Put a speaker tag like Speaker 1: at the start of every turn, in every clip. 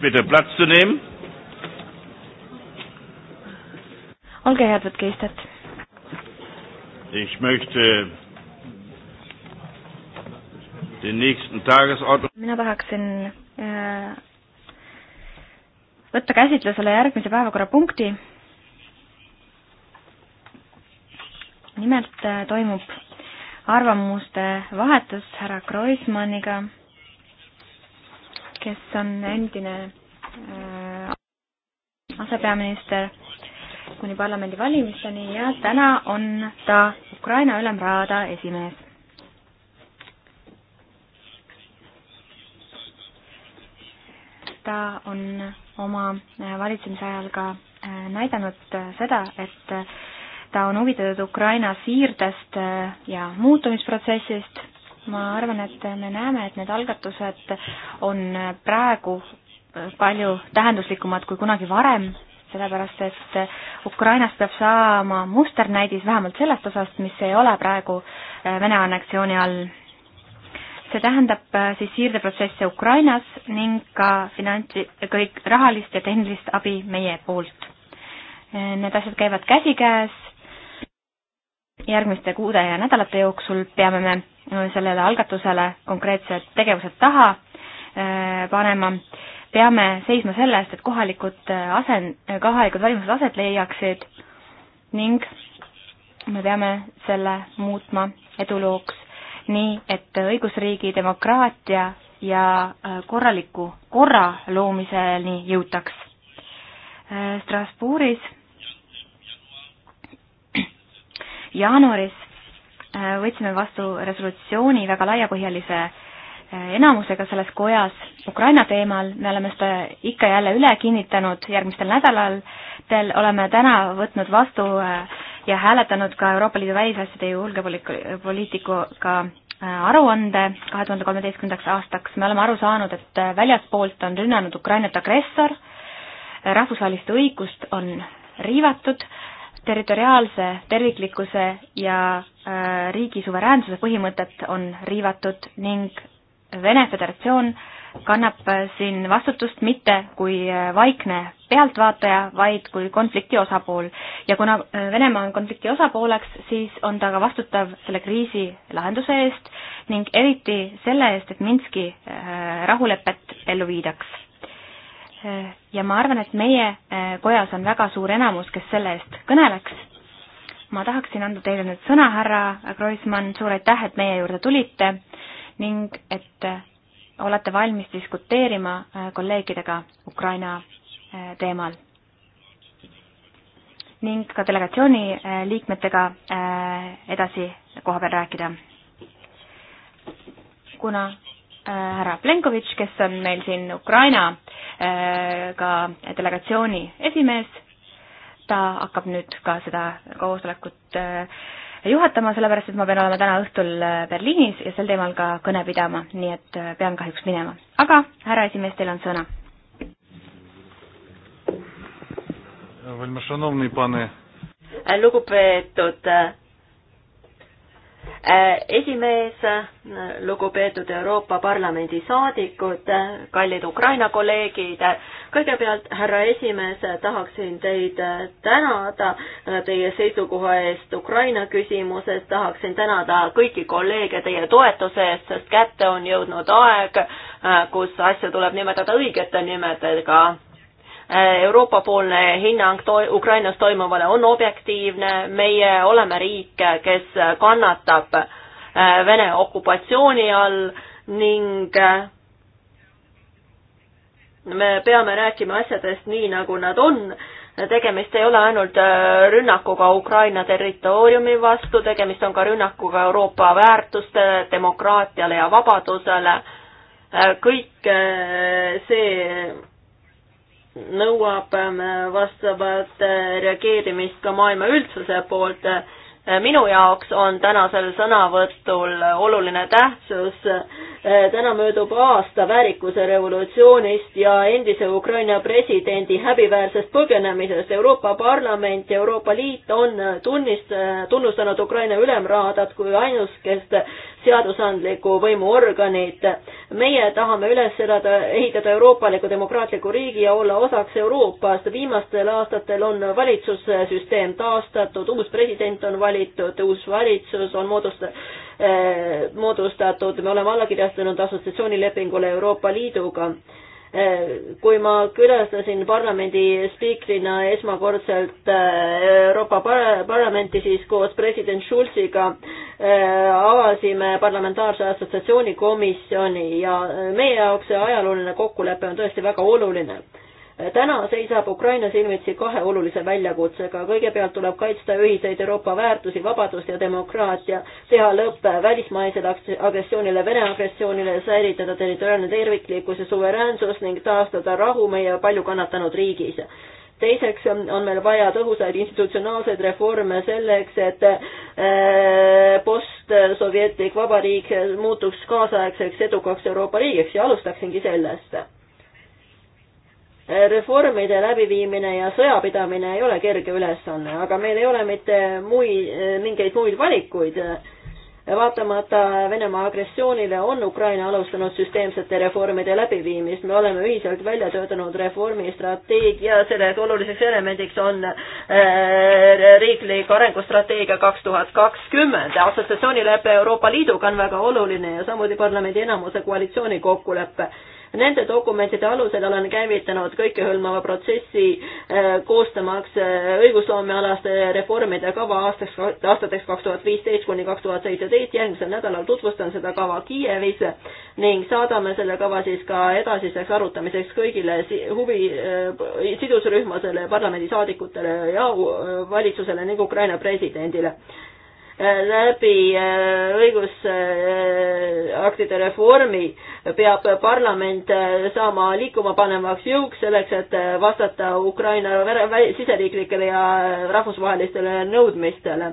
Speaker 1: bitte Platz zu nehmen.
Speaker 2: Olge head, võtke istet.
Speaker 1: Ich möchte den nächsten Tagesordnung.
Speaker 2: Mina tahaksin äh, võtta käsitlusele järgmise päevakorrapunkti. Nimelt äh, toimub arvamuste vahetus härra Kroismanniga kes on endine äh, asepeaminister kuni parlamendi valimisteni ja täna on ta Ukraina Ülemraada esimees ta on oma äh, valitsemise ajal ka äh, näidanud seda, et ta on huvitatud Ukraina siirdest ja muutumisprotsessist ma arvan, et me näeme, et need algatused on praegu palju tähenduslikumad kui kunagi varem, sellepärast et Ukrainast peab saama musternäidis vähemalt sellest osast, mis ei ole praegu äh, Vene anneksiooni all. see tähendab äh, siis siirdeprotsesse Ukrainas ning ka finantsi, kõik rahalist ja tehnilist abi meie poolt. Äh, need asjad käivad käsikäes järgmiste kuude ja nädalate jooksul peame me äh, sellele algatusele konkreetsed tegevused taha äh, panema. peame seisma selle eest, et kohalikud äh, asen-, kohalikud valimised aset leiaksid ning me peame selle muutma edulooks, nii et õigusriigi, demokraatia ja korraliku korra loomiseni jõutaks. Strasbourgis jaanuaris äh, võtsime vastu resolutsiooni väga laiapõhjalise äh, enamusega selles kojas Ukraina teemal, me oleme seda ikka jälle üle kinnitanud järgmistel nädalatel, oleme täna võtnud vastu äh, ja hääletanud ka Euroopa Liidu välisasjade ja julgepoliitikaga aruande kahe tuhande kolmeteistkümnendaks aastaks, me oleme aru saanud, et väljaspoolt on rünnanud Ukrainat agressor, rahvusvahelist õigust on riivatud, territoriaalse terviklikkuse ja äh, riigi suveräänsuse põhimõtet on riivatud ning Vene Föderatsioon kannab äh, siin vastutust mitte kui äh, vaikne pealtvaataja, vaid kui konflikti osapool. ja kuna Venemaa on konflikti osapooleks, siis on ta ka vastutav selle kriisi lahenduse eest ning eriti selle eest, et Minski rahulepet ellu viidaks Äh, ja ma arvan, et meie äh, kojas on väga suur enamus, kes selle eest kõneleks. ma tahaksin anda teile nüüd sõna, härra Kroismann, suur aitäh, et meie juurde tulite ning et äh, olete valmis diskuteerima kolleegidega Ukraina teemal. ning ka delegatsiooni liikmetega edasi koha peal rääkida. kuna Äh, härra Plenkovitš, kes on meil siin Ukraina äh, ka delegatsiooni esimees. ta hakkab nüüd ka seda koosolekut äh, juhatama, sellepärast et ma pean olema täna õhtul Berliinis ja sel teemal ka kõne pidama, nii et pean kahjuks minema. aga härra esimees, teil on sõna.
Speaker 3: lugupeetud Eh, esimees, eh, lugupeetud Euroopa Parlamendi saadikud, eh, kallid Ukraina kolleegid, kõigepealt, härra esimees, tahaksin teid tänada teie seisukoha eest Ukraina küsimuses, tahaksin tänada kõiki kolleege teie toetuse eest, sest kätte on jõudnud aeg, kus asju tuleb nimetada õigete nimedega Eh, Euroopa-poolne hinnang to Ukrainas toimuvale on objektiivne, meie oleme riik, kes kannatab eh, Vene okupatsiooni all ning eh, me peame rääkima asjadest nii, nagu nad on tegemist ei ole ainult rünnakuga Ukraina territooriumi vastu, tegemist on ka rünnakuga Euroopa väärtustele, demokraatiale ja vabadusele. kõik see nõuab äh, vastavat äh, reageerimist ka maailma üldsuse poolt. Äh, minu jaoks on tänasel sõnavõtul oluline tähtsus. täna möödub aasta väärikuse revolutsioonist ja endise Ukraina presidendi häbiväärsest põgenemisest. Euroopa Parlament ja Euroopa Liit on tunnist-, tunnustanud Ukraina ülemraadat kui ainus, kes seadusandliku võimu organid. meie tahame üles elada, ehitada euroopaliku demokraatliku riigi ja olla osaks Euroopast. viimastel aastatel on valitsussüsteem taastatud, uus president on valitud, uus valitsus on moodustatud eh, moodustatud, me oleme alla kirjastanud assotsiatsioonilepingule Euroopa Liiduga Eh, kui ma külastasin parlamendi spiikrina esmakordselt eh, Euroopa Parlamenti, siis koos president Schulziga eh, avasime parlamentaarse assotsiatsiooni komisjoni ja meie jaoks see ajalooline kokkulepe on tõesti väga oluline täna seisab Ukraina silmitsi kahe olulise väljakutsega. kõigepealt tuleb kaitsta ühiseid Euroopa väärtusi, vabadust ja demokraatia, teha lõpp välismaisele agressioonile, Vene agressioonile, säilitada territoriaalne terviklikkus ja suveräänsus ning taastada rahu meie palju kannatanud riigis teiseks on meil vaja tõhusaid institutsionaalseid reforme selleks, et äh, postsovjetlik vabariik muutuks kaasaegseks edukaks Euroopa riigiks ja alustaksingi sellest reformide läbiviimine ja sõjapidamine ei ole kerge ülesanne, aga meil ei ole mitte muid, mingeid muid valikuid. vaatamata Venemaa agressioonile on Ukraina alustanud süsteemsete reformide läbiviimist, me oleme ühiselt välja töötanud reformistrateegia, selleks oluliseks elemendiks on äh, riiklik arengustrateegia kaks tuhat kakskümmend. assotsiatsioonilepe Euroopa Liiduga on väga oluline ja samuti parlamendi enamuse koalitsiooni kokkulepe Nende dokumentide alusel olen käivitanud kõikehõlmava protsessi eh, koostamaks eh, õigusloomealaste reformide kava aastaks, aastateks kaks tuhat viisteist kuni kaks tuhat seitseteist. järgmisel nädalal tutvustan seda kava Kiievis ning saadame selle kava siis ka edasiseks arutamiseks kõigile huvi, eh, sidusrühmadele, parlamendisaadikutele ja valitsusele ning Ukraina presidendile läbi äh, õigusaktide reformi peab parlament äh, saama liikuma panemaks jõuks selleks, et äh, vastata Ukraina siseriiklikele ja rahvusvahelistele nõudmistele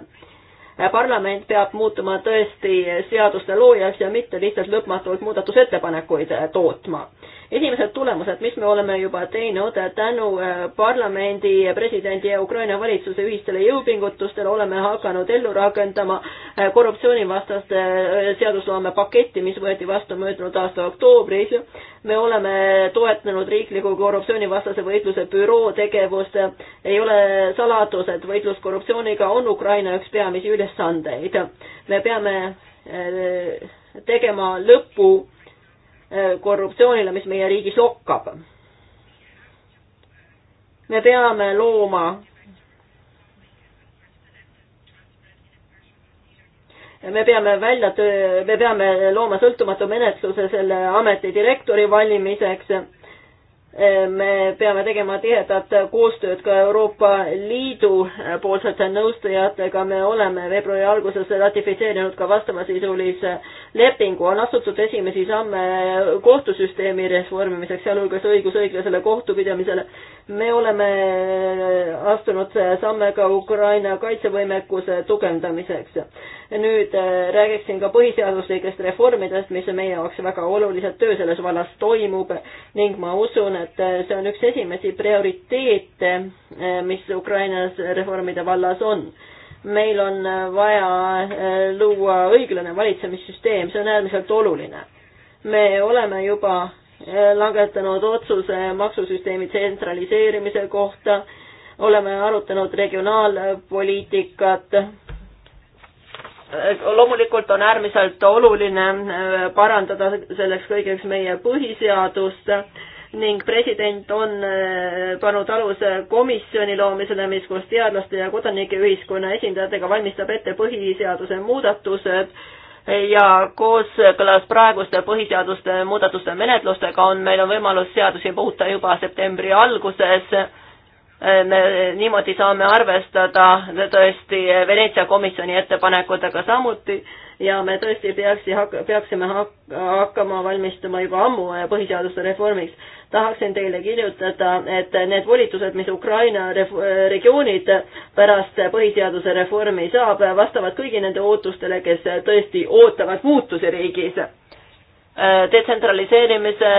Speaker 3: parlament peab muutuma tõesti seaduste loojaks ja mitte lihtsalt lõpmatult muudatusettepanekuid tootma esimesed tulemused, mis me oleme juba teinud tänu äh, parlamendi, presidendi ja Ukraina valitsuse ühistele jõupingutustele, oleme hakanud ellu rakendama äh, korruptsioonivastaste äh, seadusloome paketti, mis võeti vastu möödunud aasta oktoobris. me oleme toetanud riikliku korruptsioonivastase võitluse büroo tegevust. ei ole saladus, et võitlus korruptsiooniga on Ukraina üks peamisi ülesandeid. me peame tegema lõpu Äh, korruptsioonile, mis meie riigis okkab. me peame looma me peame välja töö, me peame looma sõltumatu menetluse selle ameti direktori valimiseks me peame tegema tihedat koostööd ka Euroopa Liidu poolsete nõustajatega, me oleme veebruari alguses ratifitseerinud ka vastavasisulise lepingu, on astutud esimesi samme kohtusüsteemi reformimiseks, sealhulgas õigusõiglasele kohtupidamisele me oleme astunud samme ka Ukraina kaitsevõimekuse tugevdamiseks. nüüd äh, räägiksin ka põhiseaduslikest reformidest, mis on meie jaoks väga olulised, töö selles vallas toimub ning ma usun, et äh, see on üks esimesi prioriteete, äh, mis Ukrainas reformide vallas on meil on vaja luua õiglane valitsemissüsteem, see on äärmiselt oluline. me oleme juba langetanud otsuse maksusüsteemi tsentraliseerimise kohta, oleme arutanud regionaalpoliitikat. loomulikult on äärmiselt oluline äh, parandada selleks kõigeks meie põhiseadust ning president on äh, pannud aluse komisjoni loomisele, mis koos teadlaste ja kodanike ühiskonna esindajatega valmistab ette põhiseaduse muudatused ja kooskõlas praeguste põhiseaduste muudatuste menetlustega on meil on võimalus seadusi muuta juba septembri alguses Äh, me äh, niimoodi saame arvestada tõesti äh, Veneetsia komisjoni ettepanekutega samuti ja me tõesti peaksi, peaksime hakkama valmistuma juba ammu põhiseaduse reformiks. tahaksin teile kirjutada, et need volitused, mis Ukraina regioonid pärast põhiseaduse reformi saab, vastavad kõigi nende ootustele, kes tõesti ootavad muutusi riigis. detsentraliseerimise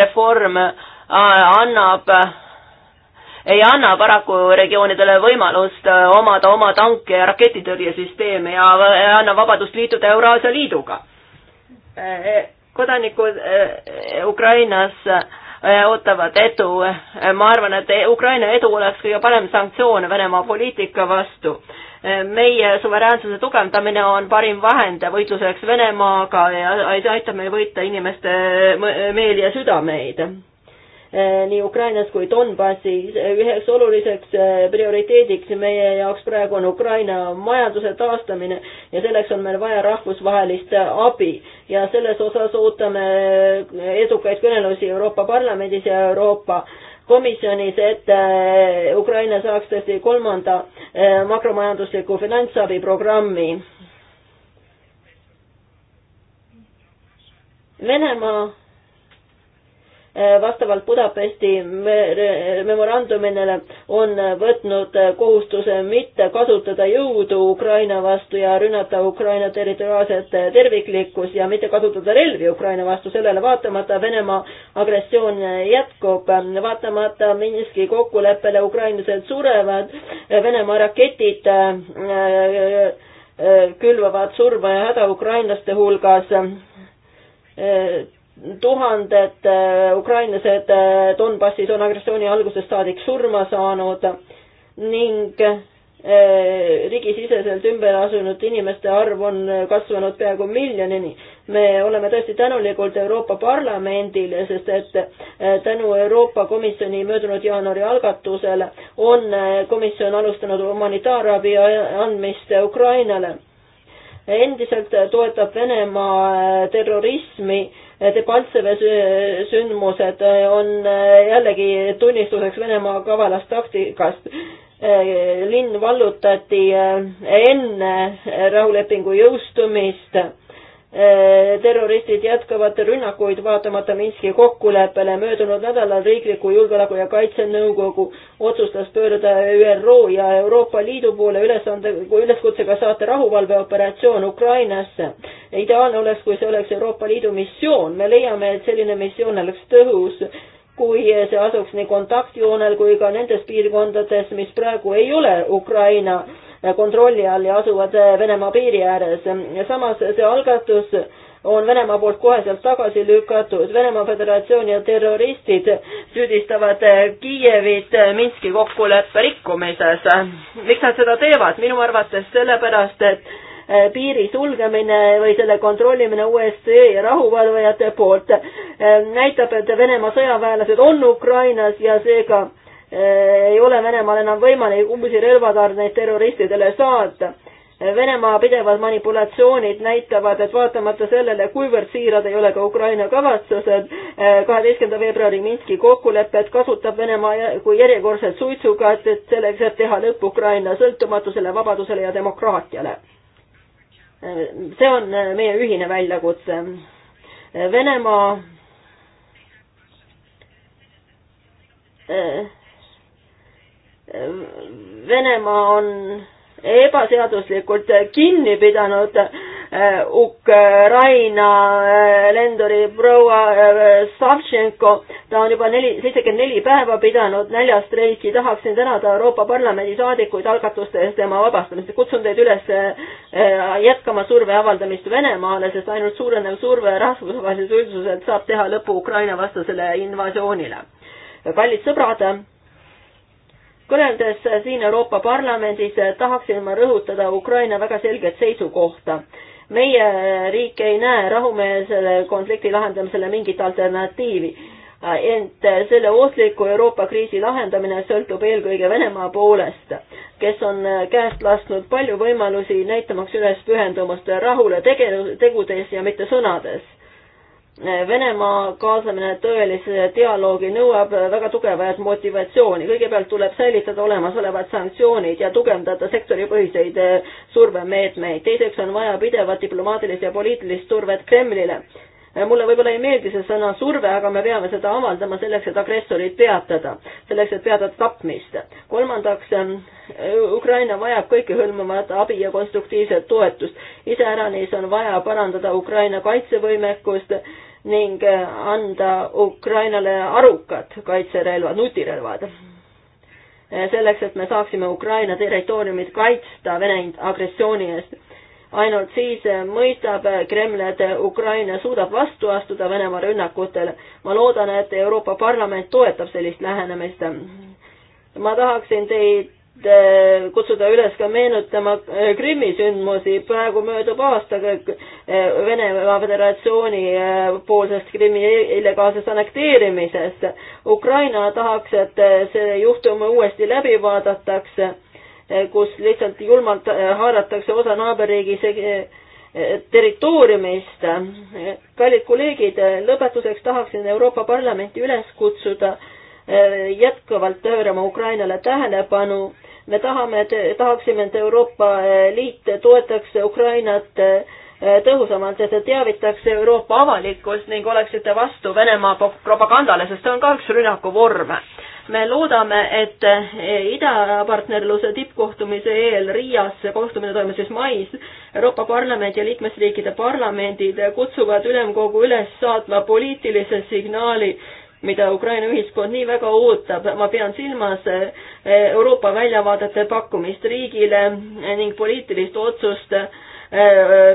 Speaker 3: reform annab ei anna paraku regioonidele võimalust äh, omada oma tanke ja raketitõrjesüsteeme ja annab vabadust liituda Euraasia Liiduga. Äh, äh, kodanikud Ukrainas ootavad edu. ma arvan, et Ukraina edu oleks kõige parem sanktsioon Venemaa poliitika vastu. meie suveräänsuse tugevdamine on parim vahend võitluseks Venemaaga ja aitab meil võita inimeste meeli ja südameid Eh, nii Ukrainas kui Donbassis. Eh, üheks oluliseks eh, prioriteediks meie jaoks praegu on Ukraina majanduse taastamine ja selleks on meil vaja rahvusvahelist abi ja selles osas ootame edukaid kõnelusi Euroopa Parlamendis ja Euroopa komisjonis, et Ukraina saaks tõesti kolmanda makromajandusliku finantsabiprogrammi Venemaa Äh, vastavalt Budapesti memorandumile on võtnud kohustuse mitte kasutada jõudu Ukraina vastu ja rünnata Ukraina territoriaalset terviklikkus ja mitte kasutada relvi Ukraina vastu, sellele vaatamata Venemaa agressioon jätkub, vaatamata Minski kokkuleppele ukrainlased surevad, Venemaa raketid äh, äh, külvavad surma ja häda ukrainlaste hulgas tuhanded äh, ukrainlased äh, Donbassis on agressiooni algusest saadik surma saanud ning äh, riigisiseselt ümber asunud inimeste arv on kasvanud peaaegu miljonini. me oleme tõesti tänulikud Euroopa Parlamendile, sest et tänu Euroopa Komisjoni möödunud jaanuari algatusele on komisjon alustanud humanitaarabi andmist Ukrainale. endiselt toetab Venemaa terrorismi Debaltseve sündmused äh, on äh, jällegi tunnistuseks Venemaa kavalast taktikast. Äh, linn vallutati enne rahulepingu jõustumist terroristid jätkavad rünnakuid vaatamata Minski kokkuleppele. möödunud nädalal Riikliku Julgeoleku ja Kaitsenõukogu otsustas pöörduda ÜRO ja Euroopa Liidu poole ülesande, üleskutsega saata rahuvalveoperatsioon Ukrainasse ideaalne oleks, kui see oleks Euroopa Liidu missioon, me leiame, et selline missioon oleks tõhus, kui see asuks nii kontaktjoonel kui ka nendes piirkondades, mis praegu ei ole Ukraina kontrolli all ja asuvad Venemaa piiri ääres. samas see algatus on Venemaa poolt koheselt tagasi lükatud. Venemaa Föderatsioon ja terroristid süüdistavad Kiievit Minski kokkuleppe rikkumises. miks nad seda teevad? minu arvates sellepärast, et Äh, piiri sulgemine või selle kontrollimine USA rahuvalvajate poolt äh, näitab, et Venemaa sõjaväelased on Ukrainas ja seega äh, ei ole Venemaal enam võimalik uusi relvatarneid terroristidele saata. Venemaa pidevad manipulatsioonid näitavad, et vaatamata sellele, kuivõrd siirad ei ole ka Ukraina kavatsused, kaheteistkümnenda veebruari Minski kokkulepet kasutab Venemaa kui järjekordset suitsukatet selleks, et teha lõpp Ukraina sõltumatusele, vabadusele ja demokraatiale see on äh, meie ühine väljakutse. Äh, Venemaa äh, Venemaa on ebaseaduslikult kinni pidanud Eh, Ukraina eh, lenduri proua eh, Savtšenko, ta on juba neli, seitsekümmend neli päeva pidanud näljastreiki, tahaksin tänada Euroopa Parlamendi saadikuid algatuste eest tema vabastamist ja kutsun teid üles jätkama surve avaldamist Venemaale, sest ainult suurenev surve rahvusvaheliselt üldsuselt saab teha lõpu Ukraina vastasele invasioonile. kallid sõbrad, kõneldes siin Euroopa Parlamendis tahaksin ma rõhutada Ukraina väga selget seisukohta meie riik ei näe rahumeelsele konflikti lahendamisele mingit alternatiivi. ent selle ohtliku Euroopa kriisi lahendamine sõltub eelkõige Venemaa poolest, kes on käest lasknud palju võimalusi, näitamaks üles pühendumust rahule tege-, tegudes ja mitte sõnades Venemaa kaasamine tõelise dialoogi nõuab väga tugevat motivatsiooni. kõigepealt tuleb säilitada olemasolevad sanktsioonid ja tugevdada sektoripõhiseid eh, survemeetmeid. teiseks on vaja pidevat diplomaatilist ja poliitilist survet Kremlile mulle võib-olla ei meeldi see sõna surve, aga me peame seda avaldama selleks, et agressorit peatada, selleks, et peatada tapmist. kolmandaks, ähm, Ukraina vajab kõikehõlmavat abi ja konstruktiivset toetust. iseäranis on vaja parandada Ukraina kaitsevõimekust ning äh, anda Ukrainale arukad kaitserelvad, nutirelvad. Äh, selleks, et me saaksime Ukraina territooriumit kaitsta Vene agressiooni eest ainult siis mõistab Kreml, et Ukraina suudab vastu astuda Venemaa rünnakutele. ma loodan, et Euroopa Parlament toetab sellist lähenemist. ma tahaksin teid eh, kutsuda üles ka meenutama eh, Krimmi sündmusi, praegu möödub aasta eh, Venemaa Föderatsiooni poolsest Krimmi illegaalsest annekteerimisest. Ukraina tahaks, et see juhtum uuesti läbi vaadatakse Eh, kus lihtsalt julmalt eh, haaratakse osa naaberriigi eh, territooriumist. kallid kolleegid, lõpetuseks tahaksin Euroopa Parlamenti üles kutsuda jätkuvalt pöörama Ukrainale tähelepanu. me tahame, et tahaksime, et Euroopa Liit toetaks Ukrainat tõhusamalt, et teavitaks Euroopa avalikkust ning oleksite vastu Venemaa propagandale, sest see on ka üks rünnaku vorm me loodame, et eh, idapartnerluse tippkohtumise eel Riias, kohtumine toimus siis mais, Euroopa Parlament ja liikmesriikide parlamendid kutsuvad ülemkogu üles saatma poliitilise signaali, mida Ukraina ühiskond nii väga ootab. ma pean silmas eh, Euroopa väljavaadete pakkumist riigile ning poliitilist otsust eh,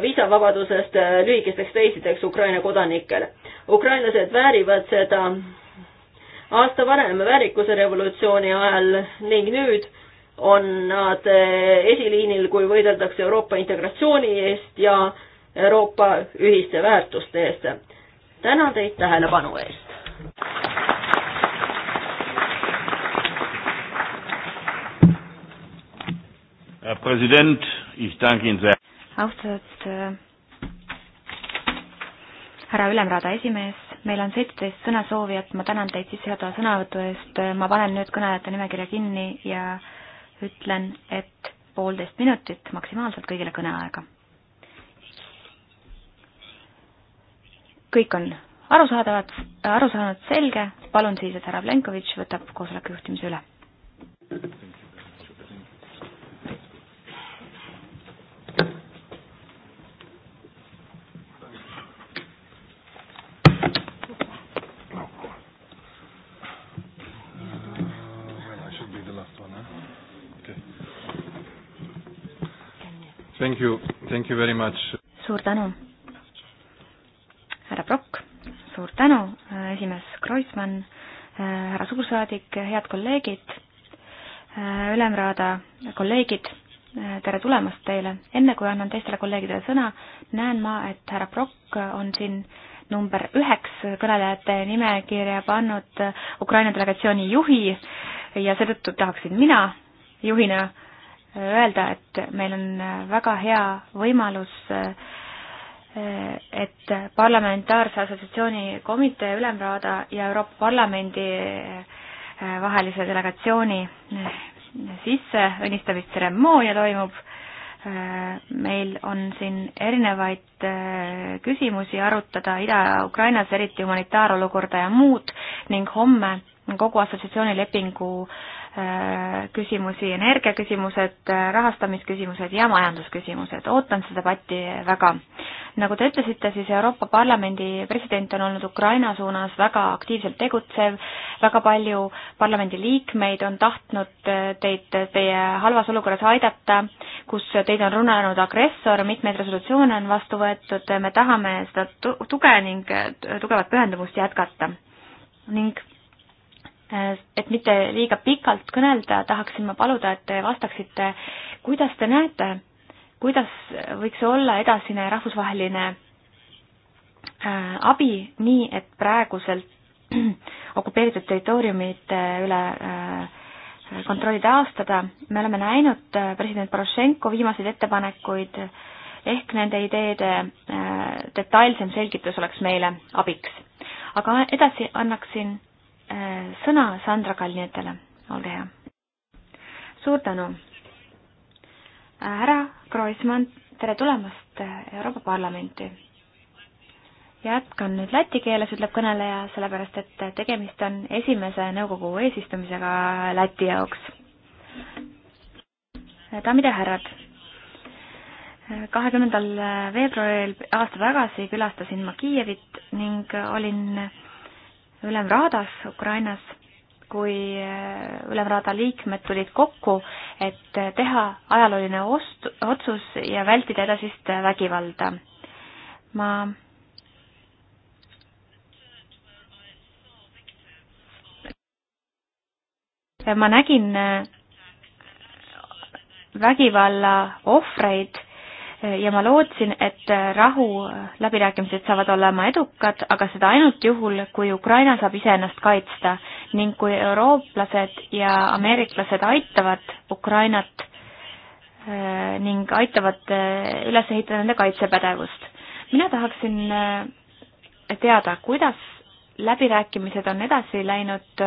Speaker 3: viisavabadusest lühikesteks reisideks Ukraina kodanikel. ukrainlased väärivad seda aasta varem väärikuse revolutsiooni ajal ning nüüd on nad eh, esiliinil, kui võideldakse Euroopa integratsiooni eest ja Euroopa ühiste väärtuste eest. tänan teid tähelepanu eest!
Speaker 1: Herr Präsident, ich danke Ihnen sehr.
Speaker 2: Austatud äh, härra Ülemraada esimees, meil on seitseteist sõnasoovijat, ma tänan teid sissejuhatava sõnavõtu eest, ma panen nüüd kõnelejate nimekirja kinni ja ütlen, et poolteist minutit maksimaalselt kõigile kõneaega. kõik on arusaadavad, aru saanud, selge, palun siis, et härra Plenkovitš võtab koosoleku juhtimise üle. Thank you, thank you very much. suur tänu. härra Brock, suur tänu, äh, esimees Kreutzmann, äh, härra suursaadik, äh, head kolleegid, Ülemraada kolleegid, tere tulemast teile. enne kui annan teistele kolleegidele sõna, näen ma, et härra Brock on siin number üheks kõnelejate nimekirja pannud Ukraina delegatsiooni juhi ja seetõttu tahaksin mina juhina äh, öelda, et meil on väga hea võimalus et parlamentaarse assotsiatsiooni komitee ülemraada ja Euroopa Parlamendi vahelise delegatsiooni sisse õnnistamistseremoonia toimub. meil on siin erinevaid küsimusi arutada Ida-Ukrainas, eriti humanitaarolukorda ja muud ning homme kogu assotsiatsiooni lepingu äh, Äh, küsimusi, energiaküsimused, äh, rahastamisküsimused ja majandusküsimused. ootan seda debatti väga. nagu te ütlesite, siis Euroopa Parlamendi president on olnud Ukraina suunas väga aktiivselt tegutsev, väga palju parlamendi liikmeid on tahtnud äh, teid teie halvas olukorras aidata, kus teid on runnanud agressor, mitmeid resolutsioone on vastu võetud, me tahame seda tuge ning tugevat pühendumust jätkata. ning et mitte liiga pikalt kõnelda, tahaksin ma paluda, et te vastaksite, kuidas te näete, kuidas võiks olla edasine rahvusvaheline äh, abi, nii et praeguselt okupeeritud territooriumite üle äh, kontrolli taastada, me oleme näinud äh, president Porošenko viimaseid ettepanekuid, ehk nende ideede detailsem selgitus oleks meile abiks. aga edasi annaksin Äh, sõna Sandra Kalnietele, olge hea. suur tänu. Äh, härra Kroismann, tere tulemast äh, Euroopa Parlamenti. jätkan nüüd läti keeles, ütleb kõneleja, sellepärast et tegemist on esimese nõukogu eesistumisega Läti jaoks. daamid ja härrad kahekümnendal veebruaril aasta tagasi külastasin ma Kiievit ning olin ülemraadas Ukrainas, kui äh, ülemraada liikmed tulid kokku, et äh, teha ajalooline ost-, otsus ja vältida edasist äh, vägivalda. ma ma nägin vägivalla ohvreid ja ma lootsin, et rahu läbirääkimised saavad olema edukad, aga seda ainult juhul, kui Ukraina saab iseennast kaitsta ning kui eurooplased ja ameeriklased aitavad Ukrainat äh, ning aitavad äh, üles ehitada nende kaitsepädevust. mina tahaksin äh, teada, kuidas läbirääkimised on edasi läinud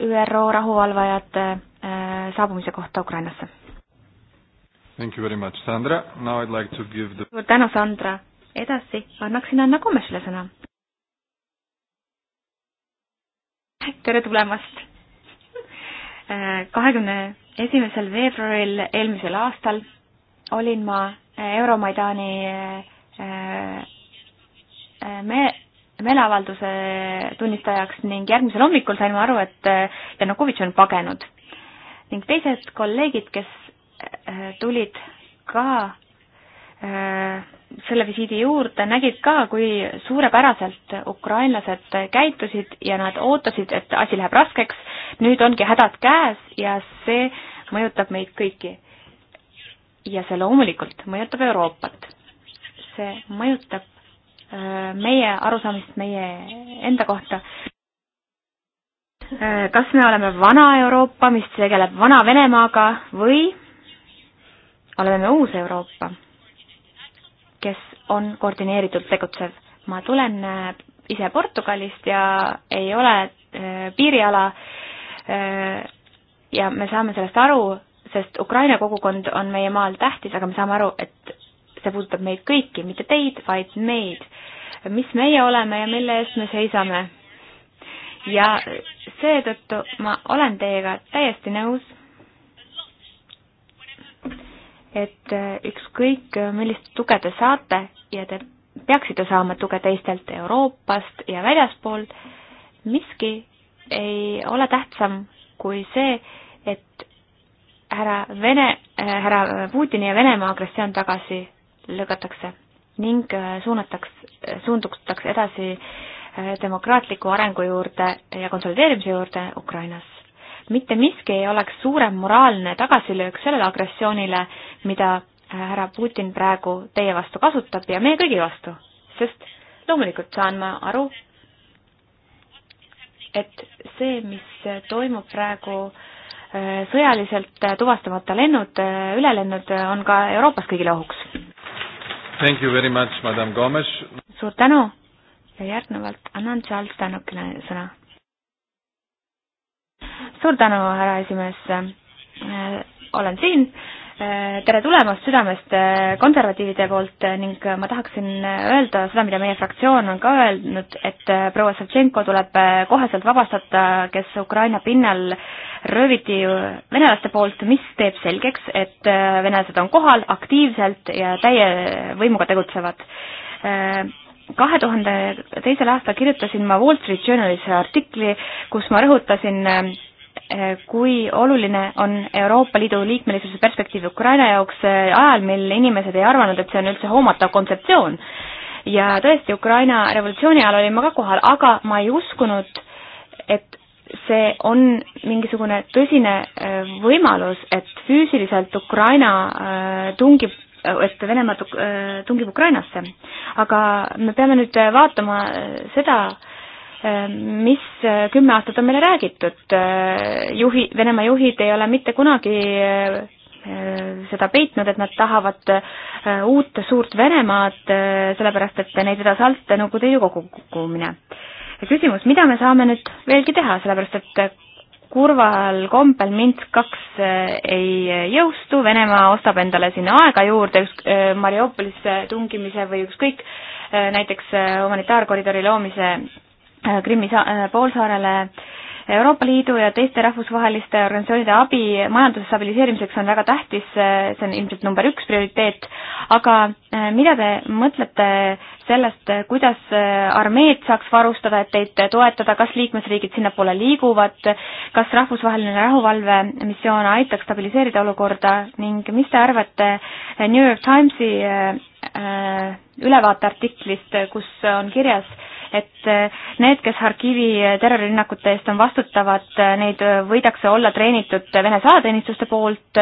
Speaker 2: ÜRO rahuvalvajate saabumise kohta Ukrainasse
Speaker 3: Thank you very much, Sandra.
Speaker 1: Now I'd like to give the
Speaker 2: suur tänu, Sandra. edasi annaksin Anna Kommesele sõna. tere tulemast! kahekümne esimesel veebruaril eelmisel aastal olin ma Euromaidani eh, eh, me-, meeleavalduse tunnistajaks ning järgmisel hommikul sain ma aru, et Janukovitš on pagenud. ning teised kolleegid, kes Äh, tulid ka äh, selle visiidi juurde, nägid ka, kui suurepäraselt ukrainlased käitusid ja nad ootasid, et asi läheb raskeks. nüüd ongi hädad käes ja see mõjutab meid kõiki. ja see loomulikult mõjutab Euroopat. see mõjutab äh, meie arusaamist meie enda kohta. kas me oleme vana Euroopa, mis tegeleb Vana-Venemaaga või oleme me uus Euroopa, kes on koordineeritult tegutsev. ma tulen äh, ise Portugalist ja ei ole äh, piiriala äh, ja me saame sellest aru, sest Ukraina kogukond on meie maal tähtis, aga me saame aru, et see puudutab meid kõiki, mitte teid, vaid meid. mis meie oleme ja mille eest me seisame. ja seetõttu ma olen teiega täiesti nõus et äh, ükskõik, äh, millist tuge te saate ja te peaksite saama tuge teistelt Euroopast ja väljaspoolt, miski ei ole tähtsam kui see, et härra Vene, äh, härra Putini ja Venemaa agressioon tagasi lükatakse ning suunataks, suundutakse edasi demokraatliku arengu juurde ja konsolideerimise juurde Ukrainas mitte miski ei oleks suurem moraalne tagasilöök sellele agressioonile, mida äh, härra Putin praegu teie vastu kasutab ja meie kõigi vastu, sest loomulikult saan ma aru, et see, mis toimub praegu äh, sõjaliselt tuvastamata lennud, äh, ülelennud, on ka Euroopas kõigile ohuks.
Speaker 3: Thank you very much, madam Gomes.
Speaker 2: suur tänu ja järgnevalt annan Charles Tänukile sõna suur tänu, härra esimees. Äh, olen siin. Äh, tere tulemast südamest äh, konservatiivide poolt ning ma tahaksin öelda seda, mida meie fraktsioon on ka öelnud, et proua Savtšenko tuleb koheselt vabastada, kes Ukraina pinnal rööviti venelaste poolt, mis teeb selgeks, et venelased on kohal aktiivselt ja täie võimuga tegutsevad kahe tuhande teisel aastal kirjutasin ma Wall Street Journalis artikli, kus ma rõhutasin, eh, kui oluline on Euroopa Liidu liikmelisuse perspektiiv Ukraina jaoks eh, ajal, mil inimesed ei arvanud, et see on üldse hoomatav kontseptsioon. ja tõesti, Ukraina revolutsiooni ajal olin ma ka kohal, aga ma ei uskunud, et see on mingisugune tõsine eh, võimalus, et füüsiliselt Ukraina tungib Äh, et Venemaa äh, tungib Ukrainasse, aga me peame nüüd äh, vaatama seda, mis kümme aastat on meile räägitud, juhi, Venemaa juhid ei ole mitte kunagi seda peitnud, et nad tahavad uut suurt Venemaad, sellepärast et neid vedas alt Nõukogude Liidu kokkukukkumine. küsimus, mida me saame nüüd veelgi teha, sellepärast et kurval kombel Minsk kaks eh, ei jõustu, Venemaa ostab endale sinna aega juurde, üks eh, Mariupolisse eh, tungimise või ükskõik näiteks humanitaarkoridori loomise Krimmi poolsaarele Euroopa Liidu ja teiste rahvusvaheliste organisatsioonide abi majanduse stabiliseerimiseks on väga tähtis, see on ilmselt number üks prioriteet, aga äh, mida te mõtlete sellest, kuidas äh, armeed saaks varustada, et teid toetada, kas liikmesriigid sinnapoole liiguvad, kas rahvusvaheline rahuvalvemissioon aitaks stabiliseerida olukorda ning mis te arvate äh, New York Timesi ülevaateartiklist, kus on kirjas, et äh, need, kes Harkivi terrorirünnakute eest on vastutavad, äh, neid äh, võidakse olla treenitud Vene salateenistuste poolt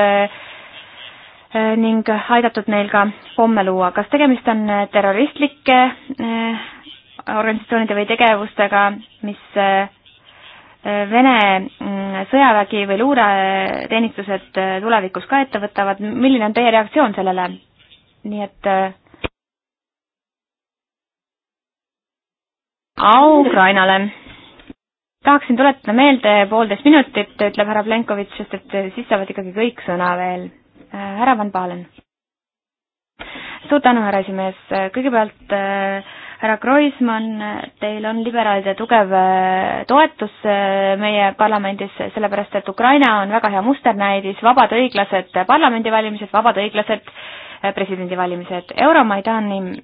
Speaker 2: ning aidatud neil ka pomme luua. kas tegemist on terroristlike organisatsioonide või tegevustega, mis Vene mm, sõjavägi või luureteenistused tulevikus ka ette võtavad, milline on teie reaktsioon sellele? nii et au Ukrainale. tahaksin tuletada meelde poolteist minutit, ütleb härra Plenkovitš, sest et siis saavad ikkagi kõik sõna veel. härra Van Palen. suur tänu, härra esimees, kõigepealt härra Kroismann, teil on liberaalide tugev äh, toetus äh, meie parlamendis, sellepärast et Ukraina on väga hea musternäidis, vabad õiglased parlamendivalimised, vabad õiglased äh, presidendivalimised. Euromaidani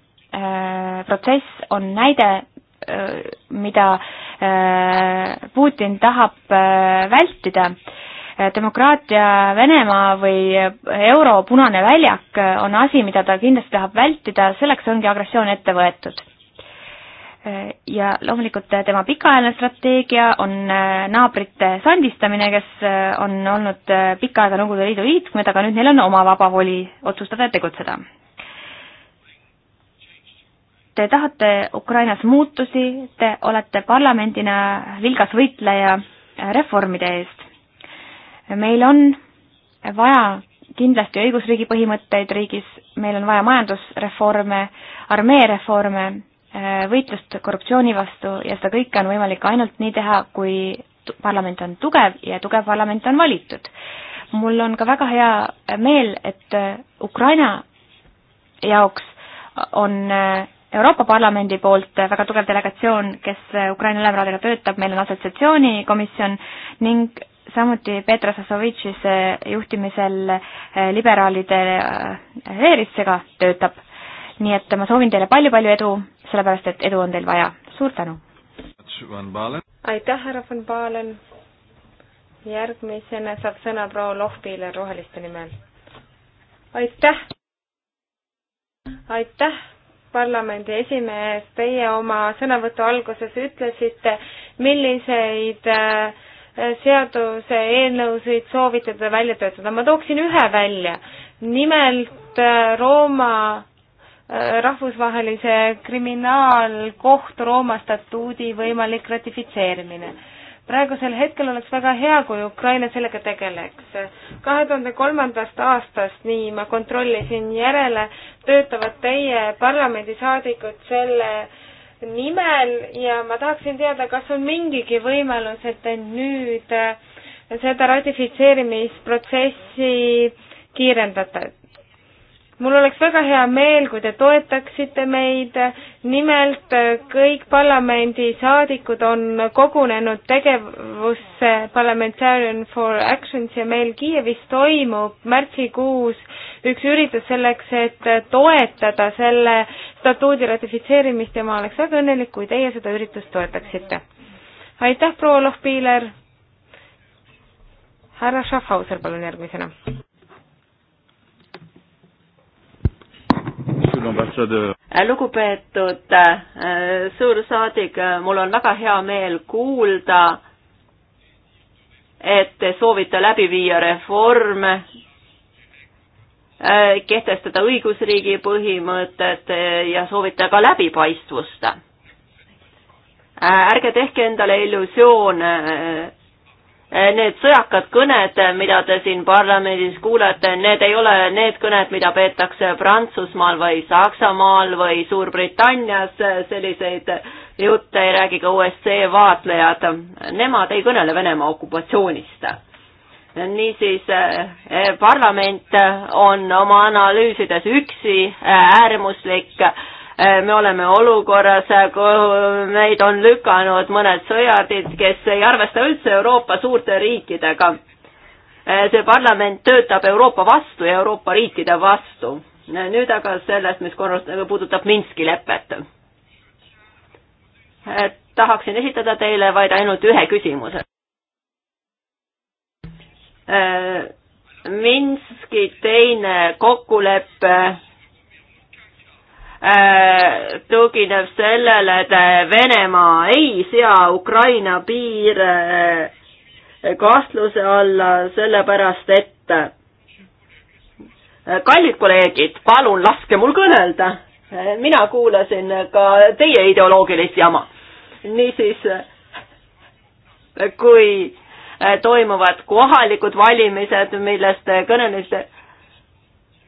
Speaker 2: protsess on näide Äh, mida äh, Putin tahab äh, vältida. demokraatia Venemaa või euro punane väljak on asi, mida ta kindlasti tahab vältida, selleks ongi agressioon ette võetud ja loomulikult tema pikaajaline strateegia on naabrite sandistamine, kes on olnud pikka aega Nõukogude Liidu liikmed, aga nüüd neil on oma vaba voli otsustada ja tegutseda. Te tahate Ukrainas muutusi, te olete parlamendina vilgas võitleja reformide eest. meil on vaja kindlasti õigusriigi põhimõtteid riigis, meil on vaja majandusreforme, armeereforme, võitlust korruptsiooni vastu ja seda kõike on võimalik ainult nii teha, kui parlament on tugev ja tugev parlament on valitud. mul on ka väga hea meel, et Ukraina jaoks on Euroopa Parlamendi poolt väga tugev delegatsioon, kes Ukraina ülemraadiga töötab, meil on assotsiatsioonikomisjon ning samuti Petra Sasovitšis eh, juhtimisel eh, liberaalide leeritsega eh, töötab. nii et ma soovin teile palju-palju edu, sellepärast et edu on teil vaja. suur
Speaker 1: tänu! aitäh, härra von Baalen! järgmisena saab sõna proua Lohpiiler Roheliste nimel. aitäh! aitäh! parlamendi esimees, teie oma sõnavõtu alguses ütlesite, milliseid äh, seaduseelnõusid soovite te välja töötada. ma tooksin ühe välja. nimelt äh, Rooma äh, rahvusvahelise kriminaalkohtu Rooma statuudi võimalik ratifitseerimine praegusel hetkel oleks väga hea, kui Ukraina sellega tegeleks. kahe tuhande kolmandast aastast, nii ma kontrollisin järele, töötavad teie parlamendisaadikud selle nimel ja ma tahaksin teada, kas on mingigi võimalus, et te nüüd seda ratifitseerimisprotsessi kiirendate, mul oleks väga hea meel, kui te toetaksite meid. nimelt äh, kõik parlamendisaadikud on kogunenud tegevusse Parliamentarian for Actions ja meil Kiievis toimub märtsikuus üks üritus selleks, et toetada selle statuudi ratifitseerimist ja ma oleks väga õnnelik, kui teie seda üritust toetaksite. aitäh, proua Lohpiiler. härra Schaffhauser, palun järgmisena
Speaker 3: Äh, lugupeetud äh, suursaadik, äh, mul on väga hea meel kuulda, et te soovite läbi viia reforme, kehtestada õigusriigi põhimõtted ja soovite ka läbipaistvust. ärge tehke endale illusioone Eh, need sõjakad kõned, eh, mida te siin parlamendis kuulete, need ei ole need kõned, mida peetakse Prantsusmaal või Saksamaal või Suurbritannias, selliseid jutte ei räägi ka OSCE vaatlejad. Nemad ei kõnele Venemaa okupatsioonist niisiis eh, parlament on oma analüüsides üksi äärmuslik Äh, me oleme olukorras, äh, kuhu meid on lükanud mõned sõjadid, kes ei arvesta üldse Euroopa suurte riikidega. Äh, see parlament töötab Euroopa vastu ja Euroopa riikide vastu. nüüd aga sellest, mis puudutab Minski lepet. tahaksin esitada teile vaid ainult ühe küsimuse. Minski teine kokkulepe Äh, tugineb sellele, et äh, Venemaa ei sea Ukraina piire äh, kahtluse alla, sellepärast et kallid kolleegid, palun laske mul kõnelda. mina kuulasin ka teie ideoloogilist jama. niisiis, kui toimuvad kohalikud valimised, millest te kõnelesite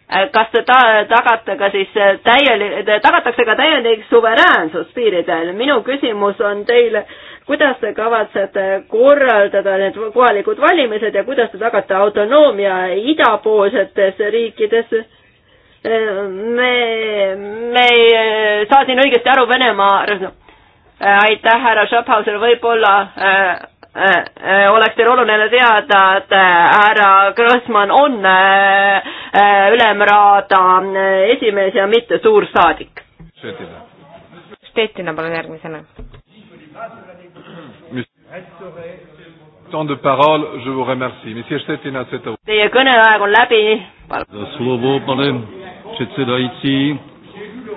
Speaker 3: Äh, kas te ta-, tagate ka siis äh, täielik, tagatakse ka täielik suveräänsus piiridel? minu küsimus on teile, kuidas te kavatsete korraldada need kohalikud valimised ja kuidas te tagate autonoomia idapoolsetes riikides? Äh, me, me ei saa siin õigesti aru, Venemaa, aitäh, härra Schaffhauser, võib-olla Äh, äh, oleks teil oluline teada, et äh, härra Grossman on ülemraada esimees ja mitte suursaadik. Štetina, palun järgmisena. Teie kõneaeg on läbi.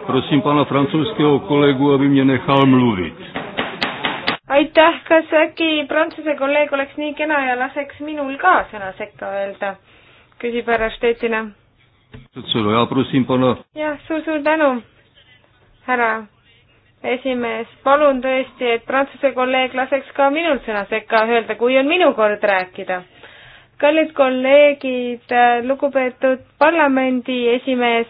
Speaker 1: Prosím pana francouzského kolegu, aby mě nechal mluvit aitäh, kas äkki prantsuse kolleeg oleks nii kena ja laseks minul ka sõna sekka öelda, küsib härra Štetina. jah, suur-suur tänu, härra esimees, palun tõesti, et prantsuse kolleeg laseks ka minul sõna sekka öelda, kui on minu kord rääkida. kallid kolleegid, lugupeetud parlamendi esimees,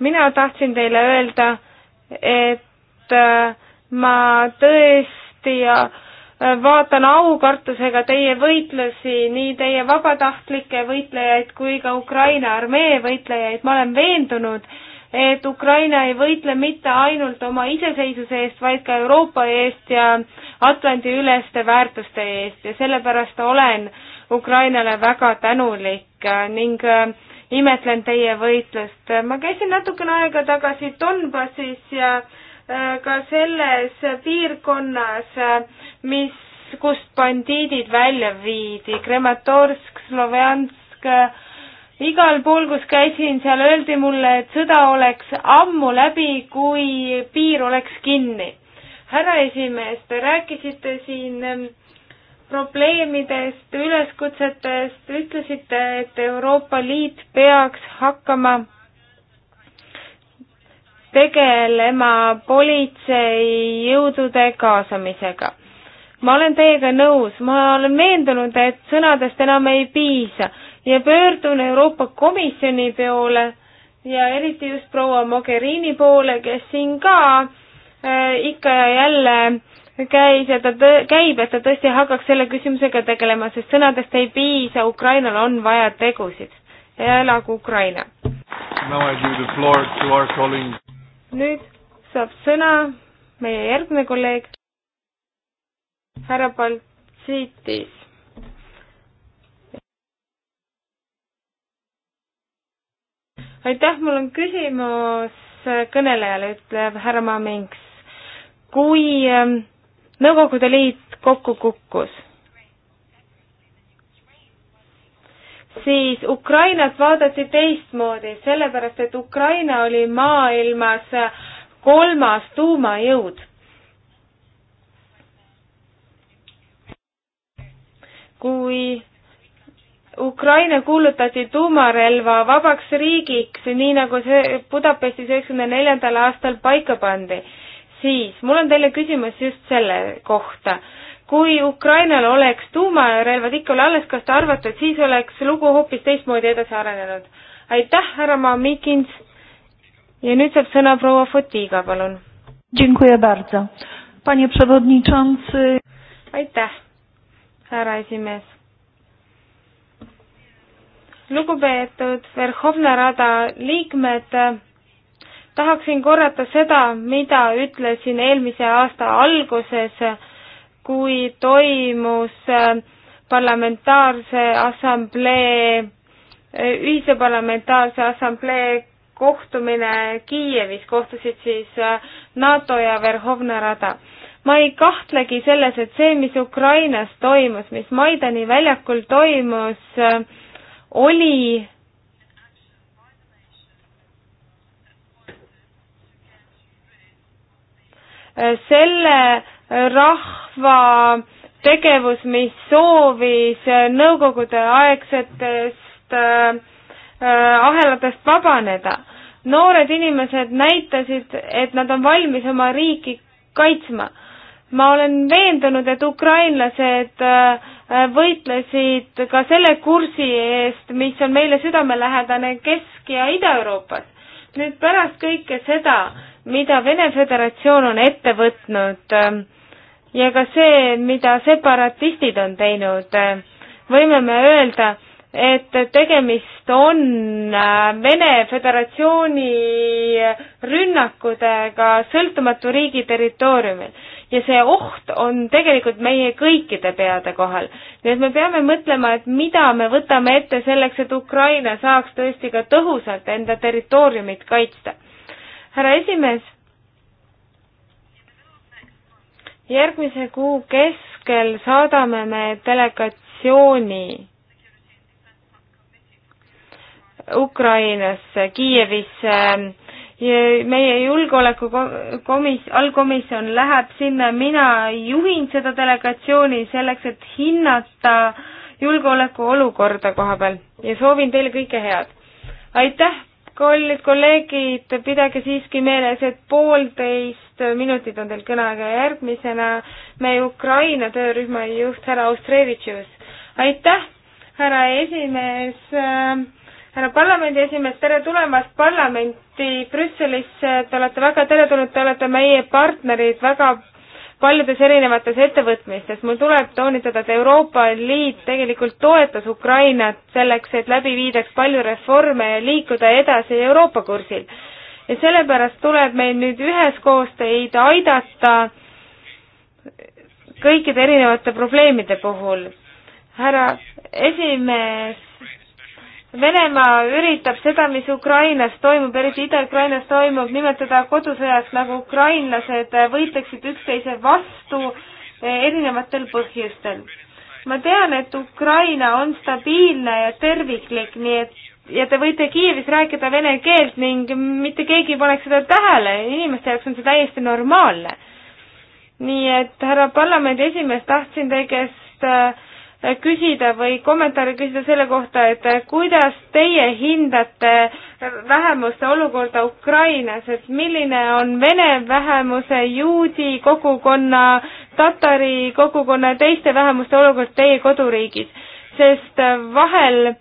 Speaker 1: mina tahtsin teile öelda, et äh, ma tõesti äh, vaatan aukartusega teie võitlusi, nii teie vabatahtlikke võitlejaid kui ka Ukraina armee võitlejaid, ma olen veendunud, et Ukraina ei võitle mitte ainult oma iseseisvuse eest, vaid ka Euroopa eest ja Atlandi-üleste väärtuste eest ja sellepärast olen Ukrainale väga tänulik ning äh, imetlen teie võitlust. ma käisin natukene aega tagasi Donbassis ja äh, Äh, ka selles piirkonnas, äh, mis, kust bandiidid välja viidi, Krematorsk, Slovjansk, äh, igal pool, kus käisin, seal öeldi mulle, et sõda oleks ammu läbi, kui piir oleks kinni. härra esimees, te rääkisite siin ähm, probleemidest, üleskutsetest, ütlesite, et Euroopa Liit peaks hakkama tegelema politseijõudude kaasamisega. ma olen teiega nõus, ma olen veendunud, et sõnadest enam ei piisa ja pöördun Euroopa Komisjoni poole ja eriti just proua Mogherini poole, kes siin ka äh, ikka ja jälle käis ja ta tõ-, käib, et ta tõesti hakkaks selle küsimusega tegelema, sest sõnadest ei piisa, Ukrainal on vaja tegusid. elagu Ukraina! Now I give the floor to our colleague nüüd saab sõna meie järgmine kolleeg, härra Baltsiitis. aitäh, mul on küsimus kõnelejale, ütleb härra Maamings. kui ähm, Nõukogude Liit kokku kukkus siis Ukrainat vaadati teistmoodi, sellepärast et Ukraina oli maailmas kolmas tuumajõud. kui Ukraina kuulutati tuumarelva vabaks riigiks, nii nagu see Budapestis üheksakümne neljandal aastal paika pandi, siis mul on teile küsimus just selle kohta kui Ukrainal oleks tuumarelvad ikka veel alles, kas te arvate, et siis oleks lugu hoopis teistmoodi edasi arenenud? aitäh, härra Mamikins. ja nüüd saab sõna proua Fotiga, palun. aitäh, härra esimees. lugupeetud Verhovna Rada liikmed tahaksin korrata seda, mida ütlesin eelmise aasta alguses kui toimus äh, parlamentaarse assamblee, äh, ühise parlamentaarse assamblee kohtumine Kiievis, kohtusid siis äh, NATO ja Verhovna Rada. ma ei kahtlegi selles, et see, mis Ukrainas toimus, mis Maidani väljakul toimus, oli selle rahva tegevus, mis soovis nõukogudeaegsetest äh, ahelatest vabaneda. noored inimesed näitasid, et nad on valmis oma riiki kaitsma. ma olen veendunud, et ukrainlased äh, võitlesid ka selle kursi eest, mis on meile südamelähedane Kesk- ja Ida-Euroopas. nüüd pärast kõike seda, mida Vene Föderatsioon on ette võtnud äh, ja ka see, mida separatistid on teinud, võime me öelda, et tegemist on äh, Vene Föderatsiooni rünnakudega sõltumatu riigi territooriumil ja see oht on tegelikult meie kõikide peade kohal. nii et me peame mõtlema, et mida me võtame ette selleks, et Ukraina saaks tõesti ka tõhusalt enda territooriumit kaitsta. härra esimees järgmise kuu keskel saadame me delegatsiooni Ukrainasse, Kiievisse meie julgeolekukomis-, allkomisjon läheb sinna, mina juhin seda delegatsiooni selleks, et hinnata julgeolekuolukorda koha peal ja soovin teile kõike head. aitäh, kallid kolleegid, pidage siiski meeles, et poolteist minutit on teil kõneaega ja järgmisena meie Ukraina töörühma juht härra Austrevitšus. aitäh, härra esimees äh,, härra parlamendi esimees, tere tulemast parlamenti Brüsselisse, te olete väga teretulnud, te olete meie partnerid väga paljudes erinevates ettevõtmistes. mul tuleb toonitada, et Euroopa Liit tegelikult toetas Ukrainat selleks, et läbi viidaks palju reforme ja liikuda edasi Euroopa kursil. ja sellepärast tuleb meil nüüd üheskoos teid aidata kõikide erinevate probleemide puhul. härra esimees Venemaa üritab seda, mis Ukrainas toimub, eriti Ida-Ukrainas toimub, nimetada kodusõjaks, nagu ukrainlased võitleksid üksteise vastu eh, erinevatel põhjustel. ma tean, et Ukraina on stabiilne ja terviklik, nii et ja te võite Kiievis rääkida vene keelt ning mitte keegi ei paneks seda tähele, inimeste jaoks on see täiesti normaalne. nii et härra parlamendi esimees, tahtsin teie käest äh, küsida või kommentaare küsida selle kohta, et kuidas teie hindate vähemuste olukorda Ukrainas, et milline on vene vähemuse, juudi kogukonna, tatari kogukonna ja teiste vähemuste olukord teie koduriigis, sest vahel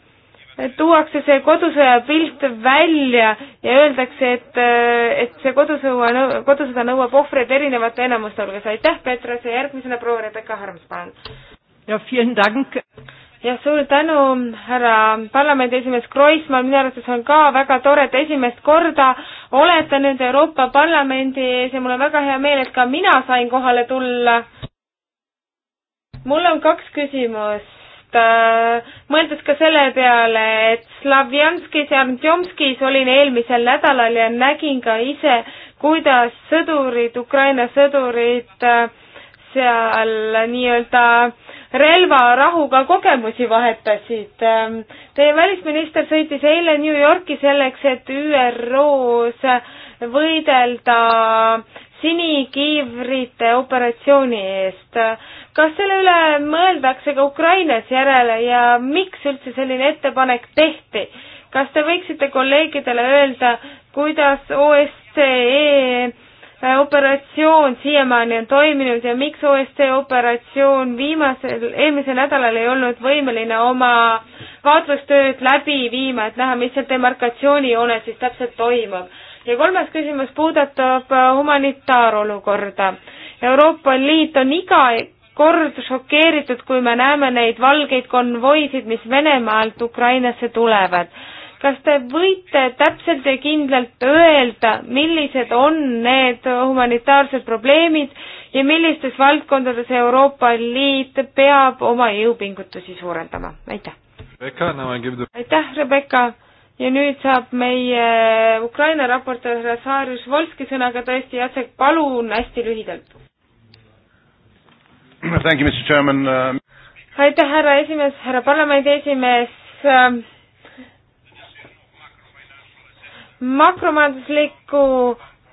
Speaker 1: tuuakse see kodusõja pilt välja ja öeldakse, et, et see kodusõja, kodusõda nõuab ohvreid erinevate enamuste hulgas. aitäh, Petra, see järgmisena proua Rebecca Harms, palun ja vielen Dank. jah, suur tänu, härra parlamendi esimees Kroismann, minu arvates on ka väga tore, et esimest korda olete nüüd Euroopa Parlamendi ees ja mul on väga hea meel, et ka mina sain kohale tulla. mul on kaks küsimust. Äh, mõeldes ka selle peale, et Slavjanskis ja Artjomskis olin eelmisel nädalal ja nägin ka ise, kuidas sõdurid, Ukraina sõdurid äh, seal nii-öelda relvarahuga kogemusi vahetasid. Ähm, Teie välisminister sõitis eile New Yorki selleks, et ÜRO-s võidelda sinikiivrite operatsiooni eest. kas selle üle mõeldakse ka Ukrainas järele ja miks üldse selline ettepanek tehti? kas te võiksite kolleegidele öelda, kuidas OSCE Äh, operatsioon siiamaani on toiminud ja miks OSCE operatsioon viimasel, eelmisel nädalal ei olnud võimeline oma vaatlustööd läbi viima, et näha, mis seal demarkatsioonijoones siis täpselt toimub. ja kolmas küsimus puudutab äh, humanitaarolukorda. Euroopa Liit on iga kord šokeeritud, kui me näeme neid valgeid konvoisid, mis Venemaalt Ukrainasse tulevad kas te võite täpselt ja kindlalt öelda, millised on need humanitaarsed probleemid ja millistes valdkondades Euroopa Liit peab oma jõupingutusi suurendama? aitäh! aitäh, Rebecca! ja nüüd saab meie Ukraina raportöör Rasarius Volski sõnaga tõesti, Jacek, palun hästi lühidalt!
Speaker 3: Uh,
Speaker 1: aitäh, härra esimees, härra parlamendi esimees! makromajanduslikku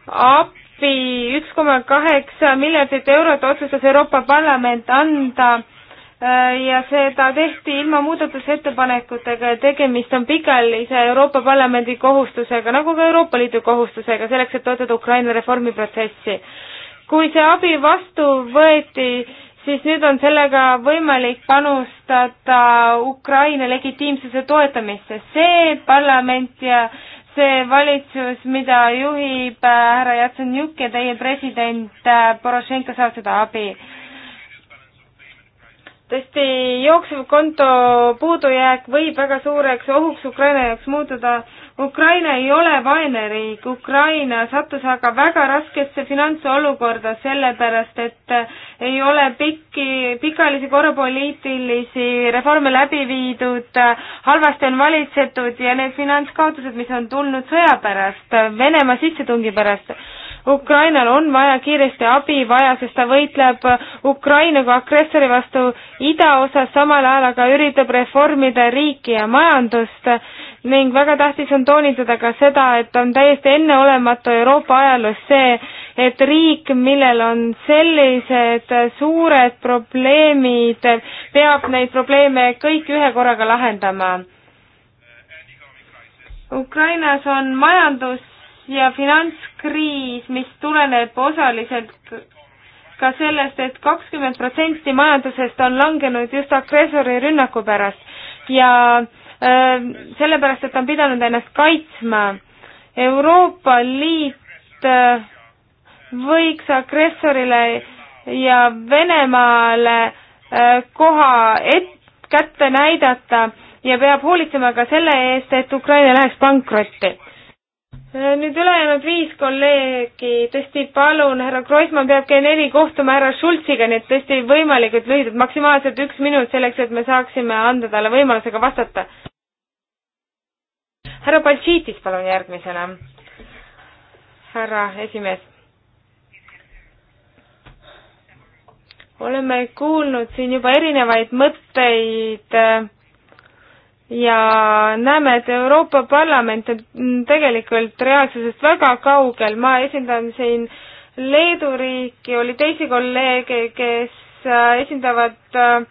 Speaker 1: appi üks koma kaheksa miljardit eurot otsustas Euroopa Parlament anda äh, ja seda tehti ilma muudatusettepanekutega ja tegemist on pikaajalise Euroopa Parlamendi kohustusega, nagu ka Euroopa Liidu kohustusega, selleks, et toetada Ukraina reformiprotsessi. kui see abi vastu võeti, siis nüüd on sellega võimalik panustada Ukraina legitiimsuse toetamisse. see parlament ja äh, see valitsus, mida juhib äh, härra Jatsenjuk ja teie president äh, Porošenko saab seda abi tõesti, jooksev konto puudujääk võib väga suureks ohuks Ukraina jaoks muutuda. Ukraina ei ole vaene riik, Ukraina sattus aga väga raskesse finantsolukorda, sellepärast et ei ole pikki, pikaajalisi korrapoliitilisi reforme läbi viidud, halvasti on valitsetud ja need finantskaotused, mis on tulnud sõja pärast, Venemaa sissetungi pärast, Ukrainal on vaja kiiresti abi vaja, sest ta võitleb Ukraina kui agressori vastu idaosas, samal ajal aga üritab reformida riiki ja majandust ning väga tähtis on toonitada ka seda, et on täiesti enneolematu Euroopa ajaloos see, et riik, millel on sellised suured probleemid, peab neid probleeme kõik ühe korraga lahendama. Ukrainas on majandus ja finantskriis, mis tuleneb osaliselt ka sellest et, et kakskümmend protsenti majandusest on langenud just agressori rünnaku pärast ja äh, sellepärast, et on pidanud ennast kaitsma. Euroopa Liit äh, võiks agressorile ja Venemaale äh, koha et-, kätte näidata ja peab hoolitsema ka selle eest, et Ukraina läheks pankrotti Äh, nüüd ülejäänud viis kolleegi, tõesti palun, härra Kroismann peab kell neli kohtuma härra Schultziga, nii et tõesti võimalikult lühidalt, maksimaalselt üks minut selleks, et me saaksime anda talle võimaluse ka vastata. härra Baltšiitis, palun järgmisena. härra esimees. oleme kuulnud siin juba erinevaid mõtteid äh, ja näeme, et Euroopa Parlament on tegelikult reaalsusest väga kaugel, ma esindan siin Leedu riiki, oli teisi kolleege, kes äh, esindavad äh,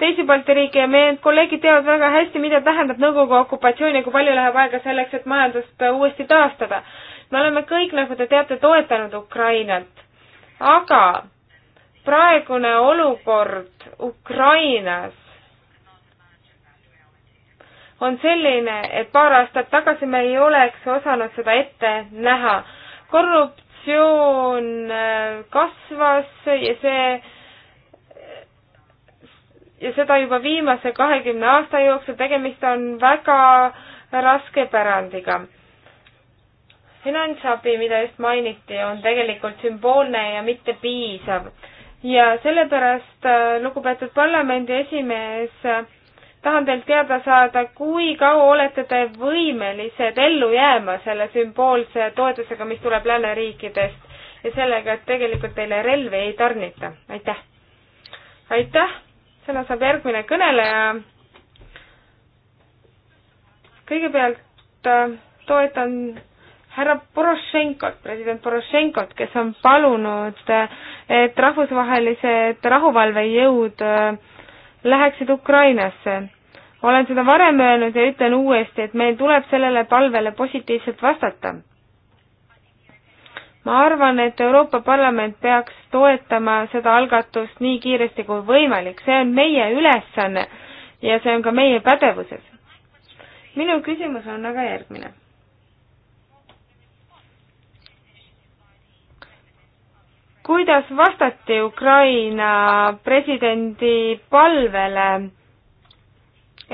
Speaker 1: teisi Balti riike ja meie kolleegid teavad väga hästi, mida tähendab Nõukogude okupatsioon ja kui palju läheb aega selleks, et majandust äh, uuesti taastada. me oleme kõik, nagu te teate, toetanud Ukrainat, aga praegune olukord Ukrainas on selline, et paar aastat tagasi me ei oleks osanud seda ette näha. korruptsioon äh, kasvas ja see ja seda juba viimase kahekümne aasta jooksul, tegemist on väga raske pärandiga. finantsabi, mida just mainiti, on tegelikult sümboolne ja mitte piisav ja sellepärast, äh, lugupeetud parlamendi esimees, äh, tahan teilt teada saada, kui kaua olete te võimelised ellu jääma selle sümboolse toetusega, mis tuleb lääneriikidest ja sellega, et tegelikult teile relvi ei tarnita. aitäh! aitäh! sõna saab järgmine kõneleja. kõigepealt äh, toetan härra Porošenkot, president Porošenkot, kes on palunud, äh, et rahvusvahelised rahuvalvejõud äh, läheksid Ukrainasse. olen seda varem öelnud ja ütlen uuesti, et meil tuleb sellele palvele positiivselt vastata. ma arvan, et Euroopa Parlament peaks toetama seda algatust nii kiiresti kui võimalik, see on meie ülesanne ja see on ka meie pädevuses. minu küsimus on aga järgmine kuidas vastati Ukraina presidendi palvele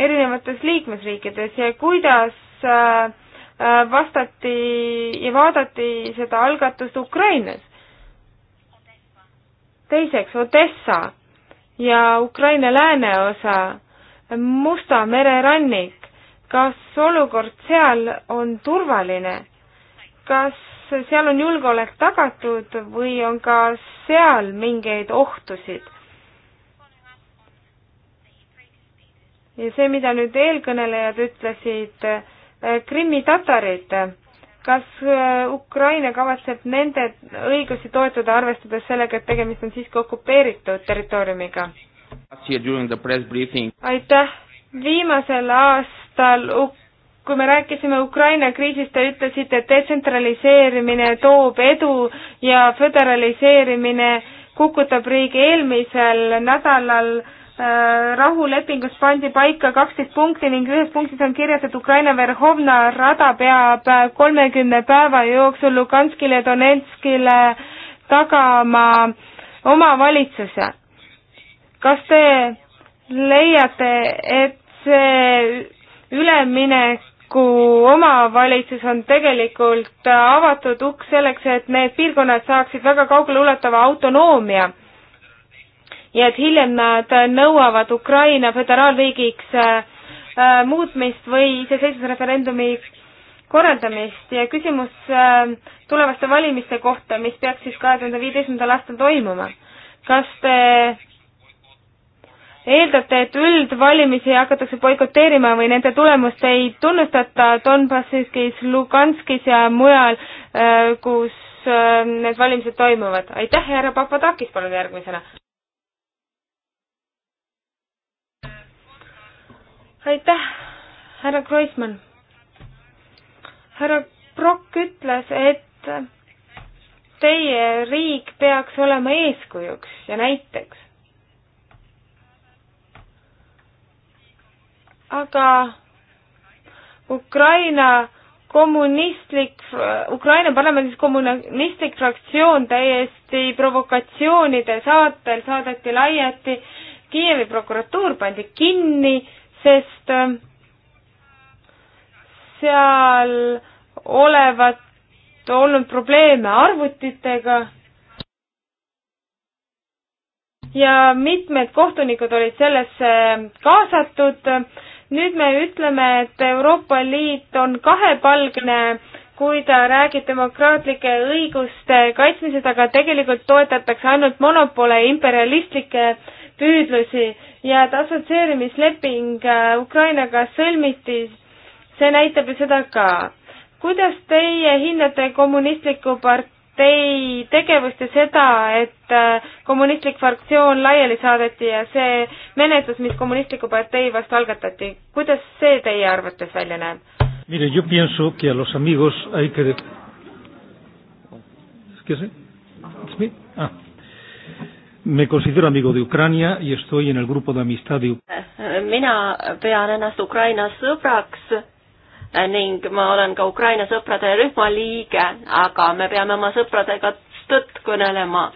Speaker 1: erinevates liikmesriikides ja kuidas äh, äh, vastati ja vaadati seda algatust Ukrainas? teiseks, Odessa ja Ukraina lääneosa, Musta mere rannik, kas olukord seal on turvaline? kas seal on julgeolek tagatud või on ka seal mingeid ohtusid? ja see, mida nüüd eelkõnelejad ütlesid, äh, krimmitatarid, kas äh, Ukraina kavatseb nende õigusi toetada, arvestades sellega, et tegemist on siiski okupeeritud territooriumiga? aitäh, viimasel aastal Uk-, kui me rääkisime Ukraina kriisist, te ütlesite, et detsentraliseerimine toob edu ja föderaliseerimine kukutab riigi eelmisel nädalal äh, rahulepingus pandi paika kaksteist punkti ning ühes punktis on kirjas, et Ukraina Verhovna rada peab äh, kolmekümne päeva jooksul Luganskile ja Donetskile tagama omavalitsuse. kas te leiate, et see üleminek kohaliku omavalitsus on tegelikult avatud uks selleks, et need piirkonnad saaksid väga kaugeleulatava autonoomia. ja et hiljem nad nõuavad Ukraina föderaalriigiks äh, muutmist või iseseisvusreferendumi korraldamist ja küsimus äh, tulevaste valimiste kohta, mis peaks siis kahe tuhande viieteistkümnendal aastal toimuma. kas te äh, eeldate, et üldvalimisi hakatakse boikoteerima või nende tulemust ei tunnustata Donbassis, Luganskis ja mujal, äh, kus äh, need valimised toimuvad. aitäh, härra Papadakis, palun järgmisena. aitäh, härra Kroismann. härra Brock ütles, et teie riik peaks olema eeskujuks ja näiteks. aga Ukraina kommunistlik, Ukraina parlamendis kommunistlik fraktsioon täiesti provokatsioonide saatel saadeti laiati, Kiievi prokuratuur pandi kinni, sest ähm, seal olevat olnud probleeme arvutitega ja mitmed kohtunikud olid sellesse ähm, kaasatud nüüd me ütleme, et Euroopa Liit on kahepalgne, kui ta räägib demokraatlike õiguste kaitsmisest, aga tegelikult toetatakse ainult monopole ja imperialistlikke püüdlusi ja et assotsieerimisleping äh, Ukrainaga sõlmiti, see näitab ju seda ka. kuidas teie hindate kommunistliku part-, partei tegevust ja seda, et äh, kommunistlik fraktsioon laiali saadeti ja see menetlus, mis kommunistliku partei vastu algatati, kuidas see teie arvates välja näeb?
Speaker 2: Mire, yo pienso que a los amigos hay que... Excuse me? It's me? Ah. Me considero amigo de Ucrania y estoy en el grupo de amistad de
Speaker 3: Mina pean ennast Ukraina sõbraks Äh, ning ma olen ka Ukraina sõprade rühma liige, aga me peame oma sõpradega tõtt kõnelema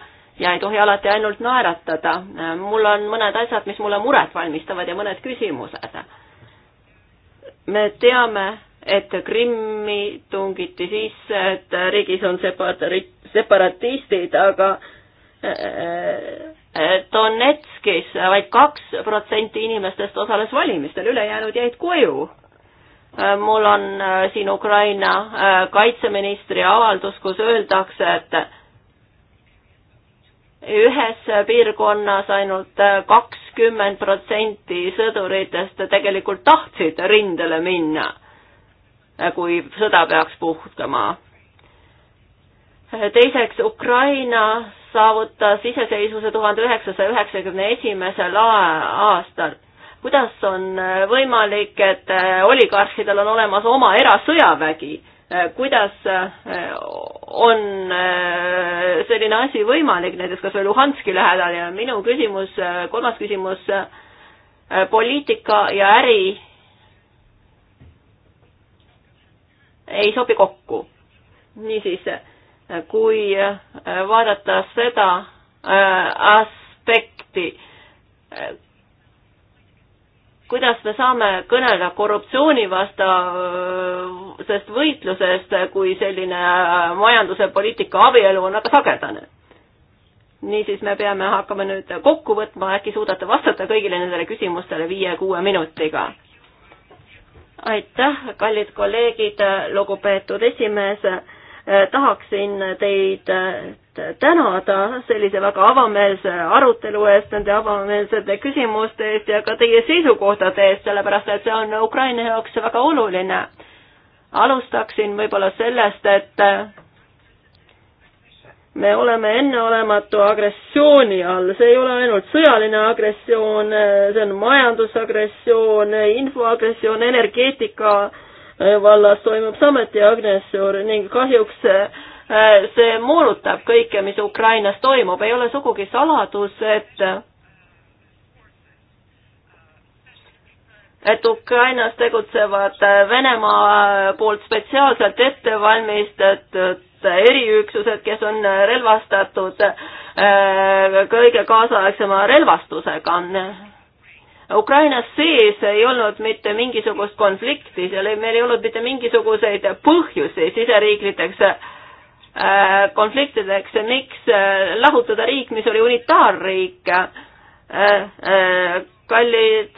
Speaker 3: ja ei tohi alati ainult naeratada. Äh, mul on mõned asjad, mis mulle muret valmistavad ja mõned küsimused. me teame, et Krimmi tungiti sisse, et riigis on separaat-, separatistid, aga äh, Donetskis vaid kaks protsenti inimestest osales valimistel, ülejäänud jäid koju Äh, mul on äh, siin Ukraina äh, kaitseministri avaldus, kus öeldakse, et ühes piirkonnas ainult kakskümmend protsenti sõduritest tegelikult tahtsid rindele minna, kui sõda peaks puhkema. teiseks, Ukraina saavutas iseseisvuse tuhande üheksasaja üheksakümne esimesel aastal kuidas on äh, võimalik, et äh, oligarhidel on olemas oma erasõjavägi? Äh, kuidas on selline asi võimalik, näiteks kas või Luhanski lähedal ja minu küsimus, kolmas küsimus, poliitika ja äri ei sobi kokku. niisiis, kui vaadata seda aspekti, kuidas me saame kõnelda korruptsioonivastasest võitlusest, kui selline majanduse poliitika abielu on väga sagedane? niisiis, me peame hakkama nüüd kokku võtma, äkki suudate vastata kõigile nendele küsimustele viie-kuue minutiga? aitäh, kallid kolleegid, lugupeetud esimees Eh, tahaksin teid eh, tänada sellise väga avameelse arutelu eest, nende avameelsete küsimuste eest ja ka teie seisukohtade eest, sellepärast et see on Ukraina jaoks väga oluline. alustaksin võib-olla sellest, et eh, me oleme enneolematu agressiooni all, see ei ole ainult sõjaline agressioon, see on majandusagressioon, infoagressioon, energeetika äh, Äh, vallas toimub samuti agressioon ning kahjuks äh, see moonutab kõike, mis Ukrainas toimub, ei ole sugugi saladus, et et Ukrainas tegutsevad äh, Venemaa poolt spetsiaalselt ettevalmistatud eriüksused, kes on relvastatud kõige kaasaegsema relvastusega Ukrainas sees ei olnud mitte mingisugust konflikti, seal ei, meil ei olnud mitte mingisuguseid
Speaker 1: põhjuseid
Speaker 3: siseriikliteks äh, konfliktideks, miks äh, lahutada riik, mis oli unitaarriik. Äh, kallid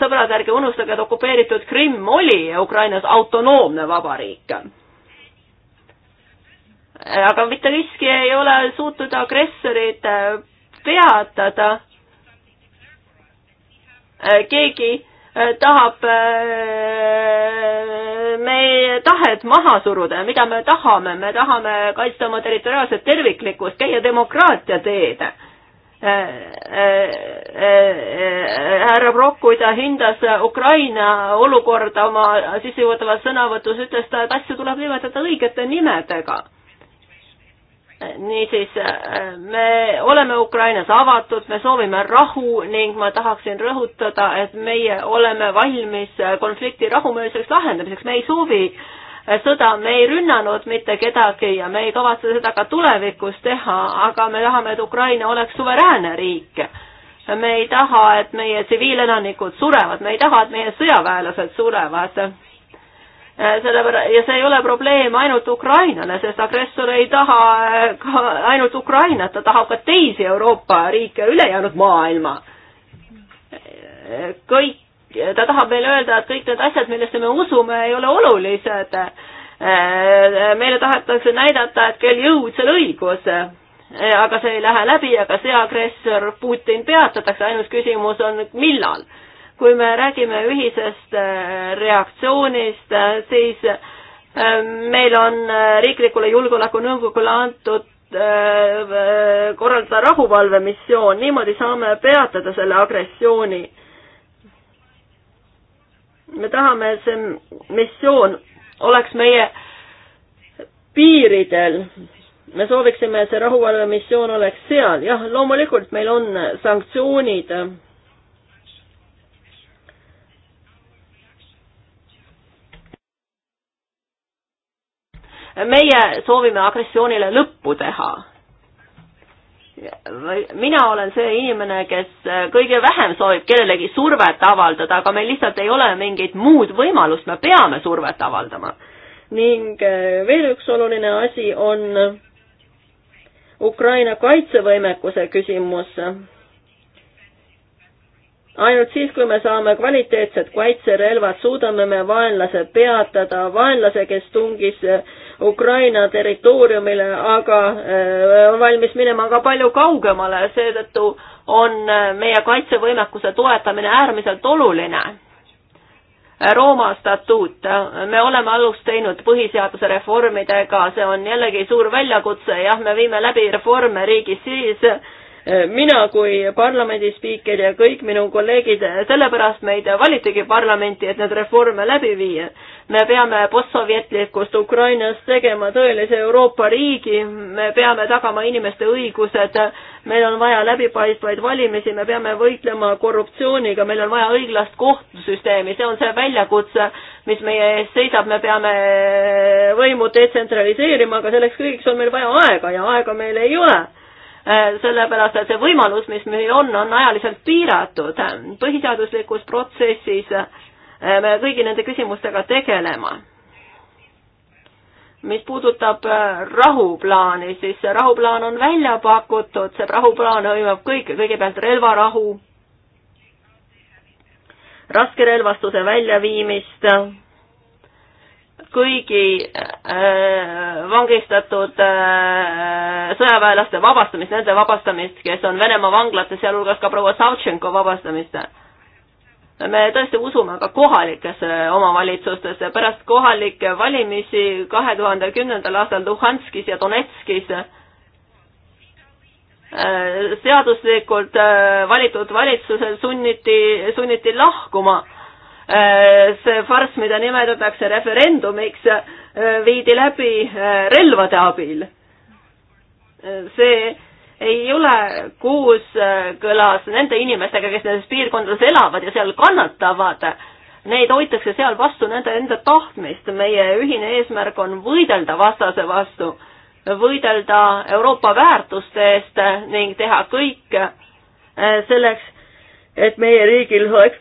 Speaker 3: sõbrad, ärge unustage, et okupeeritud Krimm oli Ukrainas autonoomne vabariik. aga mitte miski ei ole suutnud agressorid peatada Äh, keegi äh, tahab äh, meie tahet maha suruda ja mida me tahame, me tahame kaitsta oma territoriaalset terviklikkust, käia demokraatia teed. härra Brock, kui ta hindas Ukraina olukorda oma sissejuhatavas sõnavõtus, ütles ta, et asju tuleb nimetada õigete nimedega niisiis, me oleme Ukrainas avatud, me soovime rahu ning ma tahaksin rõhutada, et meie oleme valmis konflikti rahumeelseks lahendamiseks, me ei soovi sõda, me ei rünnanud mitte kedagi ja me ei kavatse seda ka tulevikus teha, aga me tahame, et Ukraina oleks suveräänne riik. me ei taha, et meie tsiviilelanikud surevad, me ei taha, et meie sõjaväelased surevad Äh, sellepära- ja see ei ole probleem ainult Ukrainale, sest agressor ei taha äh, ka ainult Ukrainat, ta tahab ka teisi Euroopa riike, ülejäänud maailma. kõik, ta tahab meile öelda, et kõik need asjad, millesse me usume, ei ole olulised. Äh, meile tahetakse näidata, et kel jõud, seal õigus. aga see ei lähe läbi, aga see agressor Putin peatatakse, ainus küsimus on, millal kui me räägime ühisest äh, reaktsioonist, äh, siis äh, meil on riiklikule julgeolekunõukogule antud korraldada rahuvalvemissioon, niimoodi saame peatada selle agressiooni. me tahame, et see missioon oleks meie piiridel. me sooviksime, et see rahuvalvemissioon oleks seal, jah, loomulikult meil on sanktsioonid meie soovime agressioonile lõppu teha. mina olen see inimene, kes kõige vähem soovib kellelegi survet avaldada, aga meil lihtsalt ei ole mingit muud võimalust, me peame survet avaldama. ning eh, veel üks oluline asi on Ukraina kaitsevõimekuse küsimus ainult siis, kui me saame kvaliteetsed kaitserelvad, suudame me vaenlase peatada, vaenlase, kes tungis äh, Ukraina territooriumile, aga äh, on valmis minema ka palju kaugemale, seetõttu on äh, meie kaitsevõimekuse toetamine äärmiselt oluline. Rooma statuut, me oleme algust teinud põhiseaduse reformidega, see on jällegi suur väljakutse, jah, me viime läbi reforme riigi sees Eh, mina kui parlamendi spiiker ja kõik minu kolleegid, eh, sellepärast meid valitigi parlamenti, et need reforme läbi viia. me peame postsovjetlikust Ukrainast tegema tõelise Euroopa riigi, me peame tagama inimeste õigused, meil on vaja läbipaistvaid valimisi, me peame võitlema korruptsiooniga, meil on vaja õiglast kohtusüsteemi, see on see väljakutse, mis meie ees seisab, me peame eh, võimu detsentraliseerima, aga selleks kõigiks on meil vaja aega ja aega meil ei ole Äh, sellepärast et see võimalus, mis meil on, on ajaliselt piiratud. põhiseaduslikus protsessis äh, me kõigi nende küsimustega tegelema. mis puudutab äh, rahuplaani, siis see rahuplaan on välja pakutud, see rahuplaan hõlmab kõike, kõigepealt relvarahu, raskerelvastuse väljaviimist kõigi äh, vangistatud äh, sõjaväelaste vabastamist, nende vabastamist, kes on Venemaa vanglates, sealhulgas ka proua Savtšenko vabastamist. me tõesti usume ka kohalikesse omavalitsustesse, pärast kohalikke valimisi kahe tuhande kümnendal aastal Luhanskis ja Donetskis äh, seaduslikult äh, valitud valitsusel sunniti, sunniti lahkuma äh, Äh, see farss, mida nimetatakse referendumiks, äh, viidi läbi äh, relvade abil. see ei ole kooskõlas nende inimestega, kes nendes piirkondades elavad ja seal kannatavad. Neid hoitakse seal vastu nende enda tahtmist, meie ühine eesmärk on võidelda vastase vastu, võidelda Euroopa väärtuste eest ning teha kõik selleks, et meie riigil oleks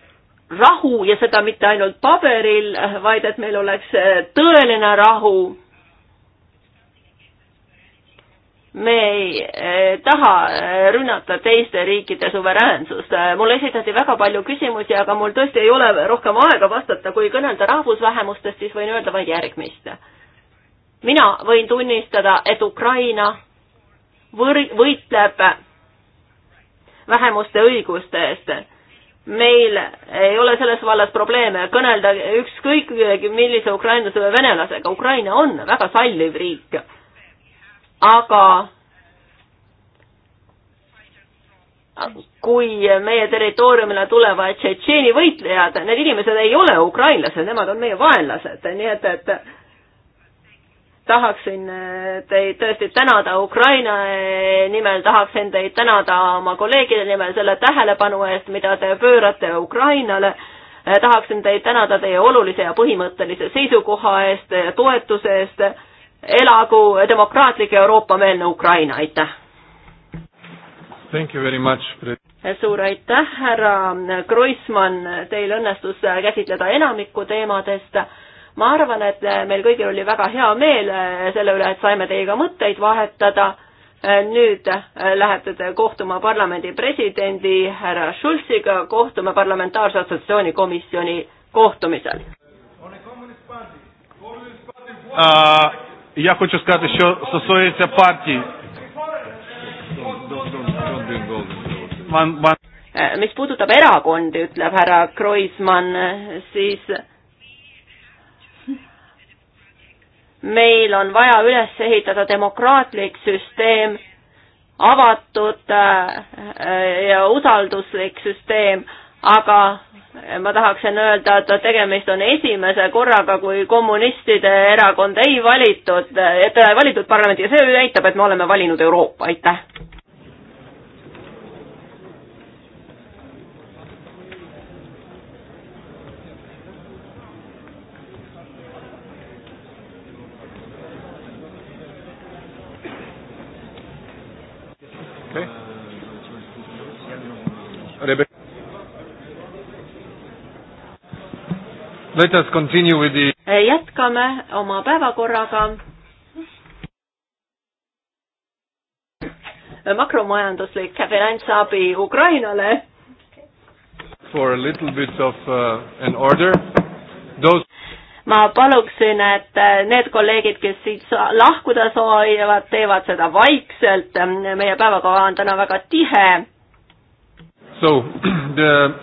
Speaker 3: rahu ja seda mitte ainult paberil, vaid et meil oleks äh, tõeline rahu. me ei äh, taha äh, rünnata teiste riikide suveräänsust. mulle esitati väga palju küsimusi, aga mul tõesti ei ole rohkem aega vastata, kui kõnelda rahvusvähemustest, siis võin öelda vaid järgmist. mina võin tunnistada, et Ukraina võr-, võitleb vähemuste õiguste eest meil ei ole selles vallas probleeme kõnelda ükskõik millise ukrainlase või venelasega, Ukraina on väga salliv riik. aga kui meie territooriumile tulevad Tšetšeeni võitlejad, need inimesed ei ole ukrainlased, nemad on meie vaenlased, nii et, et tahaksin äh, teid tõesti tänada Ukraina äh, nimel, tahaksin teid tänada oma kolleegide nimel selle tähelepanu eest, mida te pöörate Ukrainale. Äh, tahaksin teid tänada teie olulise ja põhimõttelise seisukoha eest, toetuse eest. elagu demokraatlik Euroopa-meelne Ukraina, aitäh! suur aitäh, härra Kruismann, teil õnnestus käsitleda enamikku teemadest ma arvan, et äh, meil kõigil oli väga hea meel äh, selle üle, et saime teiega mõtteid vahetada. Äh, nüüd lähete te kohtuma parlamendi presidendi härra Schulziga, kohtume parlamentaarse assotsiatsiooni komisjoni kohtumisel.
Speaker 1: Я хочу сказати, що стосується партії.
Speaker 3: Mis puudutab erakondi, ütleb härra Kroismann, siis meil on vaja üles ehitada demokraatlik süsteem, avatud äh, ja usalduslik süsteem, aga ma tahaksin öelda, et tegemist on esimese korraga, kui kommunistide erakond ei valitud, et ei valitud parlamendi ja see näitab, et me oleme valinud Euroopa, aitäh! Rebecca.
Speaker 1: Let us continue with the
Speaker 3: jätkame oma päevakorraga. makromajanduslik finantsabi Ukrainale.
Speaker 1: For a little bit of uh, an order. Those
Speaker 3: ma paluksin, et äh, need kolleegid, kes siit lahkuda soovivad, teevad seda vaikselt. meie päevakava on täna väga tihe
Speaker 1: So, the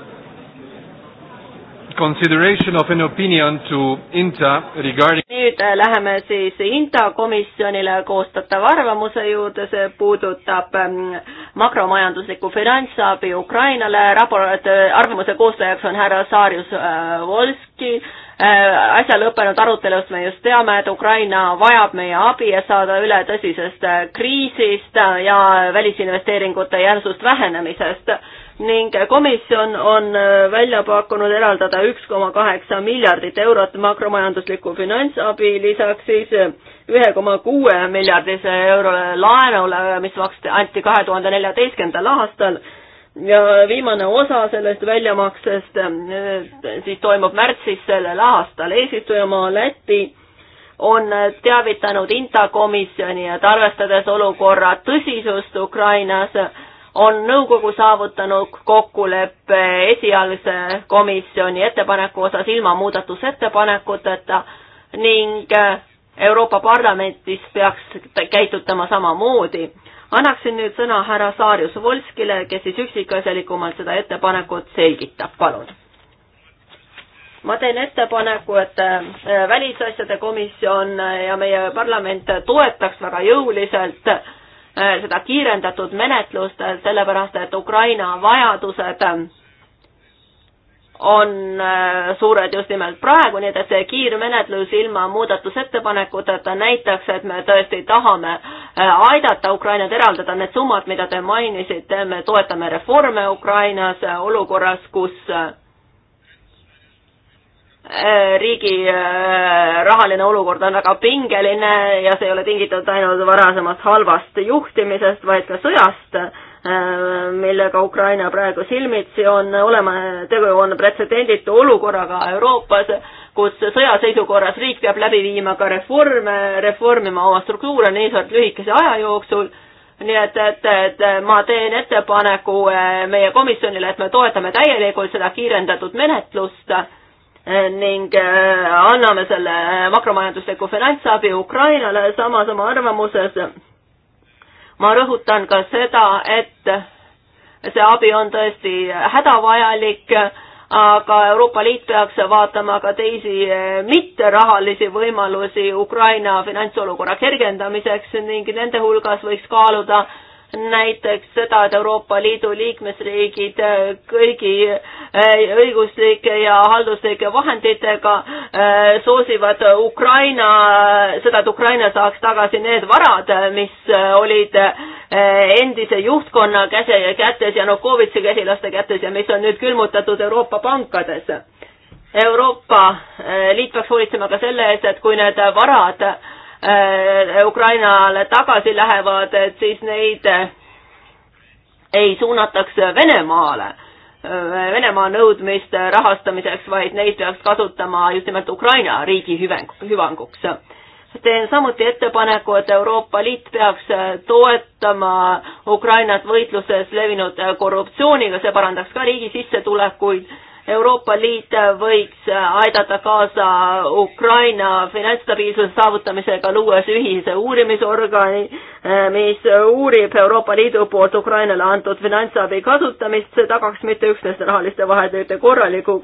Speaker 1: consideration of an opinion to INTA regarding
Speaker 3: nüüd äh, läheme siis INTA komisjonile koostatava arvamuse juurde, see puudutab ähm, makromajanduslikku finantsabi Ukrainale, raport, äh, arvamuse koostajaks on härra Saarjus äh, Volski, äsja äh, lõppenud arutelust me just teame, et Ukraina vajab meie abi, et saada üle tõsisest äh, kriisist äh, ja välisinvesteeringute järsust vähenemisest ning komisjon on välja pakkunud eraldada üks koma kaheksa miljardit eurot makromajanduslikku finantsabi, lisaks siis ühe koma kuue miljardise eurole laenule, mis maksti, anti kahe tuhande neljateistkümnendal aastal ja viimane osa sellest väljamaksest äh, siis toimub märtsis sellel aastal. eesistujamaa Läti on teavitanud INTA komisjoni, et arvestades olukorra tõsisust Ukrainas, on nõukogu saavutanud kokkuleppe esialgse komisjoni ettepaneku osas ilma muudatusettepanekuteta ning äh, Euroopa Parlamentis peaks käitutama samamoodi annaksin nüüd sõna härra Saarjus Volskile, kes siis üksikasjalikumalt seda ettepanekut selgitab, palun. ma teen ettepaneku, et äh, Välisasjade Komisjon äh, ja meie parlament toetaks väga jõuliselt äh, seda kiirendatud menetlust, sellepärast et Ukraina vajadused on äh, suured just nimelt praegu, nii et see kiirmenetlus ilma muudatusettepanekuteta näitaks, et me tõesti tahame äh, aidata Ukrainat, eraldada need summad, mida te mainisite, me toetame reforme Ukrainas olukorras, kus äh, riigi rahaline olukord on väga pingeline ja see ei ole tingitud ainult varasemast halvast juhtimisest, vaid ka sõjast Äh, millega Ukraina praegu silmitsi on, olema, tegu on pretsedenditu olukorraga Euroopas, kus sõjaseisukorras riik peab läbi viima ka reforme, reformima oma struktuure niivõrd lühikese aja jooksul, nii et, et, et ma teen ettepaneku äh, meie komisjonile, et me toetame täielikult seda kiirendatud menetlust äh, ning anname selle makromajandusliku finantsabi Ukrainale samas oma arvamuses ma rõhutan ka seda, et see abi on tõesti hädavajalik, aga Euroopa Liit peaks vaatama ka teisi mitterahalisi võimalusi Ukraina finantsolukorra kergendamiseks ning nende hulgas võiks kaaluda äh, näiteks seda, et Euroopa Liidu liikmesriigid äh, kõigi äh, õiguslike ja halduslike vahenditega äh, soosivad Ukraina, seda, et Ukraina saaks tagasi need varad, mis olid endise juhtkonna käse, kätes, Janukovitši käsilaste kätes ja mis on nüüd külmutatud Euroopa pankades. Euroopa Liit peaks hoolitsema ka selle eest, et kui need varad Äh, Ukrainale tagasi lähevad, et siis neid äh, ei suunataks Venemaale, äh, Venemaa nõudmiste rahastamiseks, vaid neid peaks kasutama just nimelt Ukraina riigi hüvanguks. teen samuti ettepaneku, et Euroopa Liit peaks toetama Ukrainat võitluses levinud korruptsiooniga, see parandaks ka riigi sissetulekuid Euroopa Liit võiks aidata kaasa Ukraina finantsstabiilsuse saavutamisega, luues ühise uurimisorgani, mis uurib Euroopa Liidu poolt Ukrainale antud finantsabi kasutamist, see tagaks mitte üksnes rahaliste vahendite korraliku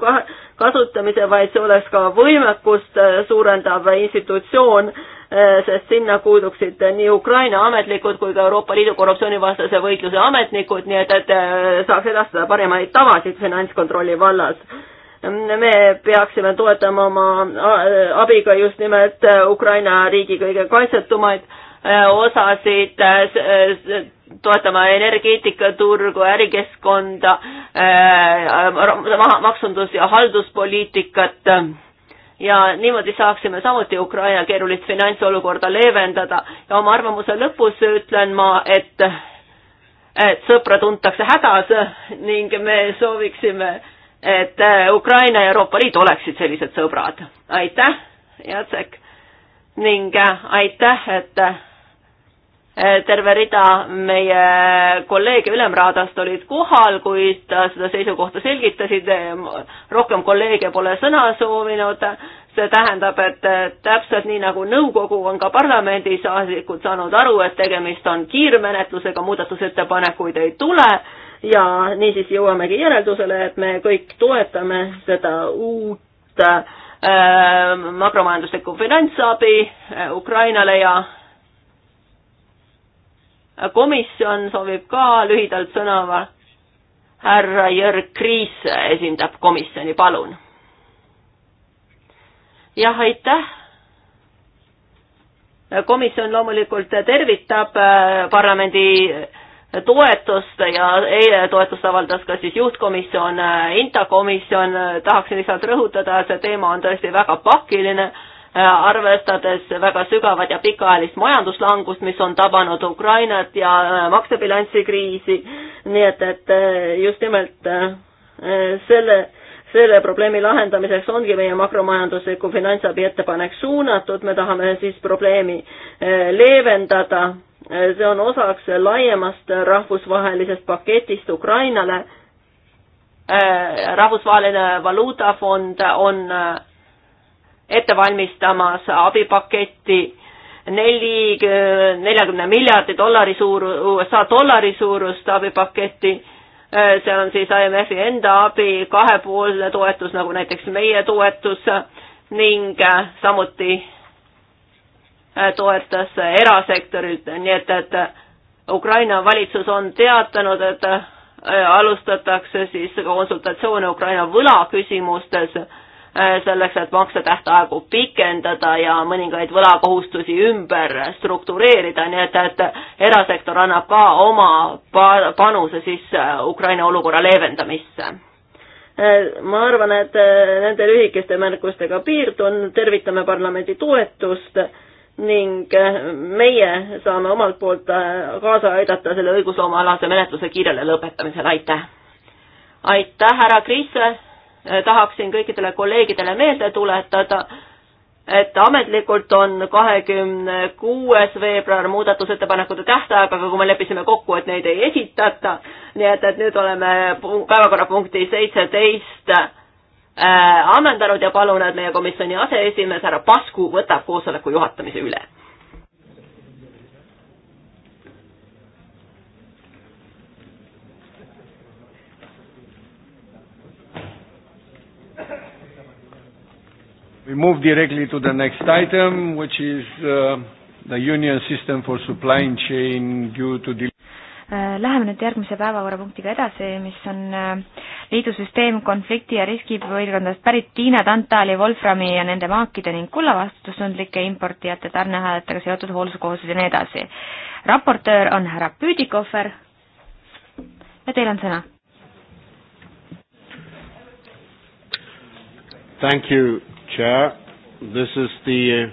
Speaker 3: kasutamise, vaid see oleks ka võimekust suurendav institutsioon, Äh, sest sinna kuuluksid nii Ukraina ametnikud kui ka Euroopa Liidu korruptsioonivastase võitluse ametnikud, nii et, et äh, saaks edastada parimaid tavasid finantskontrolli vallas. me peaksime toetama oma äh, abiga just nimelt Ukraina riigi kõige kaitsetumaid osasid, toetama energeetikaturgu, ärikeskkonda, maksundus- ja halduspoliitikat ja niimoodi saaksime samuti Ukraina keerulist finantsolukorda leevendada ja oma arvamuse lõpus ütlen ma, et et sõpra tuntakse hädas ning me sooviksime, et Ukraina ja Euroopa Liit oleksid sellised sõbrad. aitäh, Jacek, ning aitäh, et Eh, terve rida meie kolleege Ülemraadast olid kohal, kuid seda seisukohta selgitasid, eh, rohkem kolleege pole sõna soovinud, see tähendab, et eh, täpselt nii, nagu nõukogu on ka parlamendisaadikud saanud aru, et tegemist on kiirmenetlusega, muudatusettepanekuid ei tule ja niisiis jõuamegi järeldusele, et me kõik toetame seda uut äh, makromajanduslikku finantsabi äh, Ukrainale ja komisjon soovib ka lühidalt sõna. härra Jörg Kriis esindab komisjoni, palun. jah, aitäh komisjon loomulikult tervitab äh, parlamendi toetust ja eile toetust avaldas ka siis juhtkomisjon, äh, intakomisjon, tahaksin lihtsalt rõhutada, et see teema on tõesti väga pakiline Äh, arvestades väga sügavat ja pikaajalist majanduslangust, mis on tabanud Ukrainat ja äh, maksebilansi kriisi. nii et, et äh, just nimelt selle, selle probleemi lahendamiseks ongi meie makromajandusliku finantsabi ettepanek suunatud, me tahame siis probleemi leevendada. see on osaks laiemast rahvusvahelisest paketist Ukrainale. rahvusvaheline valuutafond on, on ette valmistamas abipaketti neli, neljakümne miljardi dollari suur, USA dollari suurust abipaketti, seal on siis IMF-i enda abi, kahepoolne toetus, nagu näiteks meie toetus ning samuti toetas erasektorilt, nii et, et Ukraina valitsus on teatanud, et alustatakse siis konsultatsioone Ukraina võla küsimustes Äh, selleks, et maksetähtaegu pikendada ja mõningaid võlakohustusi ümber struktureerida, nii et, et erasektor annab ka oma panuse siis äh, Ukraina olukorra leevendamisse. Äh, ma arvan, et nende lühikeste märkustega piirdun, tervitame parlamendi toetust ning meie saame omalt poolt kaasa aidata selle õigusloomealase menetluse kiirele lõpetamisele, aitäh! aitäh, härra Kriis, Eh, tahaksin kõikidele kolleegidele meelde tuletada, et ametlikult on kahekümne kuues veebruar muudatusettepanekute tähtaeg, aga kui me leppisime kokku, et neid ei esitata, nii et, et nüüd oleme päevakorrapunkti seitseteist äh, ammendanud ja palun, et meie komisjoni aseesimees härra Pasku võtab koosoleku juhatamise üle
Speaker 1: We move directly to the next item, which is uh, the union system for supply chain due to the
Speaker 2: äh, Läheme nüüd järgmise päevakorrapunktiga edasi, mis on äh, liidu süsteem konflikti ja riskipiirkondadest pärit Tiina, Tantali, Wolframi ja nende maakide ning kulla vastutustundlike importijate tarnehääletega seotud hoolsuskohustused ja nii edasi. raportöör on härra Püüdikohver ja teil on sõna.
Speaker 1: Thank you Chair. This is the uh,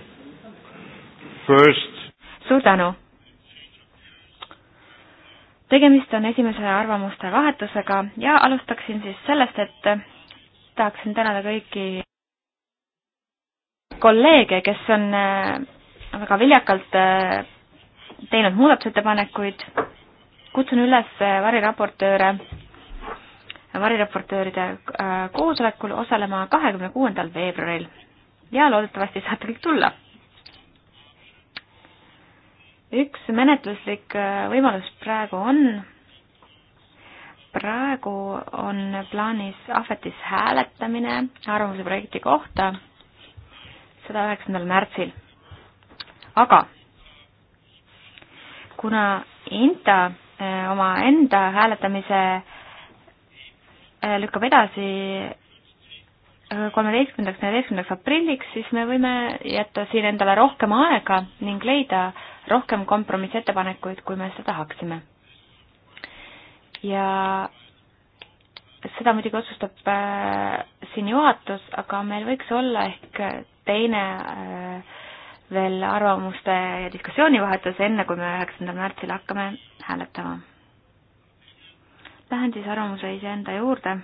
Speaker 1: first
Speaker 2: suur tänu! tegemist on esimese arvamuste vahetusega ja alustaksin siis sellest, et tahaksin tänada kõiki kolleege, kes on äh, väga viljakalt äh, teinud muudatusettepanekuid. kutsun üles äh, variraportööre variraportööride äh, koosolekul osalema kahekümne kuuendal veebruaril ja loodetavasti saate kõik tulla. üks menetluslik äh, võimalus praegu on, praegu on plaanis ahvetis hääletamine arvamuse projekti kohta seda üheksandal märtsil. aga kuna INTA äh, omaenda hääletamise Äh, lükkab edasi äh, kolmeteistkümnendaks, neljateistkümnendaks aprilliks, siis me võime jätta siin endale rohkem aega ning leida rohkem kompromissettepanekuid, kui me seda tahaksime. ja seda muidugi otsustab äh, siin juhatus, aga meil võiks olla ehk teine äh, veel arvamuste ja diskussioonivahetus, enne kui me üheksandal märtsil hakkame hääletama Lähen siis arvamuse iseenda juurde.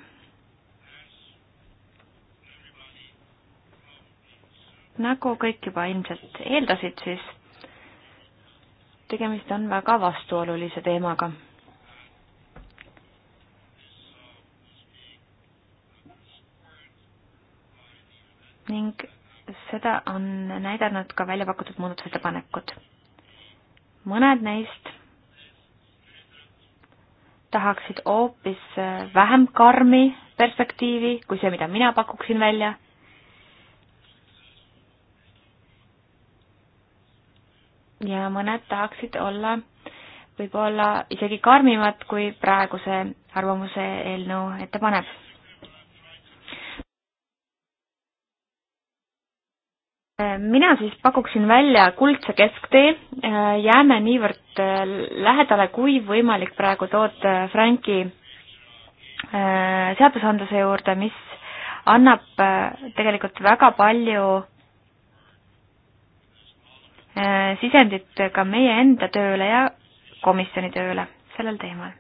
Speaker 2: nagu kõik juba ilmselt eeldasid, siis tegemist on väga vastuolulise teemaga ning seda on näidanud ka välja pakutud muudatusettepanekud. mõned neist tahaksid hoopis äh, vähem karmi perspektiivi kui see, mida mina pakuksin välja. ja mõned tahaksid olla võib-olla isegi karmimad, kui praeguse arvamuse eelnõu ette paneb mina siis pakuksin välja kuldse kesktee, jääme niivõrd äh, lähedale kui võimalik praegu Toot äh, Franki äh, seadusandluse juurde, mis annab tegelikult väga palju sisendit ka meie enda tööle ja komisjoni tööle sellel teemal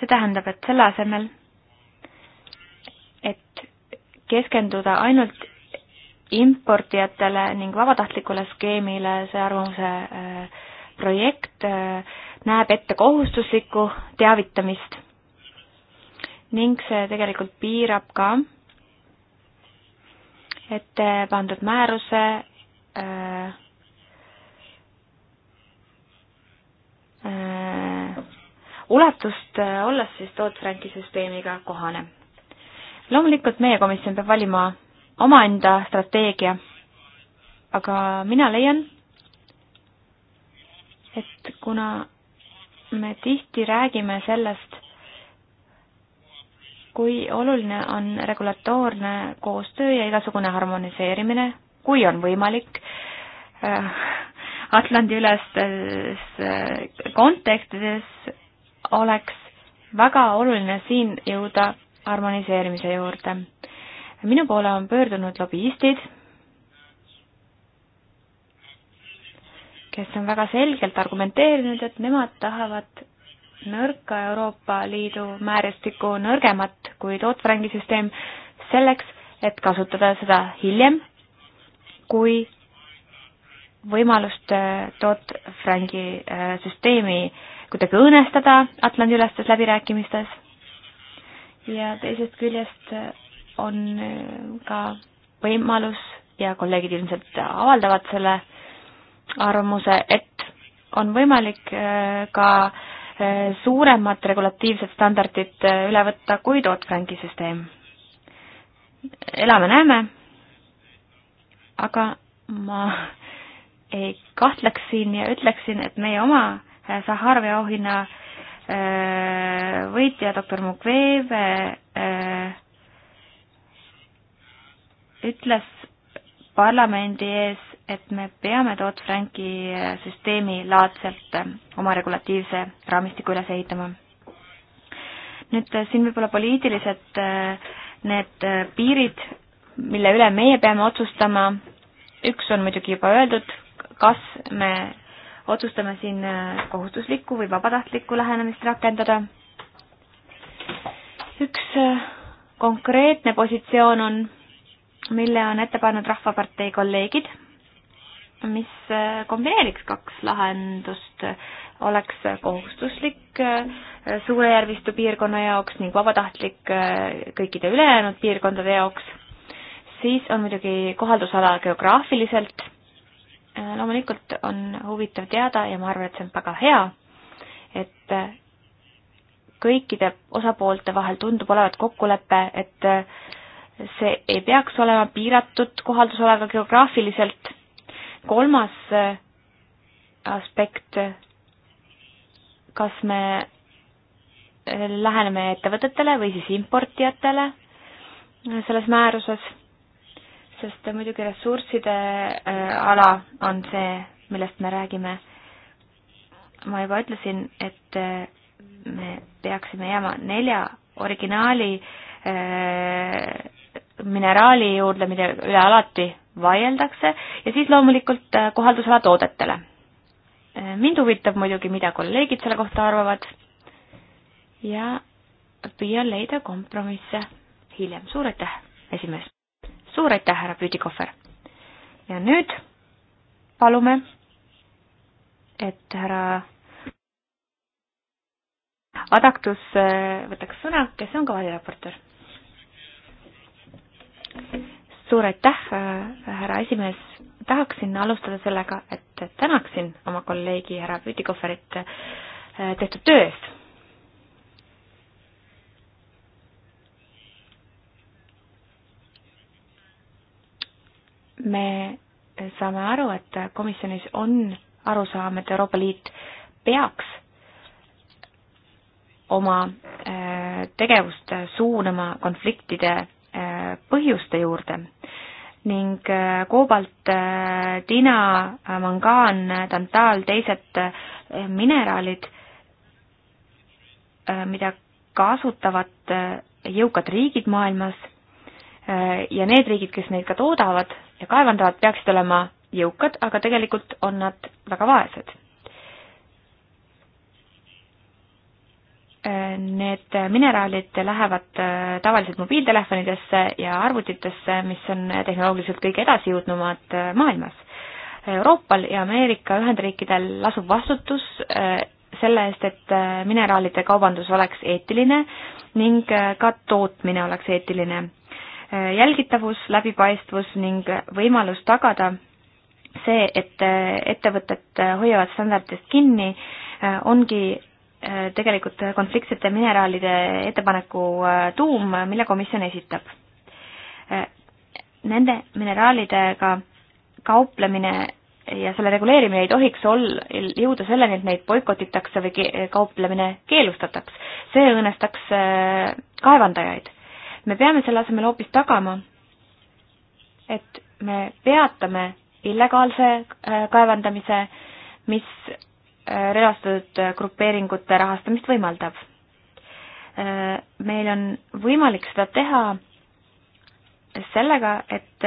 Speaker 2: see tähendab, et selle asemel, keskenduda ainult importijatele ning vabatahtlikule skeemile, see arvamuse äh, projekt äh, näeb ette kohustuslikku teavitamist ning see tegelikult piirab ka ette pandud määruse äh, äh, ulatust äh,, olles siis Dodd-Franki süsteemiga kohane loomulikult meie komisjon peab valima omaenda strateegia, aga mina leian, et kuna me tihti räägime sellest, kui oluline on regulatoorne koostöö ja igasugune harmoniseerimine, kui on võimalik äh, Atlandi-ülestes äh, kontekstides, oleks väga oluline siin jõuda harmoniseerimise juurde. minu poole on pöördunud lobistid, kes on väga selgelt argumenteerinud, et nemad tahavad nõrka Euroopa Liidu määristiku nõrgemat kui Dodd-Franki süsteem selleks, et kasutada seda hiljem kui võimalust Dodd-Franki äh, äh, süsteemi kuidagi õõnestada Atlandi-ülestes läbirääkimistes ja teisest küljest on äh, ka võimalus ja kolleegid ilmselt avaldavad selle arvamuse, et on võimalik äh, ka äh, suuremad regulatiivsed standardid üle võtta kui Dodd-Franki süsteem. elame-näeme, aga ma ei kahtleks siin ja ütleksin, et meie oma Sahharovi auhinna äh, Äh, võitja doktor Mukwege äh, ütles parlamendi ees, et me peame Toot Franki äh, süsteemi laadselt oma regulatiivse raamistiku üles ehitama. nüüd siin võib-olla poliitilised need piirid, mille üle meie peame otsustama, üks on muidugi juba öeldud, kas me otsustame siin äh, kohustuslikku või vabatahtlikku lähenemist rakendada. üks äh, konkreetne positsioon on, mille on ette pannud Rahvapartei kolleegid, mis äh, kombineeriks kaks lahendust, oleks kohustuslik Suure järvistu piirkonna jaoks ning vabatahtlik kõikide ülejäänud piirkondade jaoks, siis on muidugi kohaldusala geograafiliselt Äh, loomulikult on huvitav teada ja ma arvan, et see on väga hea, et äh, kõikide osapoolte vahel tundub olevat kokkulepe, et äh, see ei peaks olema piiratud kohaldusalaga geograafiliselt. kolmas aspekt, kas me läheneme ettevõtetele või siis importijatele selles määruses sest muidugi ressursside äh, ala on see, millest me räägime. ma juba ütlesin, et äh, me peaksime jääma nelja originaali äh, mineraali juurde, mille üle alati vaieldakse ja siis loomulikult kohaldusala toodetele. mind huvitab muidugi, mida kolleegid selle kohta arvavad ja püüan leida kompromisse hiljem. suur aitäh, esimees! suur aitäh, härra Püüdikohver! ja nüüd palume, et härra Adaktus äh, võtaks sõna, kes on ka valiraportöör. suur aitäh, äh, härra esimees, tahaksin alustada sellega, et tänaksin oma kolleegi härra Püütikohverit äh, tehtud töö eest me saame aru, et komisjonis on arusaam, et Euroopa Liit peaks oma äh, tegevust suunama konfliktide äh, põhjuste juurde ning äh, koobalt, tina, mangaan, tantaal, teised mineraalid, mida kasutavad jõukad riigid maailmas ja need riigid, kes neid ka toodavad, ja kaevandajad peaksid olema jõukad, aga tegelikult on nad väga vaesed. Need mineraalid lähevad äh, tavaliselt mobiiltelefonidesse ja arvutitesse, mis on tehnoloogiliselt kõige edasijõudnumad äh, maailmas. Euroopal ja Ameerika Ühendriikidel lasub vastutus äh, selle eest, et mineraalide kaubandus oleks eetiline ning ka tootmine oleks eetiline jälgitavus, läbipaistvus ning võimalus tagada see, et äh, ettevõtted äh, hoiavad standardist kinni, äh, ongi tegelikult konfliktsete mineraalide ettepaneku tuum, mille komisjon esitab. Nende mineraalidega kauplemine ja selle reguleerimine ei tohiks ol-, jõuda selleni, et neid boikotitakse või ke-, kauplemine keelustataks. see õõnestaks kaevandajaid me peame selle asemel hoopis tagama, et me peatame illegaalse äh, kaevandamise, mis äh, relvastatud äh, grupeeringute rahastamist võimaldab. meil on võimalik seda teha sellega, et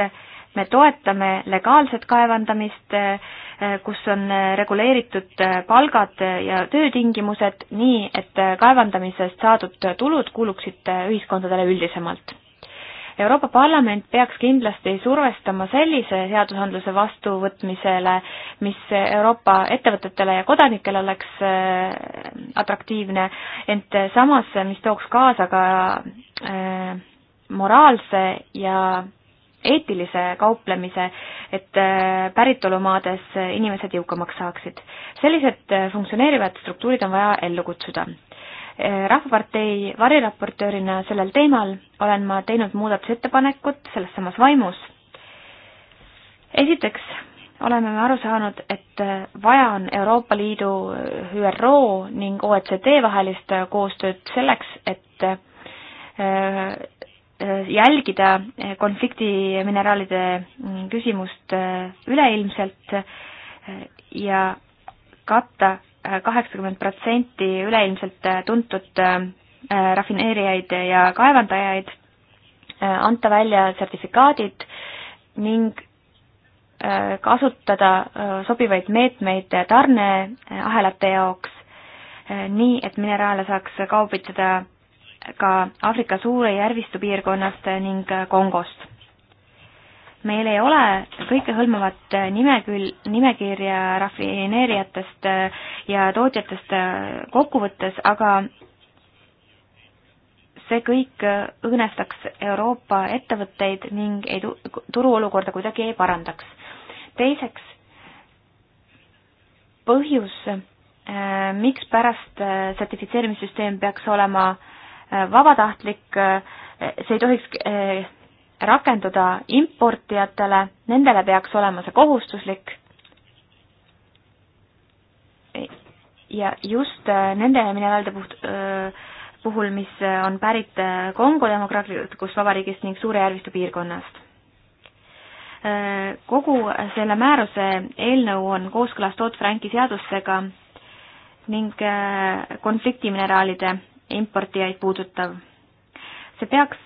Speaker 2: me toetame legaalset kaevandamist, eh, kus on eh, reguleeritud eh, palgad ja töötingimused, nii et kaevandamisest saadud tulud kuuluksid ühiskondadele üldisemalt. Euroopa Parlament peaks kindlasti survestama sellise seadusandluse vastuvõtmisele, mis Euroopa ettevõtetele ja kodanikele oleks atraktiivne, ent samas, mis tooks kaasa ka moraalse ja eetilise kauplemise, et äh, päritolumaades inimesed jõukamaks saaksid. sellised äh, funktsioneerivad struktuurid on vaja ellu kutsuda. Äh, rahvapartei variraportöörina sellel teemal olen ma teinud muudatusettepanekut selles samas vaimus. esiteks oleme me aru saanud, et vaja on Euroopa Liidu, ÜRO ning OECD vahelist koostööd selleks, et Äh, jälgida äh, konfliktimineraalide mm, küsimust äh, üleilmselt ja katta kaheksakümmend protsenti üleilmselt tuntud rafineerijaid ja kaevandajaid, anda välja sertifikaadid ning kasutada sobivaid meetmeid tarneahelate jaoks, nii et mineraale saaks kaubitada ka Aafrika suure järvistu piirkonnast ning Kongost. meil ei ole kõikehõlmavat nimekül-, nimekirja rafineerijatest ja tootjatest kokkuvõttes, aga see kõik õõnestaks Euroopa ettevõtteid ning ei tu-, turuolukorda kuidagi ei parandaks. teiseks, põhjus, mikspärast sertifitseerimissüsteem peaks olema äh, Äh, vabatahtlik, äh, see ei tohiks äh, rakenduda importijatele, nendele peaks olema see kohustuslik. ja just nende mineraalide puht-, puhul, mis on pärit Kongo demokraatlikust vabariigist ning Suure järvistu piirkonnast kogu selle määruse eelnõu on kooskõlas Toot-Franki seadustega ning konfliktimineraalide importijaid puudutav. see peaks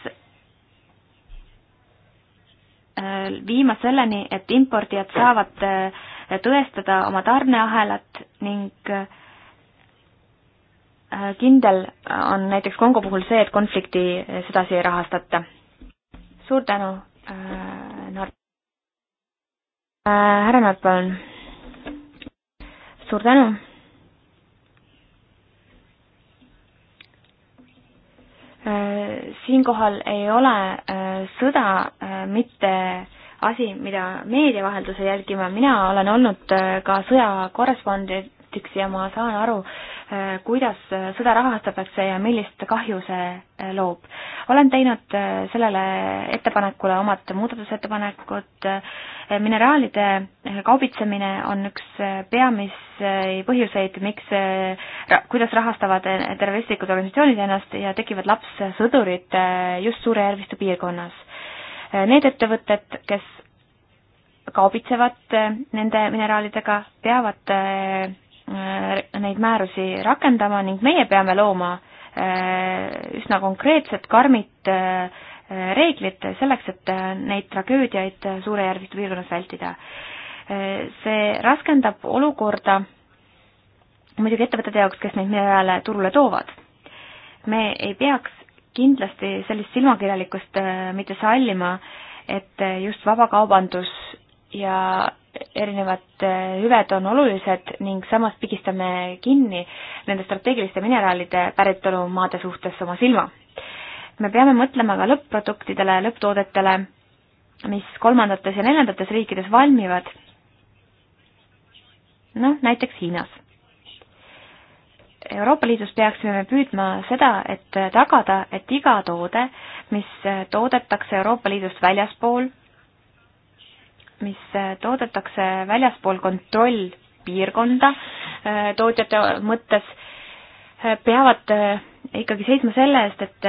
Speaker 2: äh, viima selleni, et impordijad saavad äh, tõestada oma tarneahelat ning äh, kindel on näiteks Kongo puhul see, et konflikti sedasi ei rahastata. suur tänu, Nord-. härra Nord, palun. suur tänu Äh, siinkohal ei ole äh, sõda äh, mitte asi, mida meedia vaheldusel jälgime, mina olen olnud ka sõjakorrespondendiks ja ma saan aru, Äh, kuidas äh, sõda rahastatakse ja millist kahju see äh, loob. olen teinud sellele ettepanekule omad muudatusettepanekud, mineraalide kaubitsemine on üks peamisi põhjuseid, miks, kuidas rahastavad terroristlikud organisatsioonid ennast ja tekivad lapssõdurid just Suure-Järvistu piirkonnas. Need ettevõtted, kes kaubitsevad nende mineraalidega, peavad Äh, neid määrusi rakendama ning meie peame looma äh, üsna konkreetsed karmid äh, reeglid selleks, et neid tragöödiaid Suurejärviste piirkonnas vältida. see raskendab olukorda muidugi ettevõtete jaoks, kes neid meie ajale turule toovad. me ei peaks kindlasti sellist silmakirjalikkust mitte sallima, et just vabakaubandus ja erinevad äh, hüved on olulised ning samas pigistame kinni nende strateegiliste mineraalide päritolumaade suhtes oma silma. me peame mõtlema ka lõpp-produktidele, lõpptoodetele, mis kolmandates ja neljandates riikides valmivad, noh, näiteks Hiinas. Euroopa Liidus peaksime me püüdma seda, et tagada, et iga toode, mis toodetakse Euroopa Liidust väljaspool, mis äh, toodetakse väljaspool kontrollpiirkonda äh, tootjate mõttes, äh, peavad ikkagi seisma selle eest, et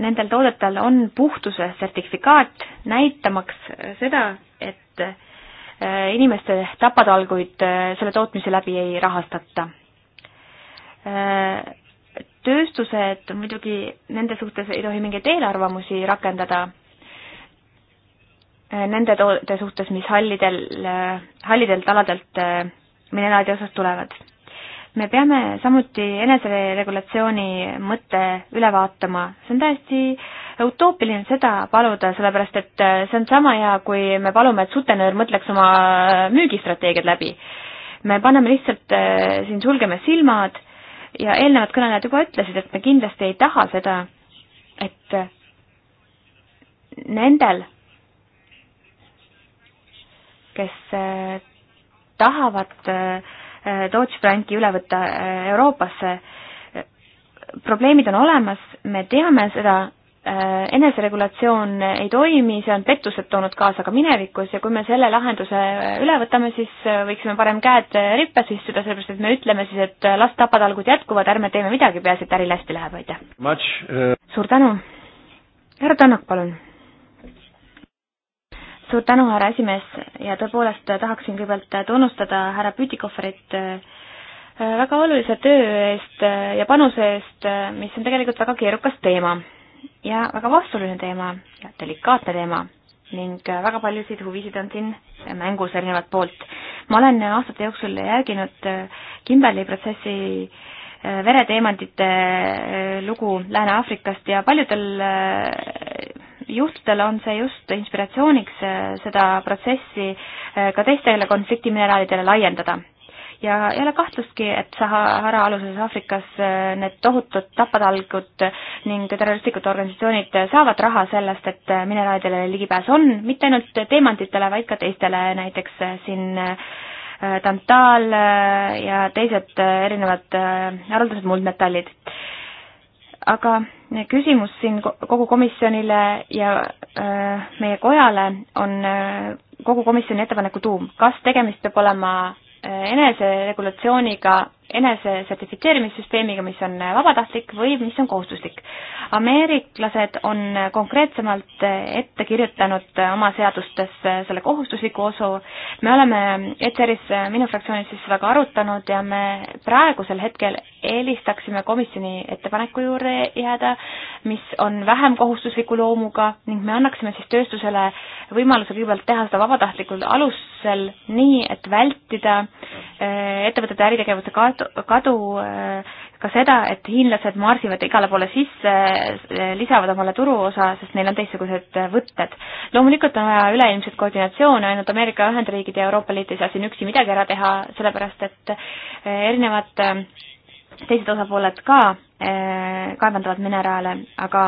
Speaker 2: nendel toodetel on puhtuse sertifikaat, näitamaks seda, et inimeste tapatalguid selle tootmise läbi ei rahastata. tööstused muidugi nende suhtes ei tohi mingeid eelarvamusi rakendada Äh, nende toodete suhtes, mis hallidel, äh, hallidelt aladelt äh, mineraadi osas tulevad. me peame samuti eneseregulatsiooni mõtte üle vaatama, see on täiesti utoopiline seda paluda, sellepärast et see on sama hea, kui me palume, et sutenöör mõtleks oma müügistrateegiad läbi. me paneme lihtsalt siin, sulgeme silmad ja eelnevad kõnelejad juba ütlesid, et me kindlasti ei taha seda, et nendel kes eh, tahavad eh, Deutsche Banki üle võtta eh, Euroopasse. probleemid on olemas, me teame seda, eneseregulatsioon ei toimi, see on pettused toonud kaasa ka minevikus ja kui me selle lahenduse üle võtame, siis võiksime parem käed rippes istuda, sellepärast et me ütleme siis, et las tapatalgud jätkuvad, ärme teeme midagi, peaasi, et äril hästi läheb, aitäh! suur tänu! härra Tannak, palun! suur tänu, härra esimees ja tõepoolest tahaksin kõigepealt tunnustada härra Pütikohverit äh, väga olulise töö eest ja panuse eest, äh, mis on tegelikult väga keerukas teema ja väga vastuoluline teema ja delikaatne teema ning äh, väga paljusid huvisid on siin mängus erinevalt poolt. ma olen aastate jooksul jälginud Kimberli protsessi vereteemantide lugu Lääne-Aafrikast ja paljudel juhtudel on see just inspiratsiooniks äh, seda protsessi äh, ka teistele konfliktimineraalidele laiendada. ja ei ole kahtlustki, et Sahara aluses Aafrikas äh, need tohutud tapatalgud ning terroristlikud organisatsioonid saavad raha sellest, et mineraalidele ligipääs on, mitte ainult teemantidele, vaid ka teistele, näiteks siin tantaal ja teised erinevad haruldased muldmetallid aga küsimus siin kogu komisjonile ja äh, meie kojale on äh, kogu komisjoni ettepaneku tuum. kas tegemist peab olema äh, eneseregulatsiooniga enesesertifitseerimissüsteemiga, mis on vabatahtlik või mis on kohustuslik. ameeriklased on konkreetsemalt ette kirjutanud oma seadustes selle kohustusliku osu, me oleme ETR-is, minu fraktsioonis siis seda ka arutanud ja me praegusel hetkel eelistaksime komisjoni ettepaneku juurde jääda, mis on vähem kohustusliku loomuga ning me annaksime siis tööstusele võimaluse kõigepealt teha seda vabatahtlikul alusel, nii et vältida eh, ettevõtete äritegevuse kaart-, kadu, kadu äh, ka seda, et hiinlased marsivad igale poole sisse, äh, lisavad omale turuosa, sest neil on teistsugused äh, võtted. loomulikult on vaja üleilmset koordinatsiooni, ainult Ameerika Ühendriigid ja Euroopa Liit ei saa siin üksi midagi ära teha, sellepärast et erinevad teised osapooled ka eh, kaevandavad mineraale, aga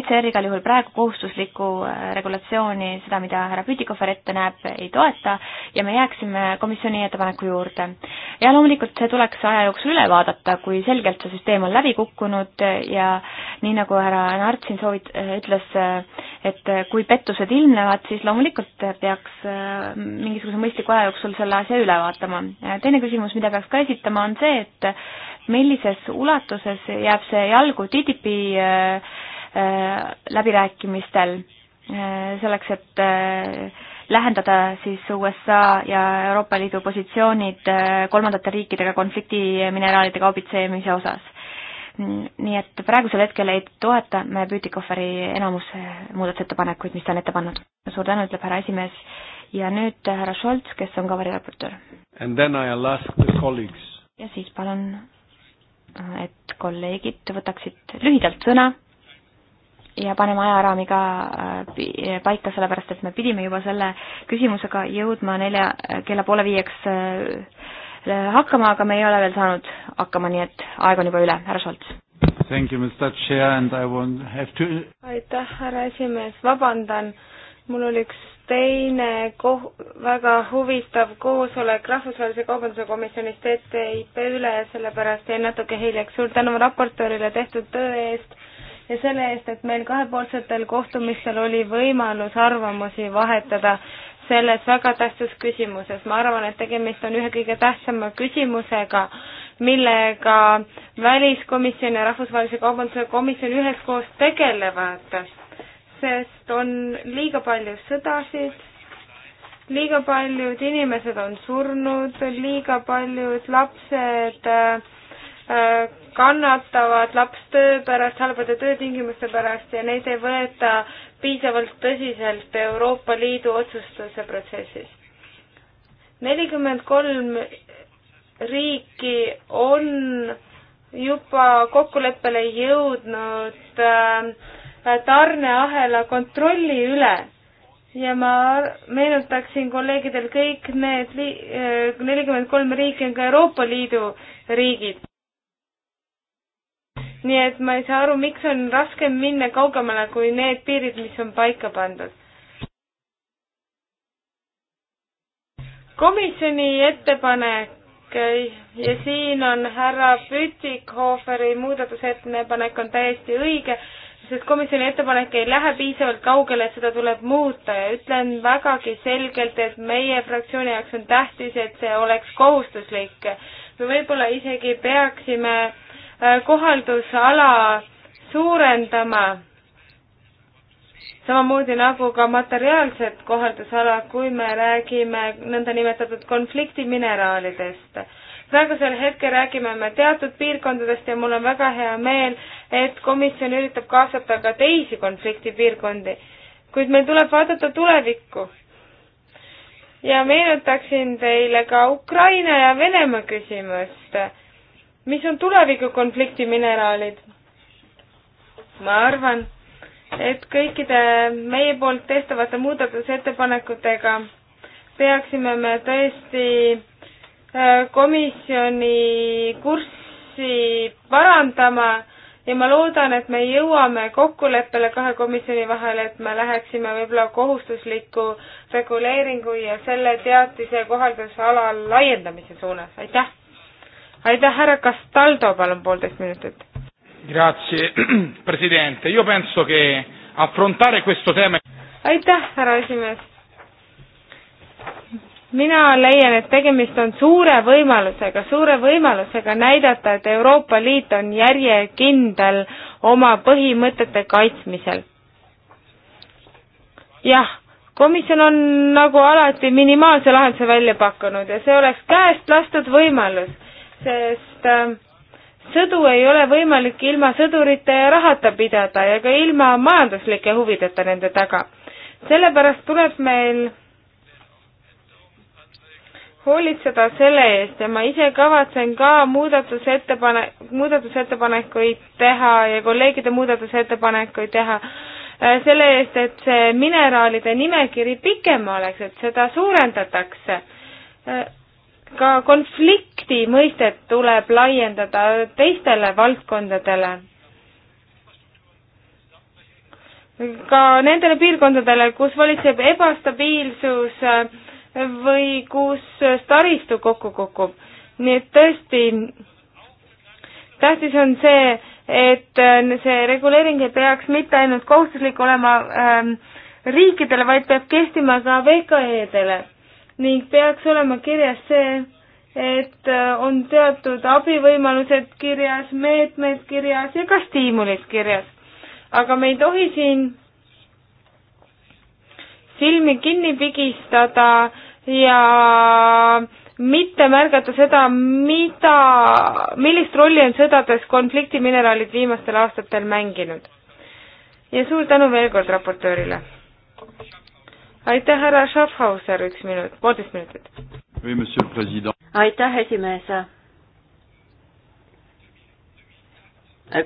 Speaker 2: ECR igal juhul praegu kohustuslikku eh, regulatsiooni, seda, mida härra Pütikofer ette näeb, ei toeta ja me jääksime komisjoni ettepaneku juurde. ja loomulikult see tuleks aja jooksul üle vaadata, kui selgelt see süsteem on läbi kukkunud ja nii, nagu härra Nart siin soovit-, ütles, et kui pettused ilmnevad, siis loomulikult peaks eh, mingisuguse mõistliku aja jooksul selle asja üle vaatama. teine küsimus, mida peaks ka esitama, on see, et millises ulatuses jääb see jalgu TTIP-i äh, äh, läbirääkimistel äh, selleks, et lähendada siis USA ja Euroopa Liidu positsioonid kolmandate riikidega konflikti mineraalide kaubitsemise osas. nii et praegusel hetkel ei toeta me Bütikoferi enamus muudatusettepanekuid, mis ta on ette pannud. suur tänu, ütleb härra esimees ja nüüd härra Scholz, kes on ka variraportöör. ja siis palun et kolleegid võtaksid lühidalt sõna ja paneme ajaraami ka äh, paika, sellepärast et me pidime juba selle küsimusega jõudma nelja, kella poole viieks äh, hakkama, aga me ei ole veel saanud hakkama, nii et aeg on juba üle, härra Šolts.
Speaker 1: Thank you, Mr Chair and I won't have to aitäh, härra esimees, vabandan mul oli üks teine koh-, väga huvitav koosolek Rahvusvahelise Kaubanduse Komisjonis TTIP üle, sellepärast jäin natuke hiljaks. suur tänu raportöörile tehtud töö eest ja selle eest, et meil kahepoolsetel kohtumistel oli võimalus arvamusi vahetada selles väga tähtsas küsimuses. ma arvan, et tegemist on ühe kõige tähtsama küsimusega, millega Väliskomisjon ja Rahvusvahelise Kaubanduse Komisjon üheskoos tegelevad sest on liiga palju sõdasid, liiga paljud inimesed on surnud, liiga paljud lapsed äh, äh, kannatavad lapstöö pärast, halbade töötingimuste pärast ja neid ei võeta piisavalt tõsiselt Euroopa Liidu otsustuse protsessis. nelikümmend kolm riiki on juba kokkuleppele jõudnud äh, Äh, tarneahela kontrolli üle ja ma meenutaksin kolleegidel kõik need äh, nelikümmend kolm riiki on ka Euroopa Liidu riigid. nii et ma ei saa aru, miks on raskem minna kaugemale kui need piirid, mis on paika pandud. komisjoni ettepanek äh, ja siin on härra Pütikhoferi muudatusettepanek on täiesti õige sest komisjoni ettepanek ei lähe piisavalt kaugele, et seda tuleb muuta ja ütlen vägagi selgelt, et meie fraktsiooni jaoks on tähtis, et see oleks kohustuslik. me võib-olla isegi peaksime äh, kohaldusala suurendama, samamoodi nagu ka materiaalset kohaldusala, kui me räägime nõndanimetatud konfliktimineraalidest praegusel hetkel räägime me teatud piirkondadest ja mul on väga hea meel, et komisjon üritab kaasata ka teisi konfliktipiirkondi. kuid meil tuleb vaadata tulevikku. ja meenutaksin teile ka Ukraina ja Venemaa küsimust. mis on tulevikukonflikti mineraalid? ma arvan, et kõikide meie poolt tehtavate muudatusettepanekutega peaksime me tõesti komisjoni kurssi parandama ja ma loodan, et me jõuame kokkuleppele kahe komisjoni vahel, et me läheksime võib-olla kohustusliku reguleeringu ja selle teatise kohaldusala laiendamise suunas, aitäh! aitäh, härra Castaldo, palun poolteist minutit. Grazie,
Speaker 3: president, io penso che affrontare questo tema
Speaker 1: aitäh, härra esimees! mina leian, et tegemist on suure võimalusega, suure võimalusega näidata, et Euroopa Liit on järjekindel oma põhimõtete kaitsmisel. jah, komisjon on nagu alati minimaalse lahenduse välja pakkunud ja see oleks käest lastud võimalus, sest äh, sõdu ei ole võimalik ilma sõdurite ja rahata pidada ja ka ilma majanduslike huvideta nende taga. sellepärast tuleb meil hoolitseda selle eest ja ma ise kavatsen ka muudatusettepane-, muudatusettepanekuid teha ja kolleegide muudatusettepanekuid teha äh, selle eest, et see mineraalide nimekiri pikem oleks, et seda suurendatakse. Äh, ka konflikti mõistet tuleb laiendada teistele valdkondadele. ka nendele piirkondadele, kus valitseb ebastabiilsus äh, või kus taristu kokku kukub. nii et tõesti, tähtis on see, et äh, see reguleering ei peaks mitte ainult kohustuslik olema ähm, riikidele, vaid peab kehtima ka VKE-dele ning peaks olema kirjas see, et äh, on teatud abivõimalused kirjas, meetmed kirjas ja ka stiimulid kirjas. aga me ei tohi siin silmi kinni pigistada ja mitte märgata seda, mida, millist rolli on sõdades konfliktimineraalid viimastel aastatel mänginud. ja suur tänu veel kord raportöörile. aitäh, härra Schaffhauser, üks minut, poolteist minutit. aitäh, esimees.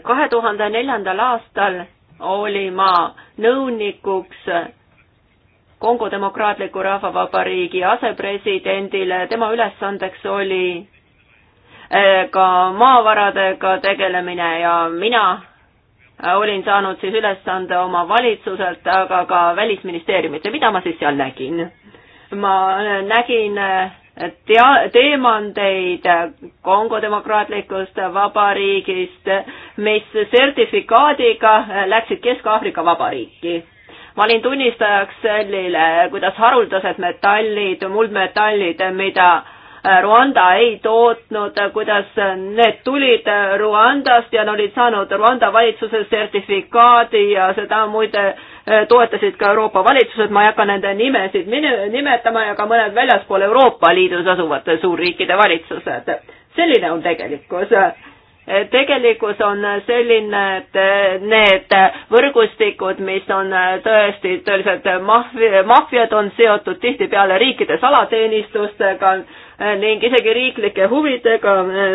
Speaker 3: kahe tuhande neljandal aastal oli ma nõunikuks Kongo Demokraatliku Rahvavabariigi asepresidendile, tema ülesandeks oli eh, ka maavaradega tegelemine ja mina eh, olin saanud siis ülesande oma valitsuselt, aga ka Välisministeeriumilt ja mida ma siis seal nägin? ma eh, nägin tea-, teemandeid Kongo demokraatlikust vabariigist, mis sertifikaadiga läksid Kesk-Aafrika Vabariiki ma olin tunnistajaks sellile, kuidas haruldased metallid, muldmetallid, mida äh, Rwanda ei tootnud, kuidas need tulid äh, Rwandast ja olid saanud Rwanda valitsuse sertifikaadi ja seda muide äh, toetasid ka Euroopa valitsused, ma ei hakka nende nimesid nimetama ja ka mõned väljaspool Euroopa Liidus asuvate suurriikide valitsused. selline on tegelikkus tegelikkus on selline, et need võrgustikud, mis on tõesti tõeliselt maffiad, on seotud tihtipeale riikide salateenistustega ning isegi riiklike huvidega,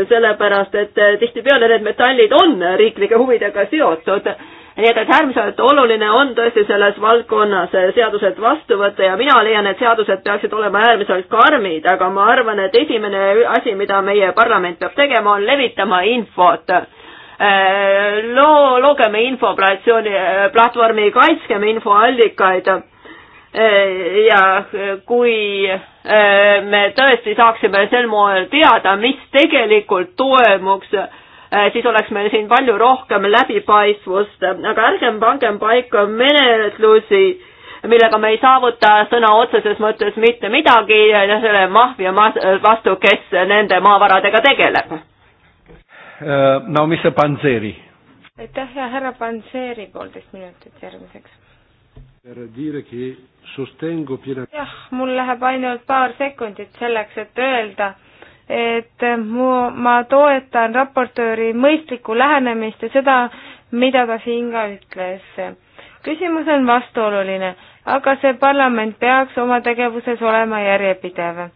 Speaker 3: sellepärast et tihtipeale need metallid on riiklike huvidega seotud nii et, et äärmiselt oluline on tõesti selles valdkonnas seadused vastu võtta ja mina leian, et seadused peaksid olema äärmiselt karmid, aga ma arvan, et esimene asi, mida meie parlament peab tegema, on levitama infot. Äh, Loo, loogeme infoplatsiooni, äh, platvormi, kaitskem infoallikaid äh, ja kui me tõesti saaksime sel moel teada, mis tegelikult toimuks, Äh, siis oleks meil siin palju rohkem läbipaistvust, aga ärgem pangem paika menetlusi, millega me ei saavuta sõna otseses mõttes mitte midagi ja selle maffia vastu, kes nende maavaradega
Speaker 1: tegeleb. Äh, no mis see Panseri? aitäh ja härra Panseri poolteist minutit järgmiseks. jah, mul läheb ainult paar sekundit selleks, et öelda et mu, ma toetan raportööri mõistlikku lähenemist ja seda, mida ta siin ka ütles. küsimus on vastuoluline, aga see parlament peaks oma tegevuses olema järjepidev.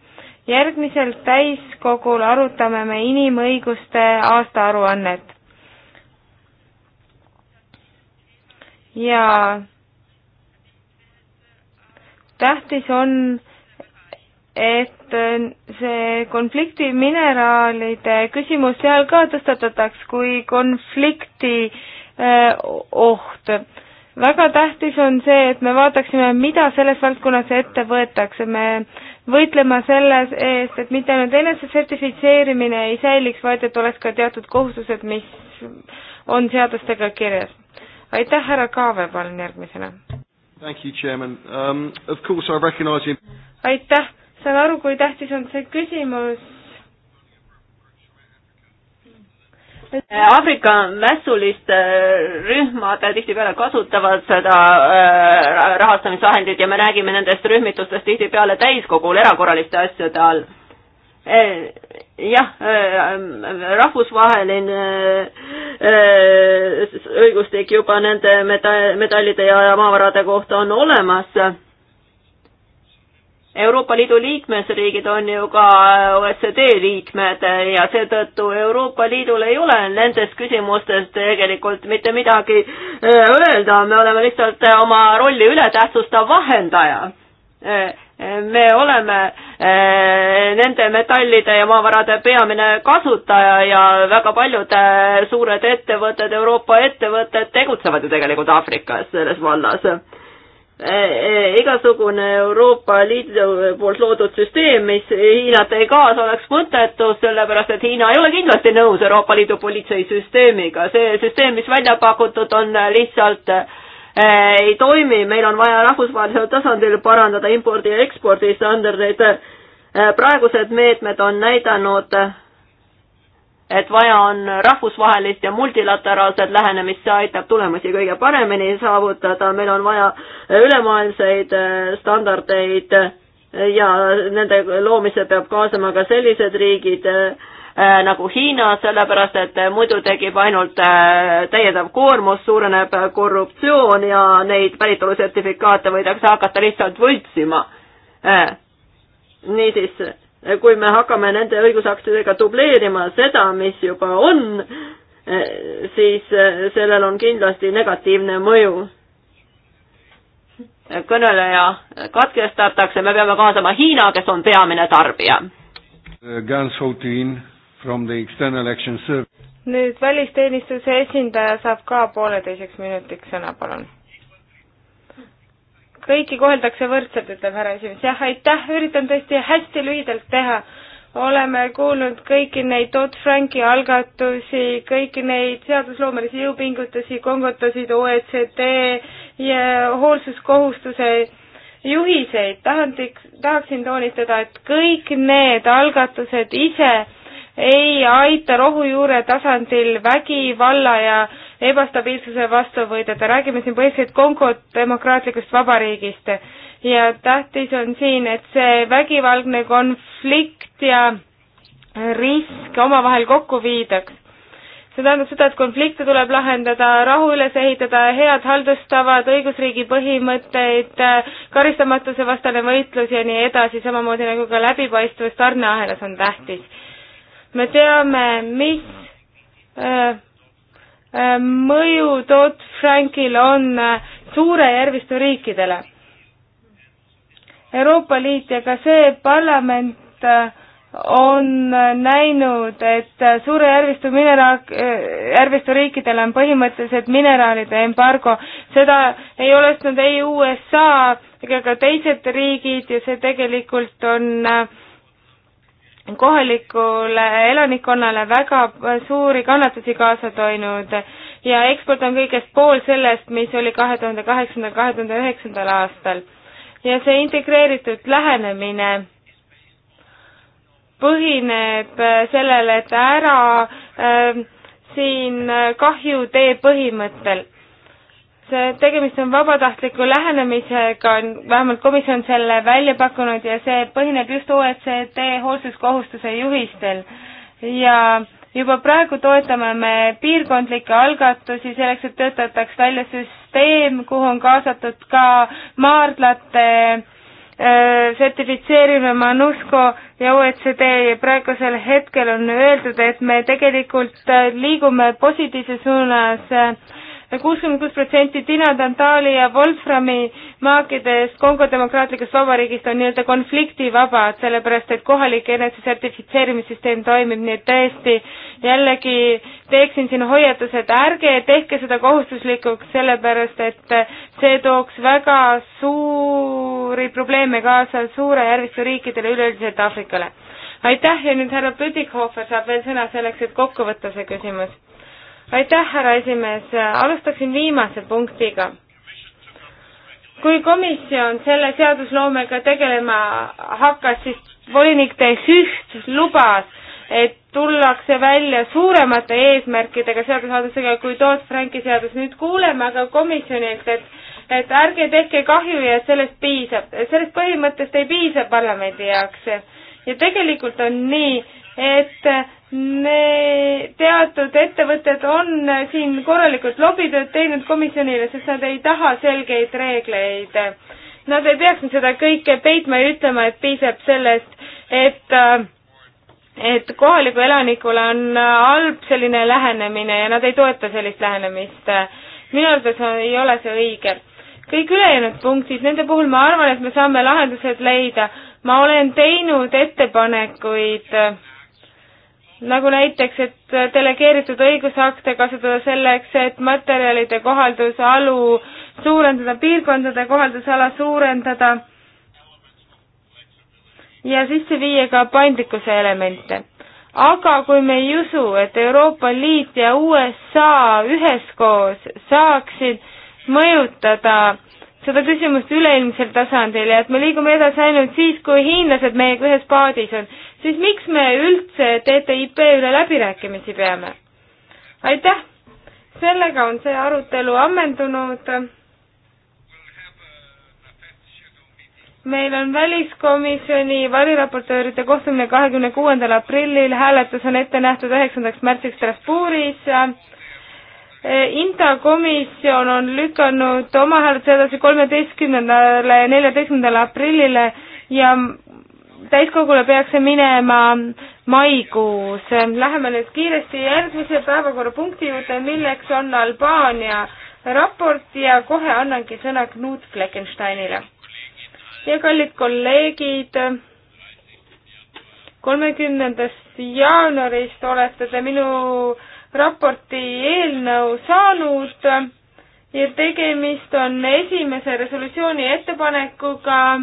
Speaker 1: järgmisel täiskogul arutame me inimõiguste aastaaruannet. ja tähtis on, et äh, see konflikti mineraalide küsimus seal ka tõstatataks kui konflikti äh, oht. väga tähtis on see, et me vaataksime, mida selles valdkonnas ette võetakse, me võitlema selles eest, et mitte ainult enesesertifitseerimine ei säiliks, vaid et oleks ka teatud kohustused, mis on seadustega kirjas. aitäh, härra Kaave, palun järgmisena. Um, aitäh saan aru, kui tähtis on see küsimus. Aafrika mässuliste äh, rühmad
Speaker 3: tihtipeale kasutavad seda äh, rahastamisvahendit ja me räägime nendest rühmitustest tihtipeale täiskogul erakorraliste asjade all äh, jah, rahvusvaheline õigustik juba nende meda-, medalide ja maavarade kohta on olemas Euroopa Liidu liikmesriigid on ju ka OECD liikmed ja seetõttu Euroopa Liidul ei ole nendes küsimustes tegelikult mitte midagi äh, öelda, me oleme lihtsalt oma rolli ületähtsustav vahendaja. Äh, me oleme äh, nende metallide ja maavarade peamine kasutaja ja väga paljud suured ettevõtted, Euroopa ettevõtted tegutsevad ju tegelikult Aafrikas selles vallas Eh, eh, igasugune Euroopa Liidu poolt loodud süsteem, mis Hiinat ei kaasa, oleks mõttetu, sellepärast et Hiina ei ole kindlasti nõus Euroopa Liidu politseisüsteemiga. see süsteem, mis välja pakutud on, lihtsalt eh, ei toimi, meil on vaja rahvusvahelisel tasandil parandada impordi ja ekspordi standardeid. praegused meetmed on näidanud et vaja on rahvusvahelist ja multilateraalset lähenemist, see aitab tulemusi kõige paremini saavutada, meil on vaja ülemaailmseid äh, standardeid äh, ja nende loomise peab kaasama ka sellised riigid äh, nagu Hiina, sellepärast et muidu tekib ainult täiendav koormus, suureneb korruptsioon ja neid päritolusertifikaate võidakse hakata lihtsalt võltsima. niisiis kui me hakkame nende õigusaktidega dubleerima seda, mis juba on, eh, siis eh, sellel on kindlasti negatiivne mõju. kõneleja katkestatakse, me peame kaasama Hiina, kes on peamine tarbija.
Speaker 1: Uh, nüüd välisteenistuse esindaja saab ka pooleteiseks minutiks sõna, palun kõiki koheldakse võrdselt, ütleb härra esimees. jah, aitäh, üritan tõesti hästi lühidalt teha. oleme kuulnud kõiki neid Dodd-Franki algatusi, kõiki neid seadusloomelisi jõupingutusi, kongutasid OECD ja hoolsuskohustuse juhiseid. tahandik, tahaksin toonitada, et kõik need algatused ise ei aita rohujuure tasandil vägivalla ja äh, ebastabiilsuse vastu võidelda, räägime siin põhiliselt Kongo demokraatlikust vabariigist ja tähtis on siin, et see vägivaldne konflikt ja risk omavahel kokku viidaks. see tähendab seda, et konflikte tuleb lahendada, rahu üles ehitada, head haldustavad, õigusriigi põhimõtteid, karistamatuse vastane võitlus ja nii edasi, samamoodi nagu ka läbipaistvus tarneahelas on tähtis. me teame, mis äh, Äh, mõju Dodd-Frankil on äh, suure järvistu riikidele. Euroopa Liit ja ka see parlament äh, on näinud, et suure järvistu mineraal, järvistu riikidele on põhimõtteliselt mineraalide embargo. seda ei ole ostnud ei USA ega ka teised riigid ja see tegelikult on äh, kohalikule elanikkonnale väga suuri kannatusi kaasa toonud ja eksport on kõigest pool sellest, mis oli kahe tuhande kaheksandal, kahe tuhande üheksandal aastal. ja see integreeritud lähenemine põhineb sellele, et ära äh, siin kahju tee põhimõttel see, tegemist on vabatahtliku lähenemisega, vähemalt komisjon selle välja pakkunud ja see põhineb just OECD hoolsuskohustuse juhistel. ja juba praegu toetame me piirkondlikke algatusi selleks, et töötataks välja süsteem, kuhu on kaasatud ka maardlate äh, sertifitseerime Manusco ja OECD ja praegusel hetkel on öeldud, et me tegelikult äh, liigume positiivses suunas äh, kuuskümmend kuus protsenti tinatantali ja Wolframi maakidest Kongo Demokraatlikust Vabariigist on nii-öelda konfliktivabad, sellepärast et kohalik enesesertifitseerimissüsteem toimib, nii et tõesti jällegi teeksin siin hoiatuse, et ärge tehke seda kohustuslikuks, sellepärast et see tooks väga suuri probleeme kaasa suure järvistu riikidele, üleüldiselt Aafrikale. aitäh ja nüüd härra Püdikhofer saab veel sõna selleks, et kokku võtta see küsimus aitäh, härra esimees, alustaksin viimase punktiga. kui komisjon selle seadusloomega tegelema hakkas, siis volinik De Hüht lubas, et tullakse välja suuremate eesmärkidega seadusandlusega kui Toot Franki seadus. nüüd kuuleme aga komisjonilt, et, et ärge tehke kahju ja sellest piisab, sellest põhimõttest ei piisa parlamendi jaoks. ja tegelikult on nii, et me, teatud ettevõtted on siin korralikult lobitööd teinud komisjonile, sest nad ei taha selgeid reegleid. Nad ei peaks seda kõike peitma ja ütlema, et piisab sellest, et et kohalikul elanikul on halb selline lähenemine ja nad ei toeta sellist lähenemist. minu arvates ei ole see õige. kõik ülejäänud punktid, nende puhul ma arvan, et me saame lahendused leida. ma olen teinud ettepanekuid äh, nagu näiteks, et delegeeritud õigusakte kasutada selleks, et materjalide kohaldusalu suurendada, piirkondade kohaldusala suurendada ja sisse viia ka paindlikkuse elemente. aga kui me ei usu, et Euroopa Liit ja USA üheskoos saaksid mõjutada seda küsimust üleilmsel tasandil ja et me liigume edasi ainult siis, kui hiinlased meiega ühes paadis on, siis miks me üldse TTIP üle läbirääkimisi peame? aitäh! sellega on see arutelu ammendunud. meil on väliskomisjoni variraportööride kohtumine kahekümne kuuendal aprillil, hääletus on ette nähtud üheksandaks märtsiks Strasbourgis. Inta komisjon on lükanud oma hääletuse edasi kolmeteistkümnendale, neljateistkümnendale aprillile ja täiskogule peaks see minema maikuus. Läheme nüüd kiiresti järgmise päevakorrapunkti juurde, milleks on Albaania raport ja kohe annangi sõna Knut Fleckensteinile. ja kallid kolleegid, kolmekümnendast jaanuarist olete te minu raporti eelnõu saanud ja tegemist on esimese resolutsiooni ettepanekuga äh,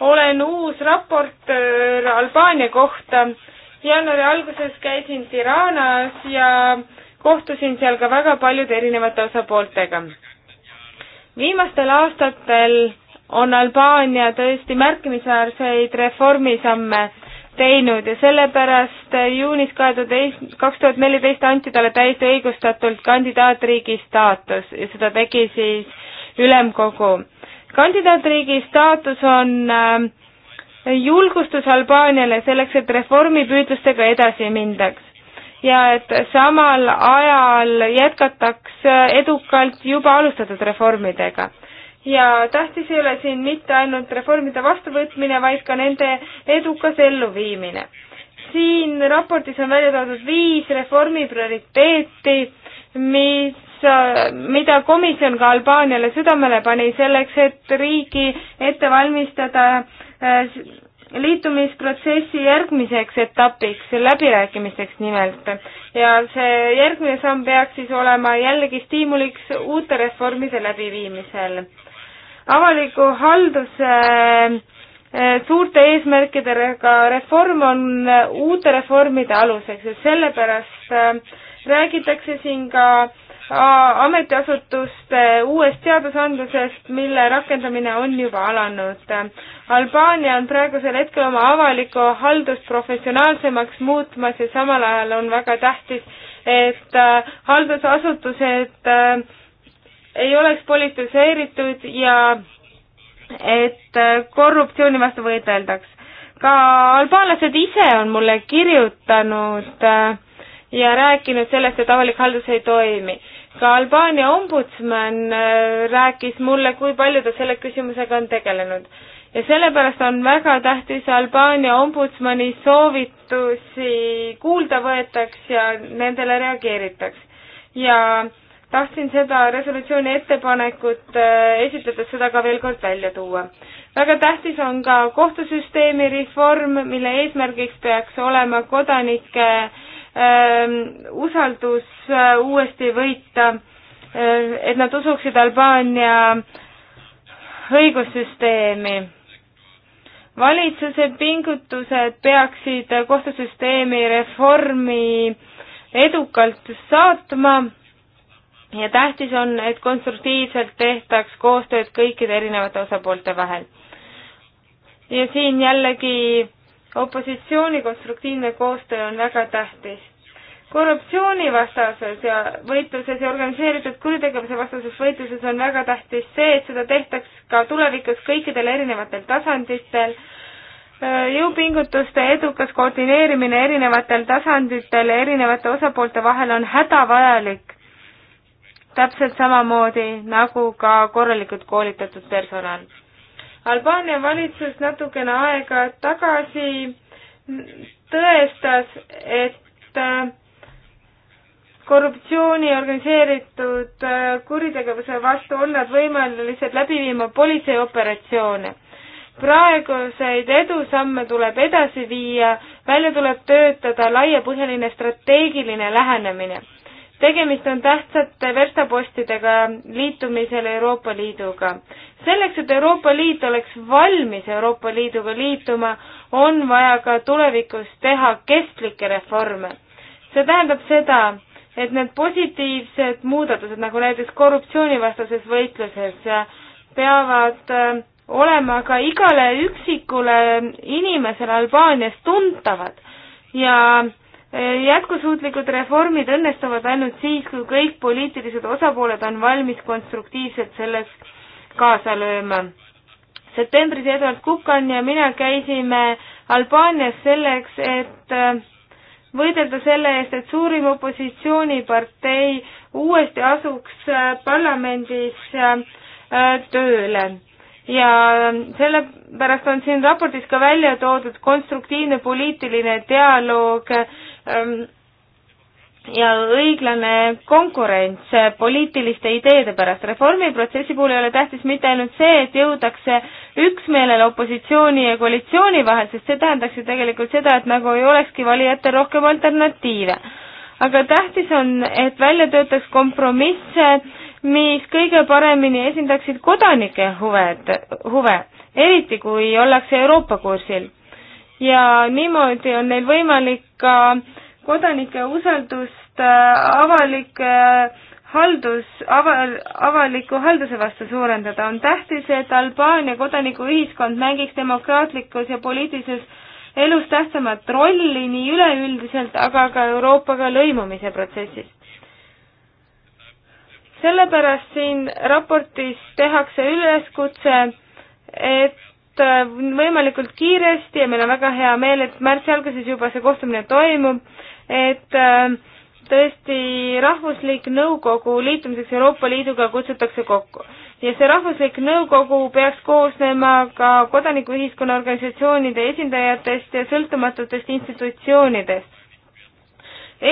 Speaker 1: olen uus raportöör Albaania kohta. jaanuari alguses käisin Tiranas ja kohtusin seal ka väga paljude erinevate osapooltega. viimastel aastatel on Albaania tõesti märkimisväärseid reformisamme teinud ja sellepärast juunis kahe tuhande, kaks tuhat neliteist anti talle täiesti õigustatult kandidaatriigi staatus ja seda tegi siis ülemkogu kandidaatriigi staatus on äh, julgustus Albaaniale selleks, et reformipüüdlustega edasi mindaks ja et samal ajal jätkataks äh, edukalt juba alustatud reformidega ja tähtis ei ole siin mitte ainult reformide vastuvõtmine, vaid ka nende edukas elluviimine. siin raportis on välja toodud viis reformi prioriteeti, mis Äh, mida komisjon ka Albaaniale südamele pani selleks, et riigi ette valmistada äh, liitumisprotsessi järgmiseks etapiks, läbirääkimisteks nimelt. ja see järgmine samm peaks siis olema jällegi stiimuliks uute reformide läbiviimisel. avaliku halduse äh, suurte eesmärkidega reform on uute reformide aluseks ja sellepärast räägitakse siin ka ametiasutuste uuest seadusandlusest, mille rakendamine on juba alanud. Albaania on praegusel hetkel oma avalikku haldust professionaalsemaks muutmas ja samal ajal on väga tähtis, et äh, haldusasutused äh, ei oleks politiseeritud ja et äh, korruptsiooni vastu võideldaks. ka albaanlased ise on mulle kirjutanud ja rääkinud sellest, et avalik haldus ei toimi ka Albaania ombudsman äh, rääkis mulle, kui palju ta selle küsimusega on tegelenud. ja sellepärast on väga tähtis Albaania ombudsmani soovitusi kuulda võetaks ja nendele reageeritaks. ja tahtsin seda resolutsiooni ettepanekut äh, esitledes seda ka veel kord välja tuua. väga tähtis on ka kohtusüsteemi reform, mille eesmärgiks peaks olema kodanike äh, Ehm, usaldus äh, uuesti võita, äh, et nad usuksid Albaania õigussüsteemi. valitsuse pingutused peaksid kohtusüsteemi reformi edukalt saatma ja tähtis on, et konstruktiivselt tehtaks koostööd kõikide erinevate osapoolte vahel. ja siin jällegi opositsiooni konstruktiivne koostöö on väga tähtis. korruptsioonivastases ja võitluses ja organiseeritud kuritegevuse vastases võitluses on väga tähtis see, et seda tehtaks ka tulevikus kõikidel erinevatel tasanditel, jõupingutuste edukas koordineerimine erinevatel tasanditel ja erinevate osapoolte vahel on hädavajalik, täpselt samamoodi nagu ka korralikult koolitatud personal Albaania valitsus natukene aega tagasi tõestas, et äh, korruptsiooni organiseeritud äh, kuritegevuse vastu on nad võimelised läbi viima politseioperatsioone. praeguseid edusamme tuleb edasi viia, välja tuleb töötada laiapõhjaline strateegiline lähenemine tegemist on tähtsate verstapostidega liitumisel Euroopa Liiduga. selleks, et Euroopa Liit oleks valmis Euroopa Liiduga liituma, on vaja ka tulevikus teha kestlikke reforme. see tähendab seda, et need positiivsed muudatused, nagu näiteks korruptsioonivastases võitluses, peavad äh, olema ka igale üksikule inimesele Albaanias tuntavad ja jätkusuutlikud reformid õnnestuvad ainult siis, kui kõik poliitilised osapooled on valmis konstruktiivselt selles kaasa lööma. septembris Eduard Kukan ja mina käisime Albaanias selleks, et äh, võidelda selle eest, et suurim opositsioonipartei uuesti asuks äh, parlamendis äh, tööle ja sellepärast on siin raportis ka välja toodud konstruktiivne poliitiline dialoog ja õiglane konkurents poliitiliste ideede pärast. reformiprotsessi puhul ei ole tähtis mitte ainult see, et jõudakse üksmeelele opositsiooni ja koalitsiooni vahel, sest see tähendaks ju tegelikult seda, et nagu ei olekski valijatel rohkem alternatiive. aga tähtis on, et välja töötaks kompromisse, mis kõige paremini esindaksid kodanike huved, huve, eriti kui ollakse Euroopa kursil ja niimoodi on neil võimalik ka kodanike usaldust äh, avalike äh, haldus, ava-, avaliku halduse vastu suurendada. on tähtis, et Albaania kodanikuühiskond mängiks demokraatlikus ja poliitilises elus tähtsamat rolli nii üleüldiselt, aga ka Euroopaga lõimumise protsessis. sellepärast siin raportis tehakse üleskutse, et Äh, võimalikult kiiresti ja meil on väga hea meel, et märtsi alguses juba see kohtumine toimub, et äh, tõesti rahvuslik nõukogu liitumiseks Euroopa Liiduga kutsutakse kokku. ja see rahvuslik nõukogu peaks koosnema ka kodanikuühiskonna organisatsioonide esindajatest ja sõltumatutest institutsioonidest.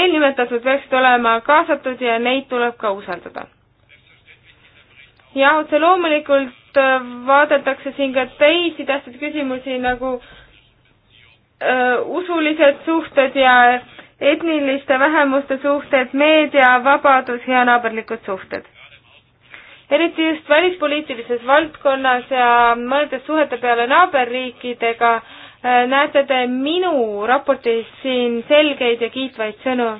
Speaker 1: eelnimetatud peaksid olema kaasatud ja neid tuleb ka usaldada ja otse loomulikult äh, vaadatakse siin ka teisi tähtsaid küsimusi nagu öö, äh, usulised suhted ja etniliste vähemuste suhted, meediavabadus, heanaaberlikud suhted. eriti just välispoliitilises valdkonnas ja mõeldes suhete peale naaberriikidega, äh, näete te minu raportis siin selgeid ja kiitvaid sõnu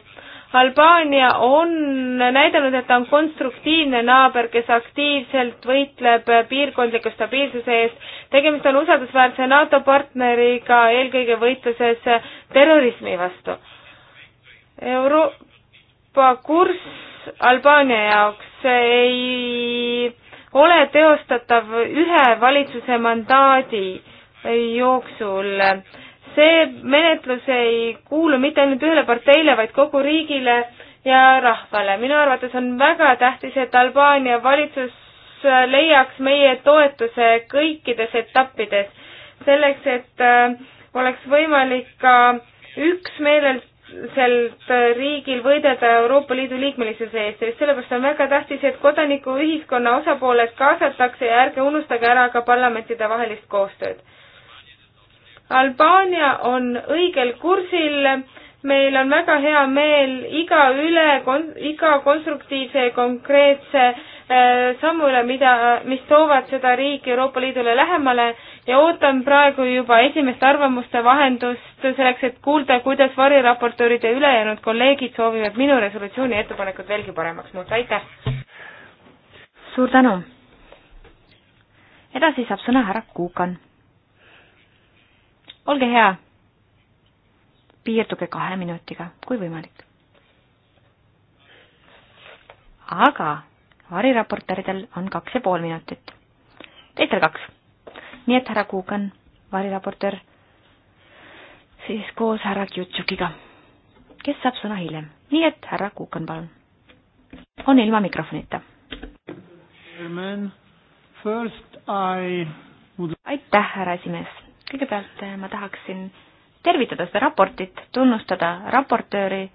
Speaker 1: Albaania on näidanud, et ta on konstruktiivne naaber, kes aktiivselt võitleb piirkondliku stabiilsuse eest. tegemist on usaldusväärse NATO partneriga eelkõige võitluses terrorismi vastu. Euroopa kurss Albaania jaoks ei ole teostatav ühe valitsuse mandaadi jooksul see menetlus ei kuulu mitte ainult ühele parteile, vaid kogu riigile ja rahvale. minu arvates on väga tähtis, et Albaania valitsus leiaks meie toetuse kõikides etappides, selleks et äh, oleks võimalik ka üksmeelselt riigil võidelda Euroopa Liidu liikmelisuse eest ja just sellepärast on väga tähtis, et kodanikuühiskonna osapooled kaasatakse ja ärge unustage ära ka parlamentide vahelist koostööd Albaania on õigel kursil, meil on väga hea meel iga üle, iga konstruktiivse ja konkreetse äh, sammu üle, mida, mis toovad seda riiki Euroopa Liidule lähemale ja ootan praegu juba esimest arvamuste vahendust selleks, et kuulda, kuidas variraportöörid ja ülejäänud kolleegid soovivad minu resolutsiooni ettepanekut veelgi paremaks muuta, aitäh!
Speaker 2: suur tänu! edasi saab sõna härra Kuukan olge hea, piirduge kahe minutiga, kui võimalik. aga variraportööridel on kaks ja pool minutit, teistel kaks. nii et härra Kuukan, variraportöör, siis koos härra Kjutšukiga, kes saab sõna hiljem. nii et härra Kuukan, palun. on ilma mikrofonita. aitäh, härra esimees kõigepealt eh, ma tahaksin tervitada seda raportit, tunnustada raportööri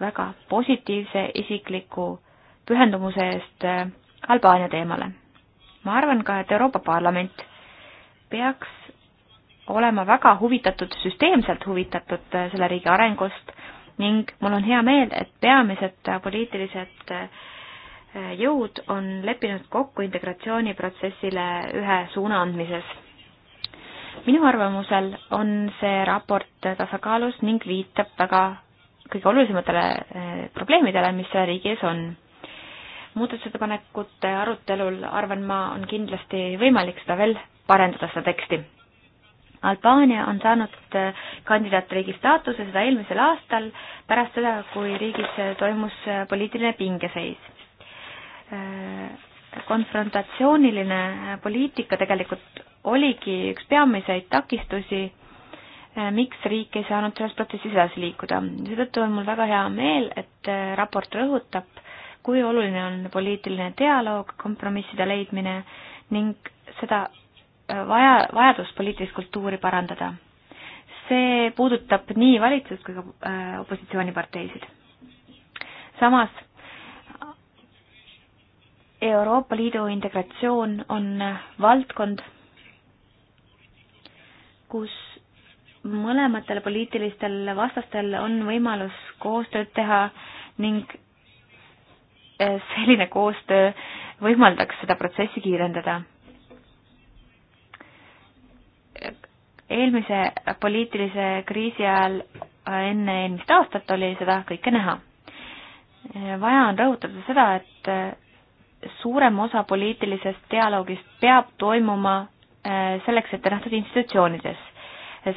Speaker 2: väga positiivse isikliku pühendumuse eest eh, Albaania teemale. ma arvan ka, et Euroopa Parlament peaks olema väga huvitatud, süsteemselt huvitatud eh, selle riigi arengust ning mul on hea meel, et peamised poliitilised jõud on leppinud kokku integratsiooniprotsessile ühe suuna andmises minu arvamusel on see raport tasakaalus ning viitab väga kõige olulisematele eh, probleemidele, mis seal riigis on. muudatusettepanekute arutelul, arvan ma, on kindlasti võimalik seda veel parendada, seda teksti. Albaania on saanud eh, kandidaatriigi staatuse, seda eelmisel aastal, pärast seda, kui riigis toimus eh, poliitiline pingeseis konfrontatsiooniline poliitika tegelikult oligi üks peamiseid takistusi, eh, miks riik ei saanud selles protsessis edasi liikuda. seetõttu on mul väga hea meel, et eh, raport rõhutab, kui oluline on poliitiline dialoog, kompromisside leidmine ning seda eh, vaja, vajadust poliitilist kultuuri parandada. see puudutab nii valitsust kui ka opositsiooniparteisid. samas Euroopa Liidu integratsioon on valdkond, kus mõlematel poliitilistel vastastel on võimalus koostööd teha ning eh, selline koostöö võimaldaks seda protsessi kiirendada. eelmise poliitilise kriisi ajal eh, enne eelmist aastat oli seda kõike näha. Eh, vaja on rõhutada seda, et suurem osa poliitilisest dialoogist peab toimuma äh, selleks ette nähtud institutsioonides.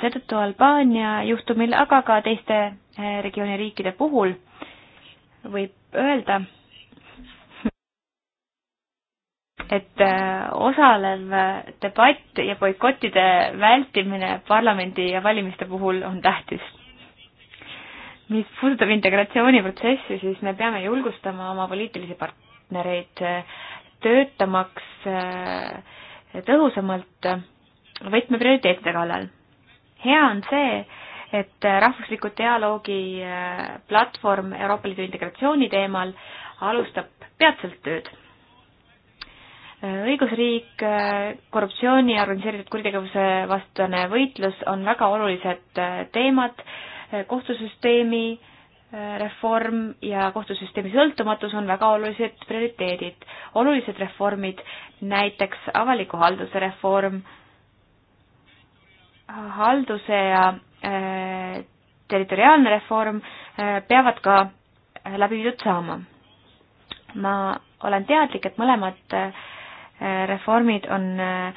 Speaker 2: seetõttu Albaania juhtumil, aga ka teiste äh, regiooni riikide puhul võib öelda, et äh, osalev debatt ja boikottide vältimine parlamendi ja valimiste puhul on tähtis. mis puudutab integratsiooniprotsessi, siis me peame julgustama oma poliitilisi part-, partnereid, äh, töötamaks äh, tõhusamalt võtmeprioriteetide kallal. hea on see, et äh, rahvusliku dialoogi platvorm Euroopa Liidu integratsiooni teemal alustab peatselt tööd. õigusriik, korruptsiooni ja organiseeritud kuritegevuse vastane võitlus on väga olulised teemad kohtusüsteemi reform ja kohtusüsteemi sõltumatus on väga olulised prioriteedid. olulised reformid, näiteks avaliku halduse reform, halduse ja äh, territoriaalne reform äh, peavad ka läbi viidud saama. ma olen teadlik, et mõlemad äh, reformid on äh,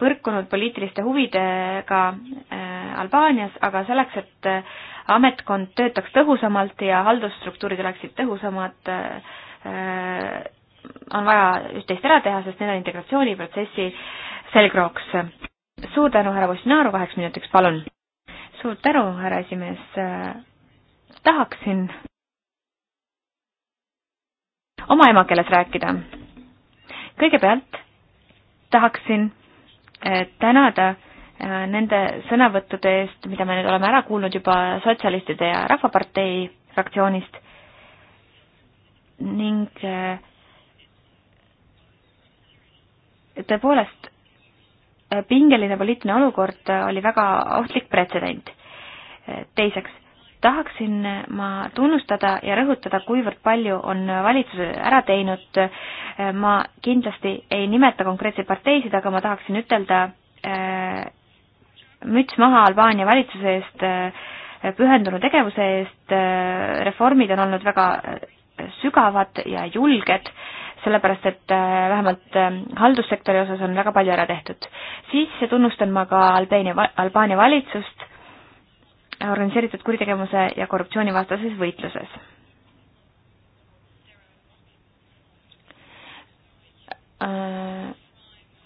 Speaker 2: põrkunud poliitiliste huvidega äh, Albaanias, aga selleks, et äh, ametkond töötaks tõhusamalt ja haldusstruktuurid oleksid tõhusamad, äh, on vaja üht-teist ära teha, sest need on integratsiooniprotsessi selgrooks. suur tänu, härra Vossinaru, kaheks minutiks, palun! suur tänu, härra esimees, tahaksin oma emakeeles rääkida. kõigepealt tahaksin äh, tänada äh, Äh, nende sõnavõttude eest, mida me nüüd oleme ära kuulnud juba Sotsialistide ja Rahvapartei fraktsioonist ning äh, tõepoolest, äh, pingeline poliitiline olukord oli väga ohtlik pretsedent. teiseks, tahaksin ma tunnustada ja rõhutada, kuivõrd palju on valitsus ära teinud. ma kindlasti ei nimeta konkreetseid parteisid, aga ma tahaksin ütelda müts maha Albaania valitsuse eest, äh, pühendunud tegevuse eest, äh, reformid on olnud väga äh, sügavad ja julged, sellepärast et vähemalt haldussektori osas on väga palju ära tehtud. siis tunnustan ma ka Albeenia, Albaania valitsust organiseeritud kuritegevuse ja korruptsioonivastases võitluses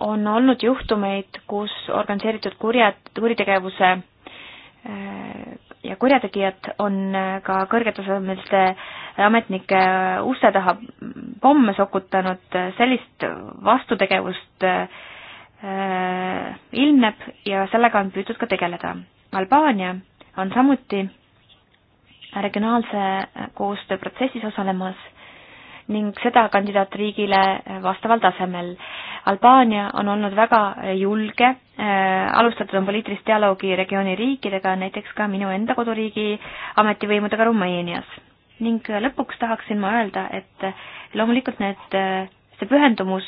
Speaker 2: on olnud juhtumeid, kus organiseeritud kurjad, kuritegevuse ja kurjategijad on ka kõrgetasemeliste ametnike uste taha pomme sokutanud, sellist vastutegevust äh, ilmneb ja sellega on püütud ka tegeleda. Albaania on samuti regionaalse äh, koostöö protsessis osalemas ning seda kandidaatriigile vastaval tasemel. Albaania on olnud väga julge, äh, alustatud on poliitilist dialoogi regiooni riikidega, näiteks ka minu enda koduriigi ametivõimudega Rumeenias. ning lõpuks tahaksin ma öelda, et loomulikult need, äh, see pühendumus,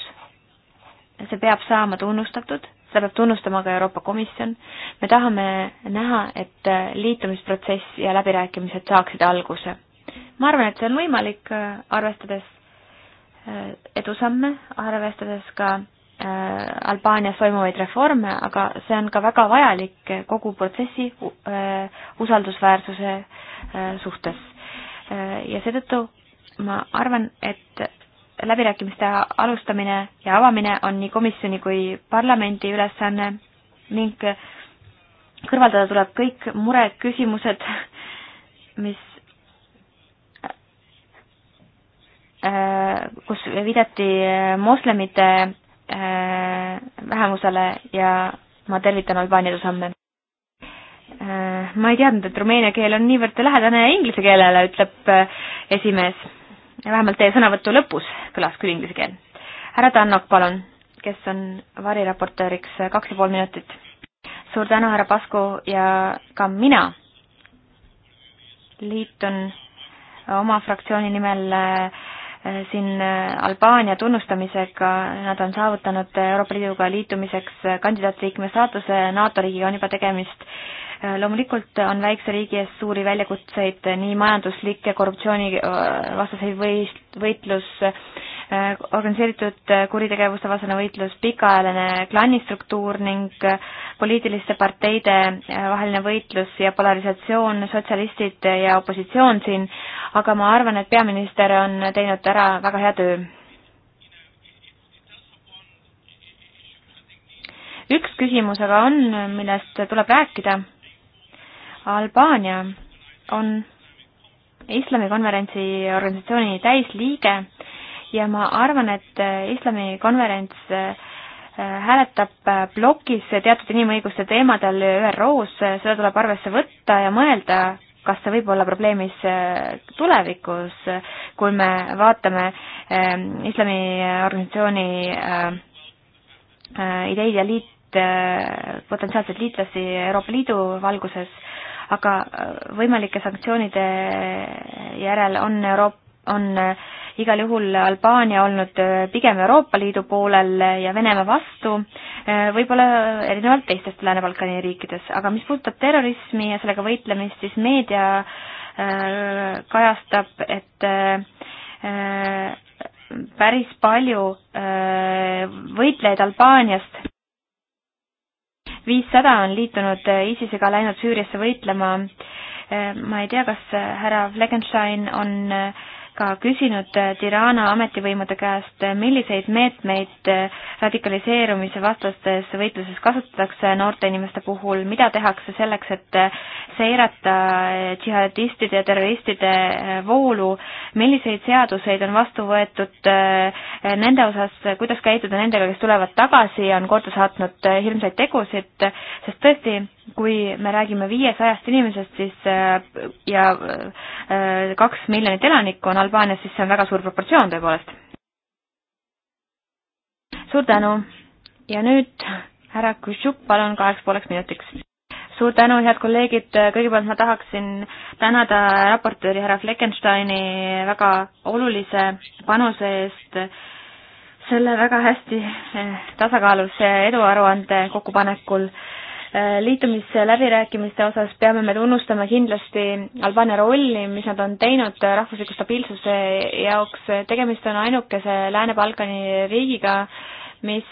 Speaker 2: see peab saama tunnustatud, seda peab tunnustama ka Euroopa Komisjon, me tahame näha, et äh, liitumisprotsess ja läbirääkimised saaksid alguse ma arvan, et see on võimalik, äh, arvestades äh, edusamme, arvestades ka äh, Albaanias toimuvaid reforme, aga see on ka väga vajalik kogu protsessi usaldusväärsuse suhtes. ja seetõttu ma arvan, et läbirääkimiste alustamine ja avamine on nii komisjoni kui parlamendi ülesanne ning kõrvaldada tuleb kõik mureküsimused, mis Äh, kus viidati äh, moslemite äh, vähemusele ja ma tervitan Albaania edusamme. Ma ei teadnud, et rumeenia keel on niivõrd lähedane inglise keelele, ütleb esimees. vähemalt teie sõnavõtu lõpus kõlas küll inglise keel. härra Tannok, palun, kes on variraportööriks kaks ja pool minutit. suur tänu, härra Pasku ja ka mina liitun oma fraktsiooni nimel äh, siin äh, Albaania tunnustamisega nad on saavutanud äh, Euroopa Liiduga liitumiseks äh, kandidaatriikme staatuse, NATO riigiga on juba tegemist. loomulikult on väikse riigi ees suuri väljakutseid, nii majanduslik ja korruptsioonivastase võist-, võitlus, Äh, organiseeritud äh, kuritegevuste vastane võitlus, pikaajaline klannistruktuur ning äh, poliitiliste parteide vaheline võitlus ja polarisatsioon, sotsialistid ja opositsioon siin, aga ma arvan, et peaminister on teinud ära väga hea töö. üks küsimus aga on, millest tuleb rääkida. Albaania on islamikonverentsi organisatsiooni täisliige ja ma arvan, et äh, islamikonverents äh, hääletab äh, plokis teatud inimõiguste teemadel ÜRO-s, seda tuleb arvesse võtta ja mõelda, kas see võib olla probleemis tulevikus, kui me vaatame islamiorganisatsiooni ideid ja liit, potentsiaalseid liitlasi Euroopa Liidu valguses, aga võimalike sanktsioonide järel on Euroopa on äh, igal juhul Albaania olnud äh, pigem Euroopa Liidu poolel ja Venemaa vastu, äh, võib-olla erinevalt teistest Lääne-Balkani riikides, aga mis puudutab terrorismi ja sellega võitlemist, siis meedia kajastab, et päris palju võitlejaid Albaaniast viissada on liitunud ISISega läinud Süüriasse võitlema. ma ei tea, kas härra Fleckenstein on äh, ka küsinud Tirana ametivõimude käest, milliseid meetmeid radikaliseerumise vastases võitluses kasutatakse noorte inimeste puhul, mida tehakse selleks, et seirata džihadistide ja terroristide voolu, milliseid seaduseid on vastu võetud nende osas, kuidas käituda nendega, kes tulevad tagasi ja on korda saatnud hirmsaid tegusid, sest tõesti, kui me räägime viiesajast inimesest, siis äh, ja äh, kaks miljonit elanikku on Albaanias, siis see on väga suur proportsioon tõepoolest. suur tänu ja nüüd härra Kusjuk, palun kaheks pooleks minutiks. suur tänu, head kolleegid, kõigepealt ma tahaksin tänada raportööri härra Fleckensteini väga olulise panuse eest selle väga hästi eh, tasakaalus eduaruande kokkupanekul äh, Äh, liitumisläbirääkimiste osas peame me tunnustama kindlasti Albaania rolli, mis nad on teinud rahvusliku stabiilsuse jaoks. tegemist on ainukese Lääne-Balkani riigiga, mis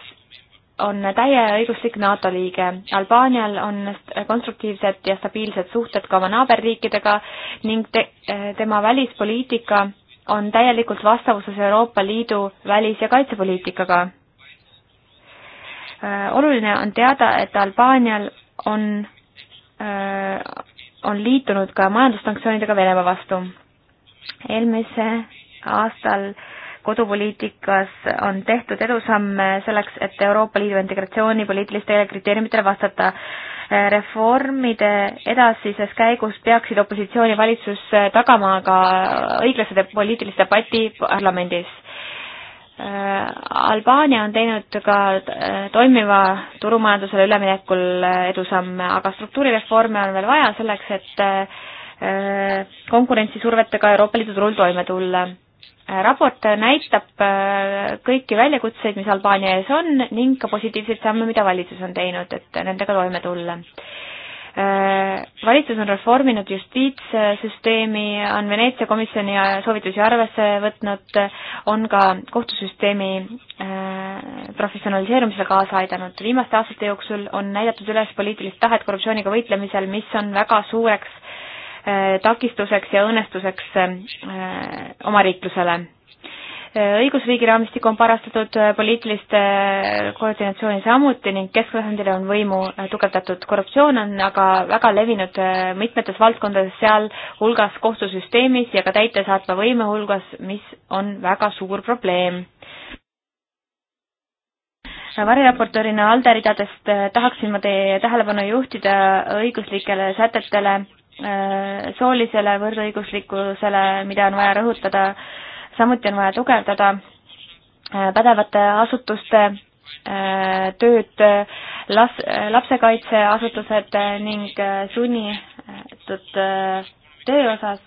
Speaker 2: on täieõiguslik NATO liige. Albaanial on konstruktiivsed ja stabiilsed suhted ka oma naaberriikidega ning te äh, tema välispoliitika on täielikult vastavuses Euroopa Liidu välis- ja kaitsepoliitikaga Äh, oluline on teada, et Albaanial on, äh, on liitunud ka majandussanktsioonidega Venemaa vastu. eelmise aastal kodupoliitikas on tehtud edusamme selleks, et Euroopa Liidu integratsiooni poliitilistele kriteeriumitele vastata. Äh, reformide edasises käigus peaksid opositsioon ja valitsus tagama ka õiglase poliitilise debati parlamendis Äh, Albaania on teinud ka äh, toimiva turumajandusele üleminekul äh, edusamme, aga struktuurireforme on veel vaja selleks, et konkurentsisurvetega Euroopa Liidu turul toime tulla. raport näitab kõiki väljakutseid, mis Albaania ees on ning ka positiivseid samme, mida valitsus on teinud, et nendega toime tulla Äh, valitsus on reforminud justiitssüsteemi, on Veneetsia komisjoni soovitusi arvesse võtnud, on ka kohtusüsteemi äh, professionaliseerumisele kaasa aidanud. viimaste aastate jooksul on näidatud üles poliitilist tahet korruptsiooniga võitlemisel, mis on väga suureks äh, takistuseks ja õõnestuseks omariiklusele õigusriigi raamistik on parastatud poliitiliste koordinatsiooni samuti ning kesktasandil on võimu tugevdatud. korruptsioon on aga väga levinud äh, mitmetes valdkondades, sealhulgas kohtusüsteemis ja ka täitesaatva võime hulgas, mis on väga suur probleem variraportöörina Alde ridadest äh, tahaksin ma teie tähelepanu juhtida õiguslikele sätetele, äh, soolisele võrdõiguslikkusele, mida on vaja rõhutada samuti on vaja tugevdada äh, pädevate asutuste äh, tööd, las-, lapsekaitseasutused äh, ning sunnitud töö osas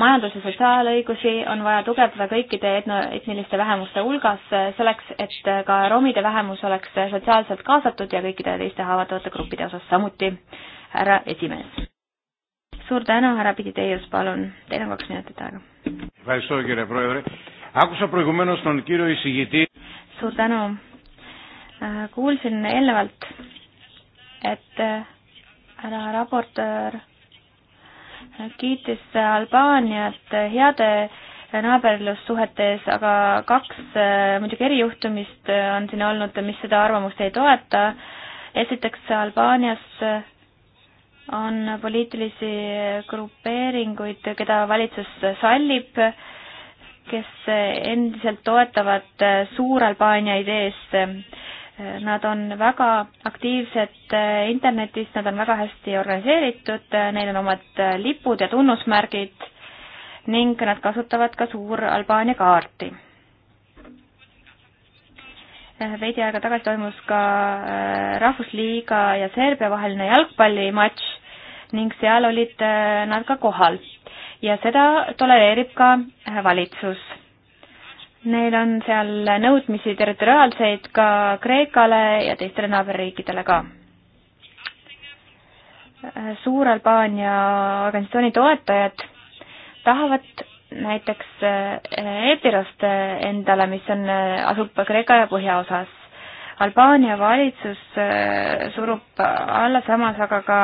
Speaker 2: majandus- ja sotsiaalõigusi on vaja tugevdada kõikide etno, etniliste vähemuste hulgas, selleks et ka romide vähemus oleks sotsiaalselt kaasatud ja kõikide teiste haavatavate gruppide osas samuti. härra esimees. suur tänu, härra Pidi-Teius, palun, teil on kaks minutit aega
Speaker 3: Ευχαριστώ κύριε Πρόεδρε. Άκουσα προηγουμένως τον κύριο εισηγητή.
Speaker 2: Suur tänu. Äh, kuulsin eelnevalt, et äh, härra raportöör kiitis Albaaniat heade naaberlussuhete ees, aga kaks äh, muidugi erijuhtumist on siin olnud, mis seda arvamust ei toeta. esiteks Albaanias on poliitilisi grupeeringuid, keda valitsus sallib, kes endiselt toetavad Suur-Albaania ideest. Nad on väga aktiivsed internetis, nad on väga hästi organiseeritud, neil on omad lipud ja tunnusmärgid ning nad kasutavad ka Suur-Albaania kaarti Eh, veidi aega tagasi toimus ka eh, Rahvusliiga ja Serbia vaheline jalgpallimatš ning seal olid eh, nad ka kohal ja seda tolereerib ka valitsus. Neil on seal nõudmisi territoriaalseid ka Kreekale ja teistele naaberriikidele ka. Suur-Albaania organisatsiooni toetajad tahavad näiteks eh, Epirost eh, endale, mis on, eh, asub Kreeka ja põhjaosas. Albaania valitsus surub alla, samas aga ka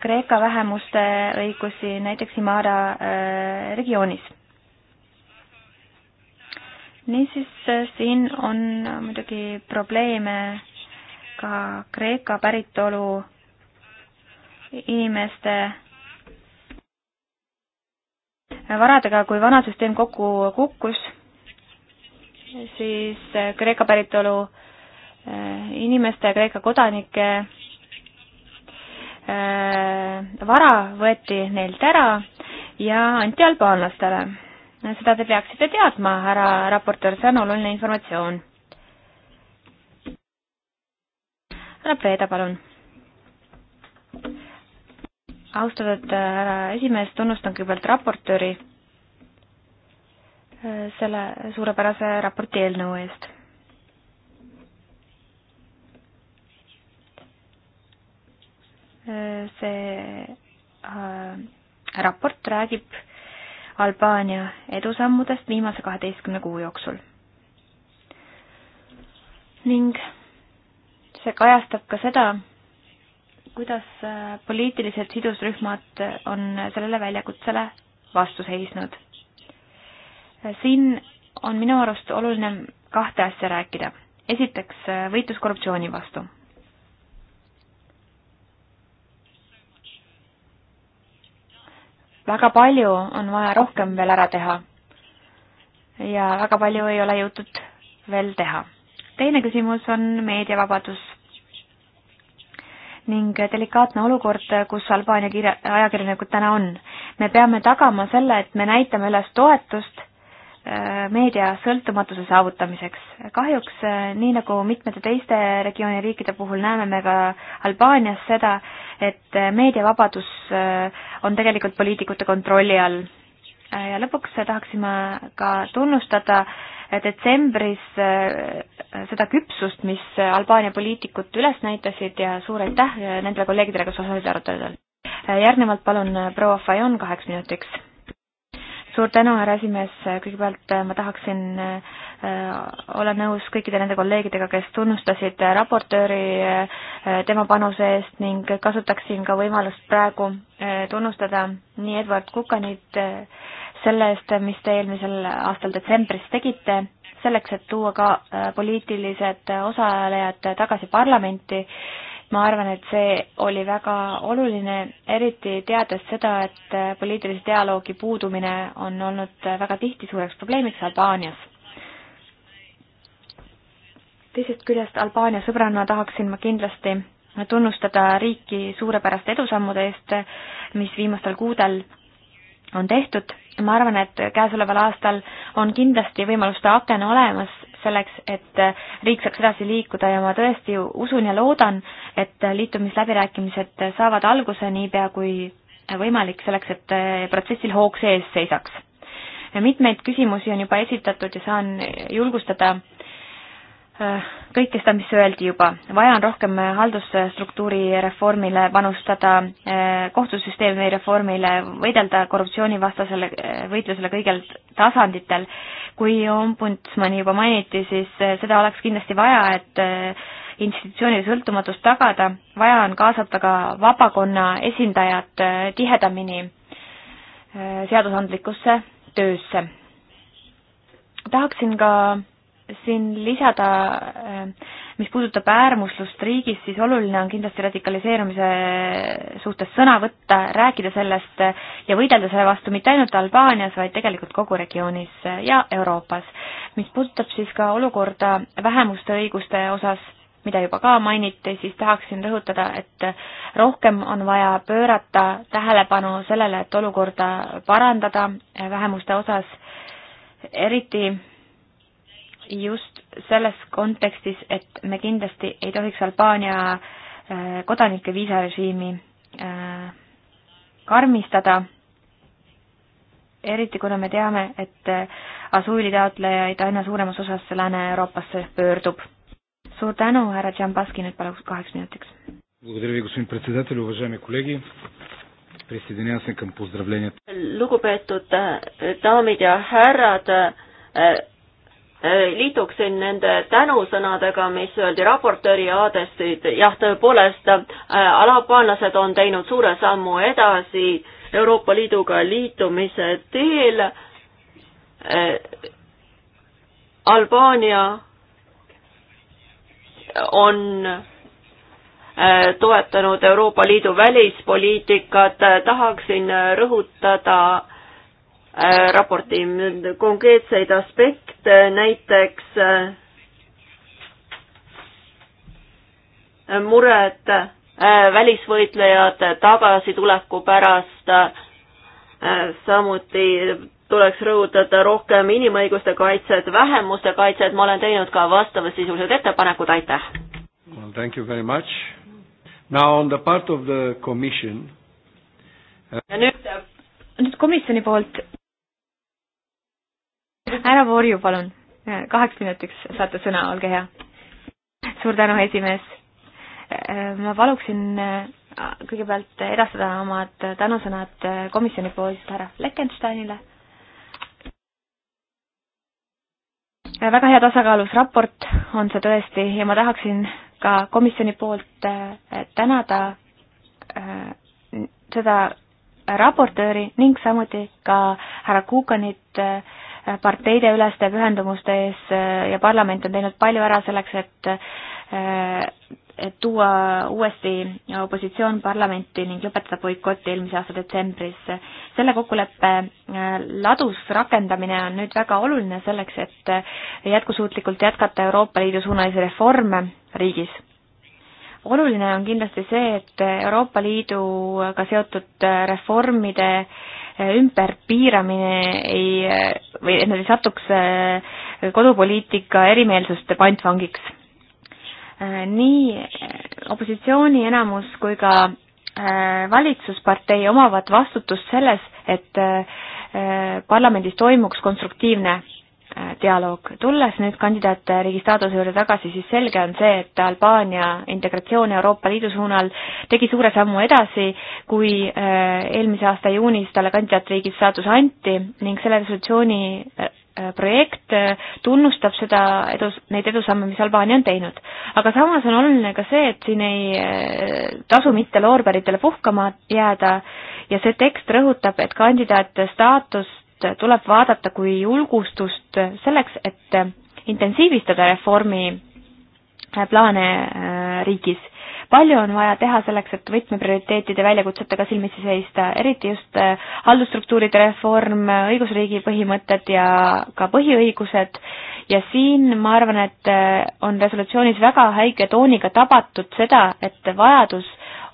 Speaker 2: Kreeka vähemuste õigusi näiteks Imara regioonis. niisiis, siin on muidugi probleeme ka Kreeka päritolu inimeste varadega, kui vana süsteem kokku kukkus, siis eh, Kreeka päritolu eh, inimeste, Kreeka kodanike eh, vara võeti neilt ära ja anti albaanlastele. seda te peaksite teadma, härra raportöör, see on oluline informatsioon. härra Preeda, palun austatud äh, härra esimees, tunnustan kõigepealt raportööri äh, selle suurepärase raporti eelnõu eest. Äh, see raport räägib Albaania edusammudest viimase kaheteistkümne kuu jooksul. ning see kajastab ka seda, kuidas äh, poliitilised sidusrühmad on sellele väljakutsele vastu seisnud. Äh, siin on minu arust oluline kahte asja rääkida. esiteks, äh, võitlus korruptsiooni vastu. väga palju on vaja rohkem veel ära teha ja väga palju ei ole jõutud veel teha. teine küsimus on meediavabadus ning delikaatne olukord, kus Albaania kirja, ajakirjanikud täna on. me peame tagama selle, et me näitame üles toetust äh, meedia sõltumatuse saavutamiseks. kahjuks äh, nii nagu mitmete teiste regiooni riikide puhul näeme me ka Albaanias seda, et äh, meediavabadus on tegelikult poliitikute kontrolli all. ja lõpuks tahaksin ma ka tunnustada äh, detsembris äh, seda küpsust, mis Albaania poliitikud üles näitasid ja suur aitäh nendele kolleegidele, kes osalesid aruteludel. Äh, järgnevalt palun äh, proua Fajon kaheks minutiks. suur tänu, härra esimees, kõigepealt ma tahaksin olla nõus kõikide nende kolleegidega, kes tunnustasid raportööri tema panuse eest ning kasutaksin ka võimalust praegu tunnustada nii Edward Kukanit, selle eest, mis te eelmisel aastal detsembris tegite, selleks, et tuua ka äh, poliitilised osalejad tagasi parlamenti. ma arvan, et see oli väga oluline, eriti teades seda, et äh, poliitilise dialoogi puudumine on olnud väga tihti suureks probleemiks Albaanias. teisest küljest Albaania sõbranna tahaksin ma kindlasti tunnustada riiki suurepäraste edusammude eest, mis viimastel kuudel on tehtud ma arvan, et käesoleval aastal on kindlasti võimaluste aken olemas selleks, et riik saaks edasi liikuda ja ma tõesti usun ja loodan, et liitumisläbirääkimised saavad alguse niipea kui võimalik, selleks et protsessil hoog sees seisaks. mitmeid küsimusi on juba esitatud ja saan julgustada Äh, kõike seda, mis öeldi juba. vaja on rohkem äh, haldusstruktuuri reformile panustada, äh, kohtusüsteemi reformile, võidelda korruptsioonivastasele võitlusele kõigil tasanditel. kui ombudsmani juba mainiti, siis seda oleks kindlasti vaja, et institutsioonide sõltumatust tagada, vaja on kaasata ka vabakonna esindajad tihedamini seadusandlikusse töösse. tahaksin ka siin lisada, äh, mis puudutab äärmuslust riigis, siis oluline on kindlasti radikaliseerumise suhtes sõna võtta, rääkida sellest ja võidelda selle vastu mitte ainult Albaanias, vaid tegelikult kogu regioonis ja Euroopas. mis puudutab siis ka olukorda vähemuste õiguste osas, mida juba ka mainiti, siis tahaksin rõhutada, et rohkem on vaja pöörata tähelepanu sellele, et olukorda parandada vähemuste osas, eriti just selles kontekstis, et me kindlasti ei tohiks Albaania äh, kodanike viisarežiimi äh, karmistada, eriti kuna me teame, et äh, asuülitaotlejaid aina suuremas osas Lääne-Euroopasse pöördub. suur tänu, härra Džambaski, nüüd palun kaheks minutiks.
Speaker 3: lugupeetud daamid ja härrad, Äh, liituksin nende tänusõnadega, mis öeldi raportööri aadressid, jah, tõepoolest, äh, alaapaanlased on teinud suure sammu edasi Euroopa Liiduga liitumise teel. Äh, Albaania on toetanud Euroopa Liidu välispoliitikat, tahaksin rõhutada Äh, raporti konkreetseid aspekte, näiteks äh, mured äh, välisvõitlejate tagasituleku pärast, samuti tuleks rõhutada rohkem inimõiguste kaitset, vähemuste kaitset, ma olen teinud ka vastavasisulised ettepanekud, aitäh
Speaker 1: well,! Thank you very much. Now on the part of the commission. ja
Speaker 2: nüüd, nüüd komisjoni poolt härra Vorju, palun, kaheks minutiks saate sõna, olge hea. suur tänu, esimees. ma paluksin äh, kõigepealt edastada omad tänusõnad äh, komisjoni poolt härra Fleckensteinile. Äh, väga hea tasakaalus raport on see tõesti ja ma tahaksin ka komisjoni poolt tänada seda raportööri ning samuti ka härra Kukanit parteideüleste pühendumuste ees äh, ja parlament on teinud palju ära selleks, et äh, et tuua uuesti opositsioon parlamenti ning lõpetada boikott eelmise aasta detsembris. selle kokkuleppe äh, ladus rakendamine on nüüd väga oluline selleks, et jätkusuutlikult jätkata Euroopa Liidu suunalisi reforme riigis. oluline on kindlasti see, et Euroopa Liiduga seotud reformide äh, ümberpiiramine ei, või et nad ei satuks äh, kodupoliitika erimeelsuste pantvangiks. Äh, nii opositsiooni enamus kui ka äh, valitsuspartei omavad vastutust selles, et parlamendis toimuks konstruktiivne dialoog. tulles nüüd kandidaatriigi staatuse juurde tagasi, siis selge on see, et Albaania integratsioon Euroopa Liidu suunal tegi suure sammu edasi, kui äh, eelmise aasta juunis talle kandidaatriigi staatus anti ning selle resolutsiooni äh, äh, projekt tunnustab seda edu, neid edusamme, mis Albaania on teinud. aga samas on oluline ka see, et siin ei tasu mitte loorberitele puhkama jääda ja see tekst rõhutab, et kandidaat staatust tuleb vaadata kui julgustust selleks, et intensiivistada reformi plaane äh, riigis. palju on vaja teha selleks, et võtmeprioriteetide väljakutsetega silmitsi seista, eriti just äh, haldusstruktuuride reform, õigusriigi põhimõtted ja ka põhiõigused ja siin ma arvan, et äh, on resolutsioonis väga häige tooniga tabatud seda, et vajadus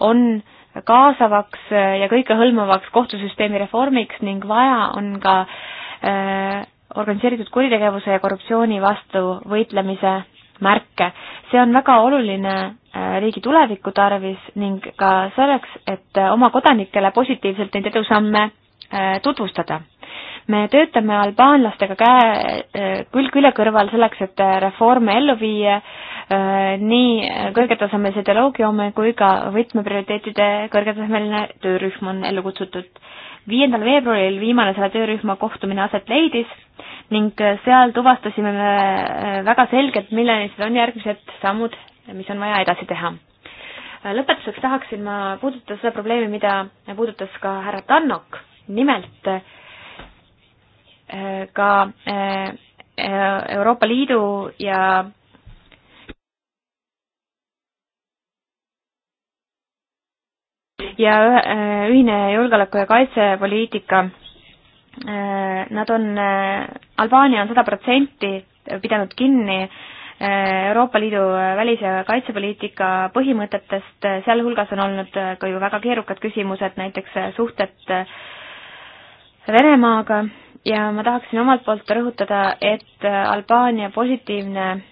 Speaker 2: on kaasavaks ja kõikehõlmavaks kohtusüsteemi reformiks ning vaja on ka äh, organiseeritud kuritegevuse ja korruptsiooni vastu võitlemise märke. see on väga oluline äh, riigi tuleviku tarvis ning ka selleks, et oma kodanikele positiivselt neid edusamme äh, tutvustada me töötame albaanlastega käe, äh, külg külje kõrval selleks, et reforme ellu viia Äh, nii kõrgetasemelise dialoogihoome kui ka võtmeprioriteetide kõrgetasemeline töörühm on ellu kutsutud. Viiendal veebruaril viimane selle töörühma kohtumine aset leidis ning seal tuvastasime me äh, väga selgelt, millised on järgmised sammud, mis on vaja edasi teha. Äh, lõpetuseks tahaksin ma puudutada seda probleemi, mida puudutas ka härra Tannok, nimelt ka Euroopa Liidu ja ja äh, ühine julgeoleku- ja kaitsepoliitika, äh, nad on, äh, Albaania on sada protsenti pidanud kinni Euroopa Liidu välis- ja kaitsepoliitika põhimõtetest, sealhulgas on olnud ka ju väga keerukad küsimused, näiteks suhted Venemaaga ja ma tahaksin omalt poolt rõhutada, et Albaania positiivne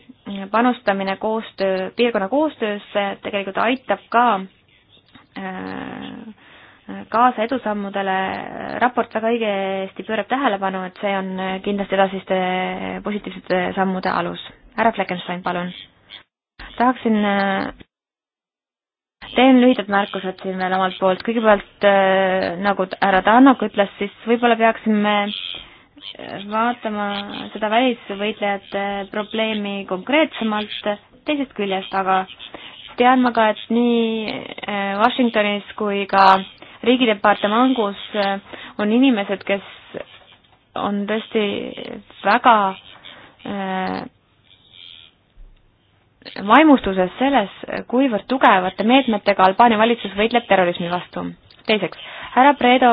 Speaker 2: panustamine koostöö, piirkonna koostöösse tegelikult aitab ka Äh, kaasa edusammudele, raport väga õigesti pöörab tähelepanu, et see on kindlasti edasiste positiivsete sammude alus. härra Fleckenstein, palun. tahaksin, äh, teen lühidad märkused siin veel omalt poolt, kõigepealt äh, nagu härra Tannok ütles, siis võib-olla peaksime vaatama seda välisvõitlejate probleemi konkreetsemalt teisest küljest, aga tean ma ka, et nii äh, Washingtonis kui ka riigidepartamangus äh, on inimesed, kes on tõesti väga äh, vaimustuses selles, kuivõrd tugevate meetmetega Albaania valitsus võitleb terrorismi vastu. teiseks, härra Predo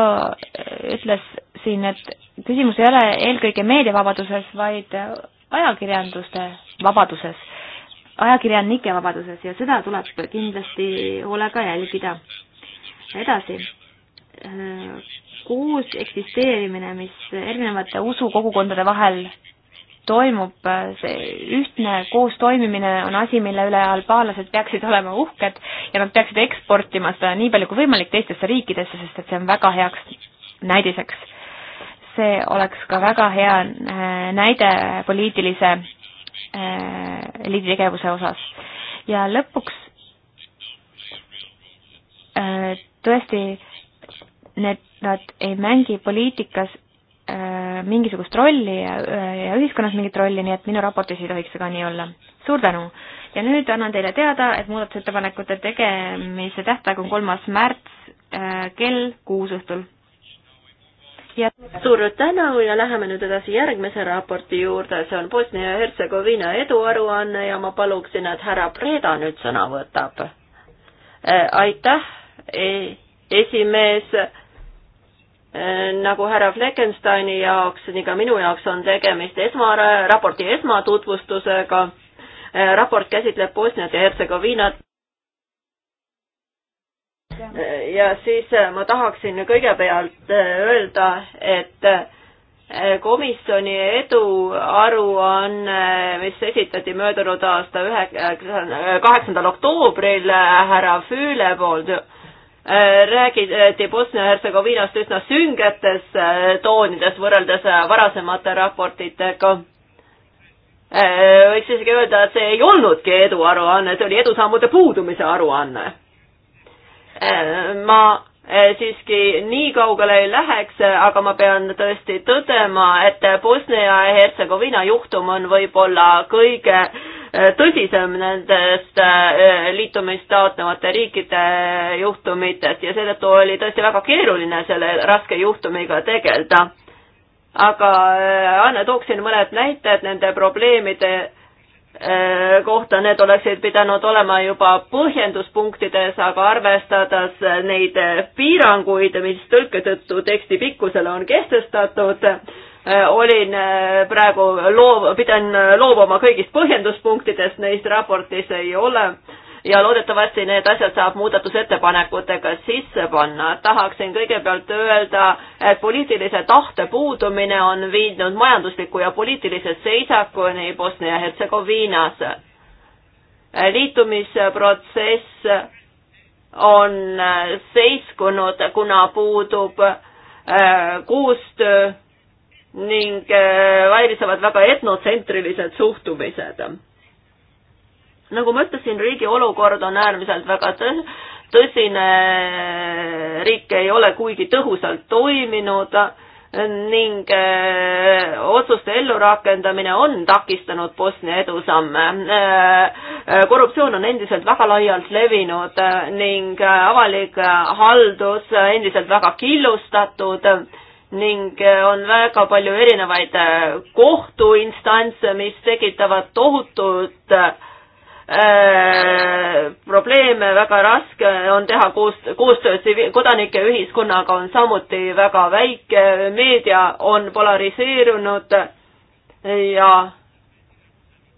Speaker 2: ütles siin, et küsimus ei ole eelkõige meediavabaduses, vaid ajakirjanduste vabaduses ajakirjanike vabaduses ja seda tuleb kindlasti hoolega jälgida. edasi, koos eksisteerimine, mis erinevate usukogukondade vahel toimub, see ühtne koos toimimine on asi, mille üle albaanlased peaksid olema uhked ja nad peaksid eksportima seda nii palju kui võimalik teistesse riikidesse, sest et see on väga heaks näidiseks. see oleks ka väga hea äh, näide poliitilise Äh, liidu tegevuse osas. ja lõpuks äh, tõesti need, nad ei mängi poliitikas äh, mingisugust rolli ja, ja ühiskonnas mingit rolli, nii et minu raportis ei tohiks see ka nii olla. suur tänu! ja nüüd annan teile teada, et muudatusettepanekute tegemise tähtaeg on kolmas märts kell kuus õhtul ja suur
Speaker 3: tänu ja läheme nüüd edasi järgmise raporti juurde, see on Bosnia ja Hertsegoviina eduaruanne ja ma paluksin, et härra Preda nüüd sõna võtab. Äh, aitäh, e-, esimees äh, nagu härra Fleckensteini jaoks, nii ka minu jaoks on tegemist esma, raporti esmatutvustusega. Äh, raport käsitleb Bosniat ja Hertsegoviinat ja siis äh, ma tahaksin kõigepealt äh, öelda, et äh, komisjoni eduaruanne, mis esitati möödunud aasta ühe, kaheksandal oktoobril härra Füüle poolt, räägiti Bosnia-Hertsegoviinast üsna süngetes toonides võrreldes varasemate raportitega võiks isegi öelda, et see ei olnudki eduaruanne, see oli edusammude puudumise aruanne. Äh, ma äh, siiski nii kaugele ei läheks, äh, aga ma pean tõesti tõdema, et Bosnia ja Hertsegoviina juhtum on võib-olla kõige tõsisem nendest liitumist taotlevate riikide juhtumitest ja seetõttu oli tõesti väga keeruline selle raske juhtumiga tegeleda. aga Anne, tooksin mõned näited nende probleemide Äh, kohta, need oleksid pidanud olema juba põhjenduspunktides, aga arvestades neid äh, piiranguid, mis tõlke tõttu teksti pikkusele on kehtestatud, äh, olin praegu loov, pidan loobuma kõigist põhjenduspunktidest, neist raportis ei ole ja loodetavasti need asjad saab muudatusettepanekutega sisse panna. tahaksin kõigepealt öelda, et poliitilise tahte puudumine on viinud majandusliku ja poliitilise seisakuni Bosnia-Hertsegoviinas. liitumisprotsess on seiskunud, kuna puudub äh, koostöö ning äh, valitsevad väga etnotsentrilised suhtumised nagu ma ütlesin, riigi olukord on äärmiselt väga tõ-, tõsine, riik ei ole kuigi tõhusalt toiminud ning äh, otsuste ellurakendamine on takistanud Bosnia edusamme. Äh, korruptsioon on endiselt väga laialt levinud ning äh, avalik haldus endiselt väga killustatud ning on väga palju erinevaid kohtuinstantse, mis tekitavad tohutut Äh, probleeme, väga raske on teha koos, koostööd kodanike ühiskonnaga on samuti väga väike, meedia on polariseerunud ja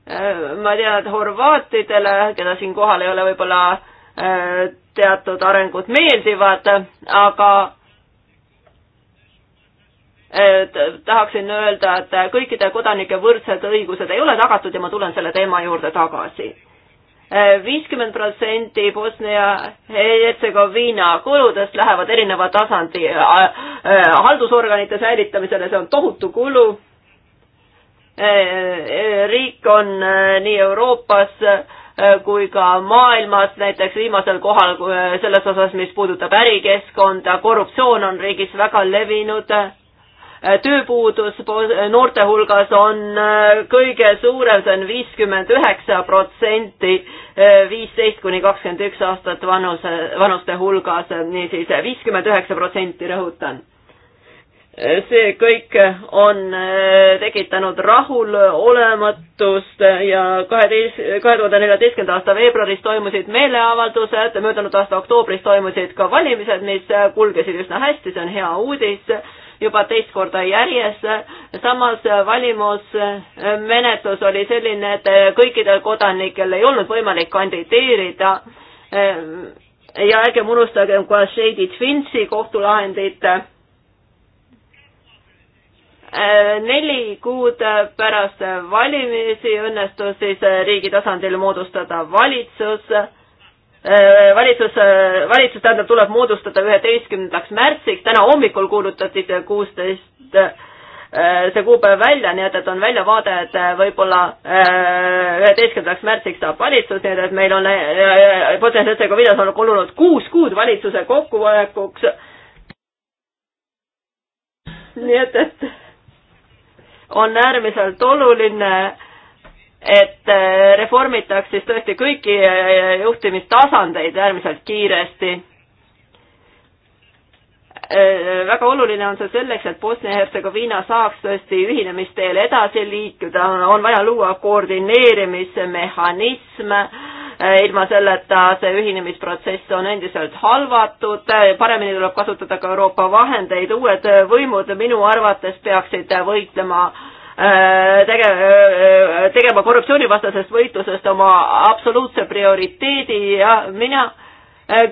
Speaker 3: äh, ma tean, et horvaatidele, keda siin kohal ei ole, võib-olla äh, teatud arengud meeldivad, aga Et tahaksin öelda, et kõikide kodanike võrdsed õigused ei ole tagatud ja ma tulen selle teema juurde tagasi viiskümmend protsenti Bosnia-Hertsegoviina kuludest lähevad erineva tasandi äh, äh, haldusorganite säilitamisele, see on tohutu kulu. Äh, riik on nii Euroopas kui ka maailmas näiteks viimasel kohal selles osas, mis puudutab ärikeskkonda, korruptsioon on riigis väga levinud Äh, tööpuudus äh, noorte hulgas on äh, kõige suurem, see on viiskümmend üheksa protsenti viisteist kuni kakskümmend üks aastat vanuse, vanuste hulgas, niisiis viiskümmend üheksa protsenti, rõhutan. see kõik on tekitanud rahulolematust ja kaheteist, kahe tuhande neljateistkümnenda aasta veebruaris toimusid meeleavaldused, möödunud aasta oktoobris toimusid ka valimised, mis kulgesid üsna hästi, see on hea uudis juba teist korda järjest. samas valimismenetlus eh, oli selline, et eh, kõikidel kodanikel ei olnud võimalik kandideerida. Eh, ja ärgem unustagem ka Shady Twinsi kohtulahendit. neli kuud pärast valimisi õnnestus siis riigi tasandil moodustada valitsus Äh, valitsus, äh, valitsus tähendab, tuleb moodustada üheteistkümnendaks märtsiks, täna hommikul kuulutati see kuusteist, äh, see kuupäev välja, nii et, et on väljavaade, et võib-olla üheteistkümnendaks märtsiks saab valitsus, nii et, et meil on potentsiaalselt ka videos on kulunud kuus kuud valitsuse kokkuolekuks. nii et, et on äärmiselt oluline et äh, reformitaks siis tõesti kõiki äh, juhtimistasandeid äärmiselt kiiresti. Äh, väga oluline on see selleks, et Bosnia-Hertsegoviina saaks tõesti ühinemisteel edasi liikuda, on vaja luua koordineerimismehhanism, ilma selleta see ühinemisprotsess on endiselt halvatud, paremini tuleb kasutada ka Euroopa vahendeid, uued võimud minu arvates peaksid võitlema äh, Äh, tege-, äh, äh, tegema korruptsioonivastasest võitlusest oma absoluutse prioriteedi ja mina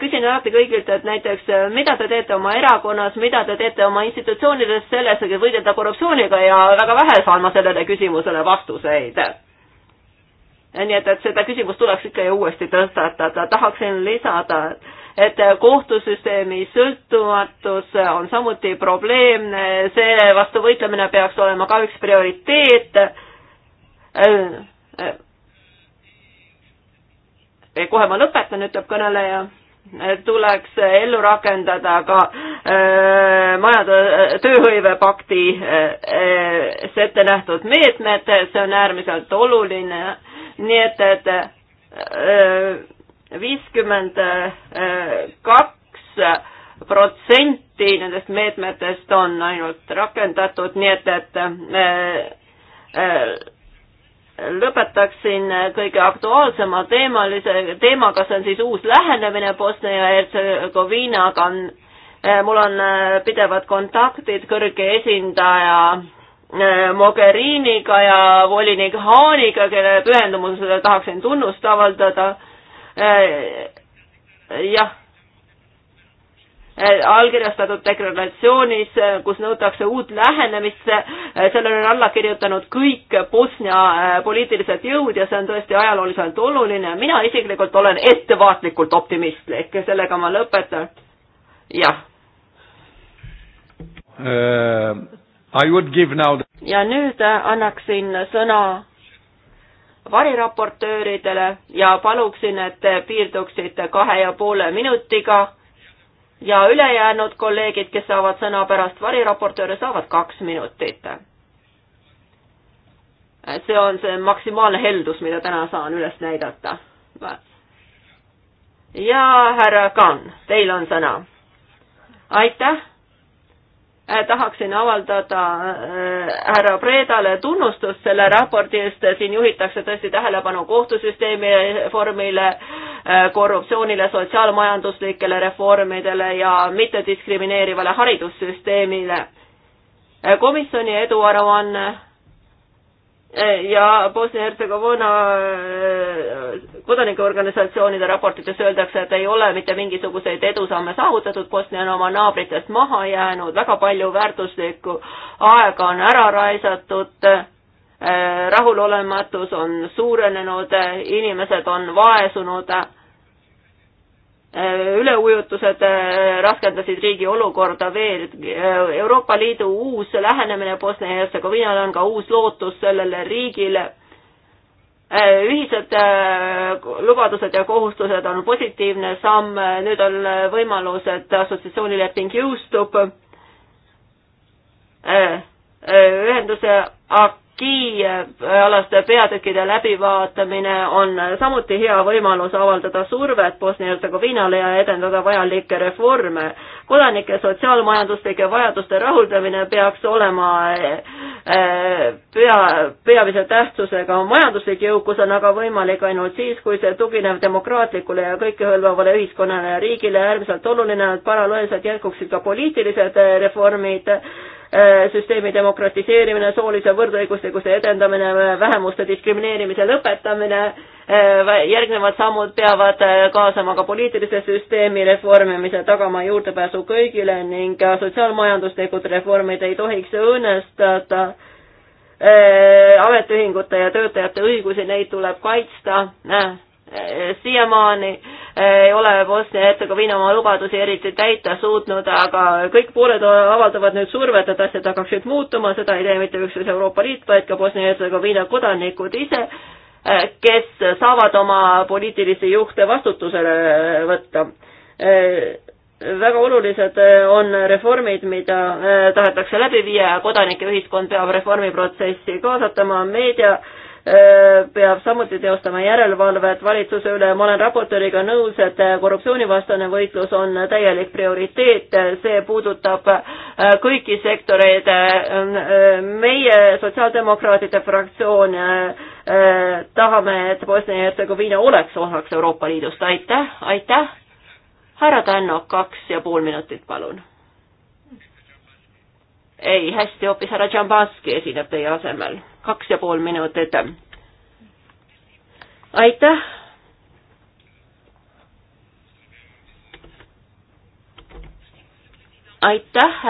Speaker 3: küsin alati kõigilt, et näiteks mida te teete oma erakonnas, mida te teete oma institutsioonides selles, et võidelda korruptsiooniga ja väga vähe saan ma sellele küsimusele vastuseid. nii et, et seda küsimust tuleks ikka ju uuesti tõstatada, tahaksin lisada, et et kohtusüsteemi sõltumatus on samuti probleem, selle vastu võitlemine peaks olema ka üks prioriteet. Äh, äh, kohe ma lõpetan, ütleb kõneleja tuleks ellu rakendada ka äh, majade äh, tööhõivepakti äh, ette nähtud meetmed, see on äärmiselt oluline, nii et, et äh, viiskümmend eh, kaks protsenti nendest meetmetest on ainult rakendatud, nii et, et eh, eh, lõpetaksin kõige aktuaalsema teemalise, teemaga, see on siis uus lähenemine Bosnia ja Hertsegoviinaga. mul on pidevad kontaktid kõrge esindaja Mogheriniga ja volinik Haaniga, kelle pühendumusele tahaksin tunnust avaldada Äh, jah, äh, allkirjastatud deklaratsioonis, äh, kus nõutakse uut lähenemist, sellele on alla kirjutanud kõik Bosnia poliitilised jõud ja see on tõesti ajalooliselt oluline. mina isiklikult olen ettevaatlikult optimistlik ja sellega ma lõpetan. jah
Speaker 1: uh,. The...
Speaker 3: ja nüüd annaksin sõna variraportööridele ja paluksin, et te piirduksite kahe ja poole minutiga ja ülejäänud kolleegid, kes saavad sõna pärast variraportööre, saavad kaks minutit. see on see maksimaalne heldus, mida täna saan üles näidata. ja härra Kann, teil on sõna. aitäh Äh, tahaksin avaldada äh, härra Predale tunnustust selle raporti eest, siin juhitakse tõesti tähelepanu kohtusüsteemi reformile, äh, korruptsioonile, sotsiaalmajanduslikele reformidele ja mittediskrimineerivale haridussüsteemile. komisjoni eduaruanne Eh, ja Bosnia-Hertsegoviina eh, kodanikeorganisatsioonide raportites öeldakse, et ei ole mitte mingisuguseid edusamme saavutatud, Bosnia on oma naabritest maha jäänud, väga palju väärtuslikku aega on ära raisatud, eh, rahulolematus on suurenenud, inimesed on vaesunud Äh, üleujutused äh, raskendasid riigi olukorda veelgi. Äh, Euroopa Liidu uus lähenemine Bosnia-Hertsegoviinale on ka uus lootus sellele riigile. ühised lubadused ja kohustused on positiivne samm, nüüd on võimalus, et assotsiatsioonileping jõustub. ühenduse ak-, alaste peatükkide läbivaatamine on samuti hea võimalus avaldada survet Bosnia-Hertsegoviinale ja edendada vajalikke reforme. kodanike sotsiaalmajanduslike vajaduste rahuldamine peaks olema eh, pea, peamise tähtsusega majanduslik jõukus on aga võimalik ainult siis, kui see tugineb demokraatlikule ja kõikehõlmavale ühiskonnale ja riigile. äärmiselt oluline on, et paralleelselt jätkuksid ka poliitilised reformid Äh, süsteemi demokratiseerimine, soolise võrdõiguslikkuse edendamine, vähemuste diskrimineerimise lõpetamine, äh, järgnevad sammud peavad äh, kaasama ka poliitilise süsteemi reformimise, tagama juurdepääsu kõigile ning sotsiaalmajanduslikud reformid ei tohiks õõnestada ametiühingute ja töötajate õigusi, neid tuleb kaitsta. siiamaani ei ole Bosnia-Hertsegoviina oma lubadusi eriti täita suutnud, aga kõik pooled avaldavad nüüd survet, et asjad hakkaksid muutuma, seda ei tee mitte üksnes Euroopa Liit, vaid ka Bosnia-Hertsegoviina kodanikud ise, eh, kes saavad oma poliitilisi juhte vastutusele eh, võtta. Eh, väga olulised on reformid, mida tahetakse läbi viia ja kodanike ühiskond peab reformiprotsessi kaasatama, meedia peab samuti teostama järelevalvet valitsuse üle. ma olen raportööriga nõus, et äh, korruptsioonivastane võitlus on täielik prioriteet, see puudutab äh, kõiki sektoreid. Ähm, äh, meie sotsiaaldemokraatide fraktsioon tahame, et Bosnia-Hertsegoviina oleks osaks Euroopa Liidust. aitäh, aitäh. härra Tänno, kaks ja pool minutit, palun. ei, hästi, hoopis härra Džambanski esineb teie asemel kaks ja pool minutit. aitäh. aitäh,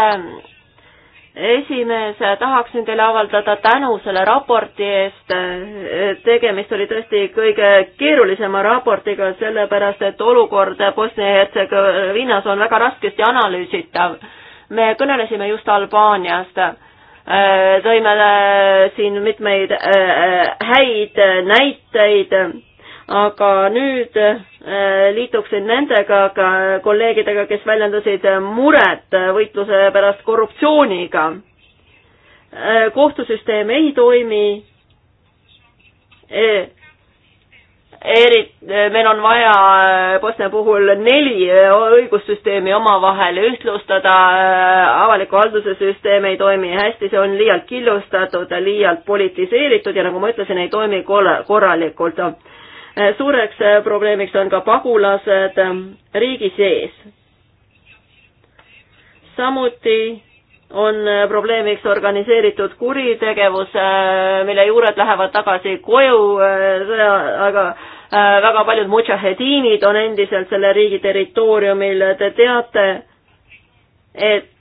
Speaker 3: esimees, tahaksin teile avaldada tänu selle raporti eest. tegemist oli tõesti kõige keerulisema raportiga, sellepärast et olukord Bosnia-Hertsegoviinas on väga raskesti analüüsitav. me kõnelesime just Albaaniast Äh, tõime äh, siin mitmeid äh, häid näiteid, aga nüüd liituksin nendega ka kolleegidega, kes väljendasid muret võitluse pärast korruptsiooniga. kohtusüsteem ei toimi eri, meil on vaja äh, Bosnia puhul neli äh, õigussüsteemi omavahel ühtlustada, äh, avaliku halduse süsteem ei toimi hästi, see on liialt killustatud, liialt politiseeritud ja nagu ma ütlesin, ei toimi korralikult. suureks probleemiks on ka pagulased riigi sees. samuti on äh, probleemiks organiseeritud kuritegevus, äh, mille juured lähevad tagasi koju, äh, aga väga paljud mutšahediinid on endiselt selle riigi territooriumil, te teate, et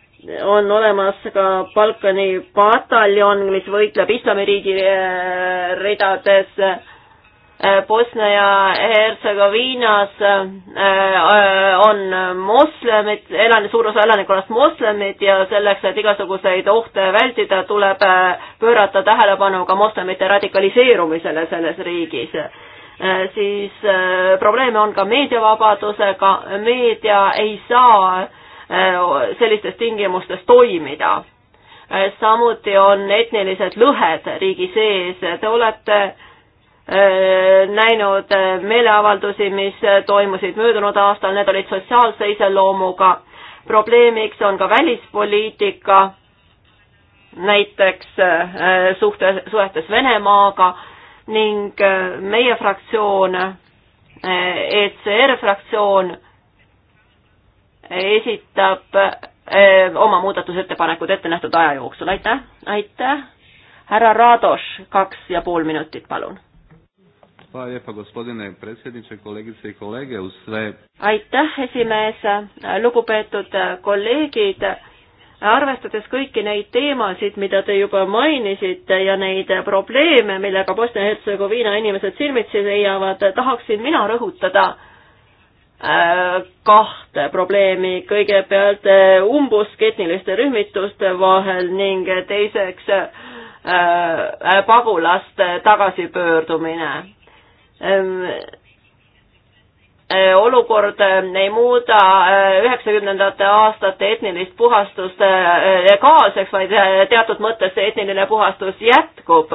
Speaker 3: on olemas ka Balkani pataljon, mis võitleb islamiriigi ridades Äh, Bosnia ja Hertsegoviinas äh, äh, on moslemid, elani-, suur osa elanikkonnast moslemid ja selleks, et igasuguseid ohte vältida, tuleb pöörata tähelepanu ka moslemite radikaliseerumisele selles riigis. siis probleeme on ka meediavabadusega, meedia ei saa sellistes tingimustes toimida. samuti on etnilised lõhed riigi sees, te olete Äh, näinud äh, meeleavaldusi, mis äh, toimusid möödunud aastal, need olid sotsiaalse iseloomuga. probleemiks on ka välispoliitika, näiteks suhte, suhetes Venemaaga ning meie fraktsioon, ECR fraktsioon esitab oma muudatusettepanekud ette nähtud aja jooksul, aitäh, aitäh. härra Radoš, kaks ja pool minutit, palun
Speaker 1: Hvala lijepa gospodine predsjedniče, kolegice i kolege, uz sve.
Speaker 3: aitäh, esimees, lugupeetud kolleegid. arvestades kõiki neid teemasid, mida te juba mainisite ja neid probleeme, millega Bosnia-Hertsegoviina inimesed silmitsi leiavad, tahaksin mina rõhutada äh, kahte probleemi, kõigepealt äh, umbusk etniliste rühmituste vahel ning teiseks äh, pagulaste tagasipöördumine Ehm, eh, olukord eh, ei muuda eh, üheksakümnendate aastate etnilist puhastust legaalseks, vaid teatud mõttes see etniline puhastus jätkub.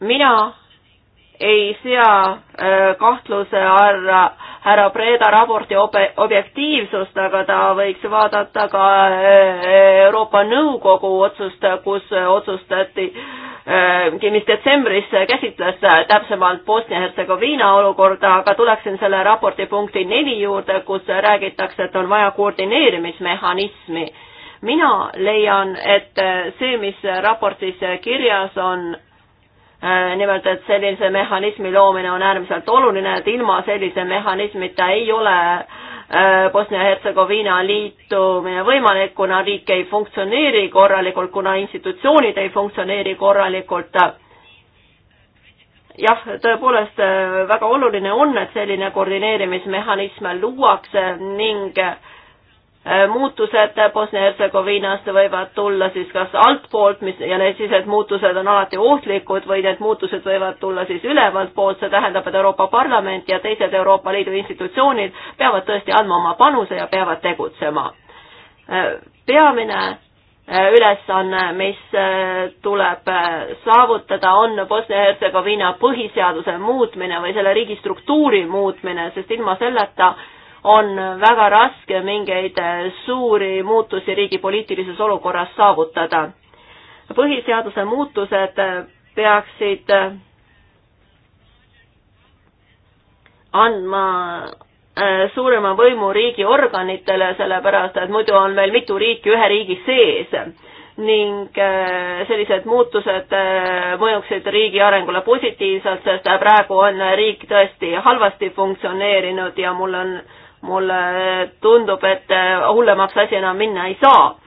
Speaker 3: mina ei sea kahtluse alla härra Preda raporti objektiivsust, aga ta võiks vaadata ka eh, Euroopa Nõukogu otsust, kus otsustati eh, mis detsembris käsitles täpsemalt Bosnia-Hertsegoviina olukorda, aga tuleksin selle raporti punkti neli juurde, kus räägitakse, et on vaja koordineerimismehhanismi. mina leian, et see, mis raportis kirjas on, Äh, nimelt, et sellise mehhanismi loomine on äärmiselt oluline, et ilma sellise mehhanismita ei ole äh, Bosnia-Hertsegoviina liitumine võimalik, kuna riik ei funktsioneeri korralikult, kuna institutsioonid ei funktsioneeri korralikult. jah, tõepoolest äh, väga oluline on, et selline koordineerimismehhanism luuakse ning äh, Äh, muutused Bosnia-Hertsegoviinast võivad tulla siis kas altpoolt, mis ja need siis, et muutused on alati ohtlikud või need muutused võivad tulla siis ülevalt poolt, see tähendab, et Euroopa Parlament ja teised Euroopa Liidu institutsioonid peavad tõesti andma oma panuse ja peavad tegutsema. Äh, peamine äh, ülesanne, mis tuleb saavutada, on Bosnia-Hertsegoviina põhiseaduse muutmine või selle riigi struktuuri muutmine, sest ilma selleta on väga raske mingeid äh, suuri muutusi riigi poliitilises olukorras saavutada. põhiseaduse muutused äh, peaksid äh, andma suurema võimu riigiorganitele, sellepärast et muidu on veel mitu riiki ühe riigi sees ning sellised muutused mõjuksid riigi arengule positiivselt, sest praegu on riik tõesti halvasti funktsioneerinud ja mul on mulle tundub, et äh, hullemaks asi enam minna ei saa.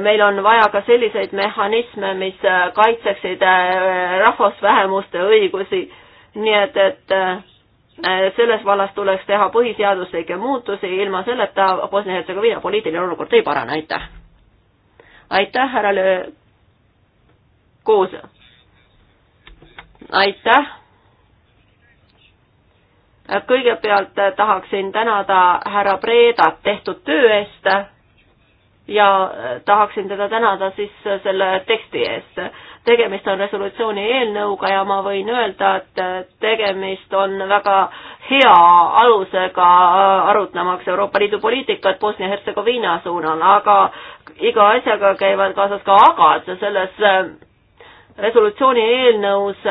Speaker 3: meil on vaja ka selliseid mehhanisme, mis äh, kaitseksid äh, rahvusvähemuste õigusi, nii et, et selles vallas tuleks teha põhiseaduslikke muutusi, ilma selleta Bosnia-Hertsegoviina poliitiline olukord ei parane, aitäh. aitäh, härra Le-, Kuus. aitäh kõigepealt eh, tahaksin tänada härra Preedat tehtud töö eest ja eh, tahaksin teda tänada siis eh, selle teksti eest. tegemist on resolutsiooni eelnõuga ja ma võin öelda, et tegemist on väga hea alusega arutlemaks Euroopa Liidu poliitikat Bosnia-Hertsegoviina suunal, aga iga asjaga käivad kaasas ka agad selles resolutsiooni eelnõus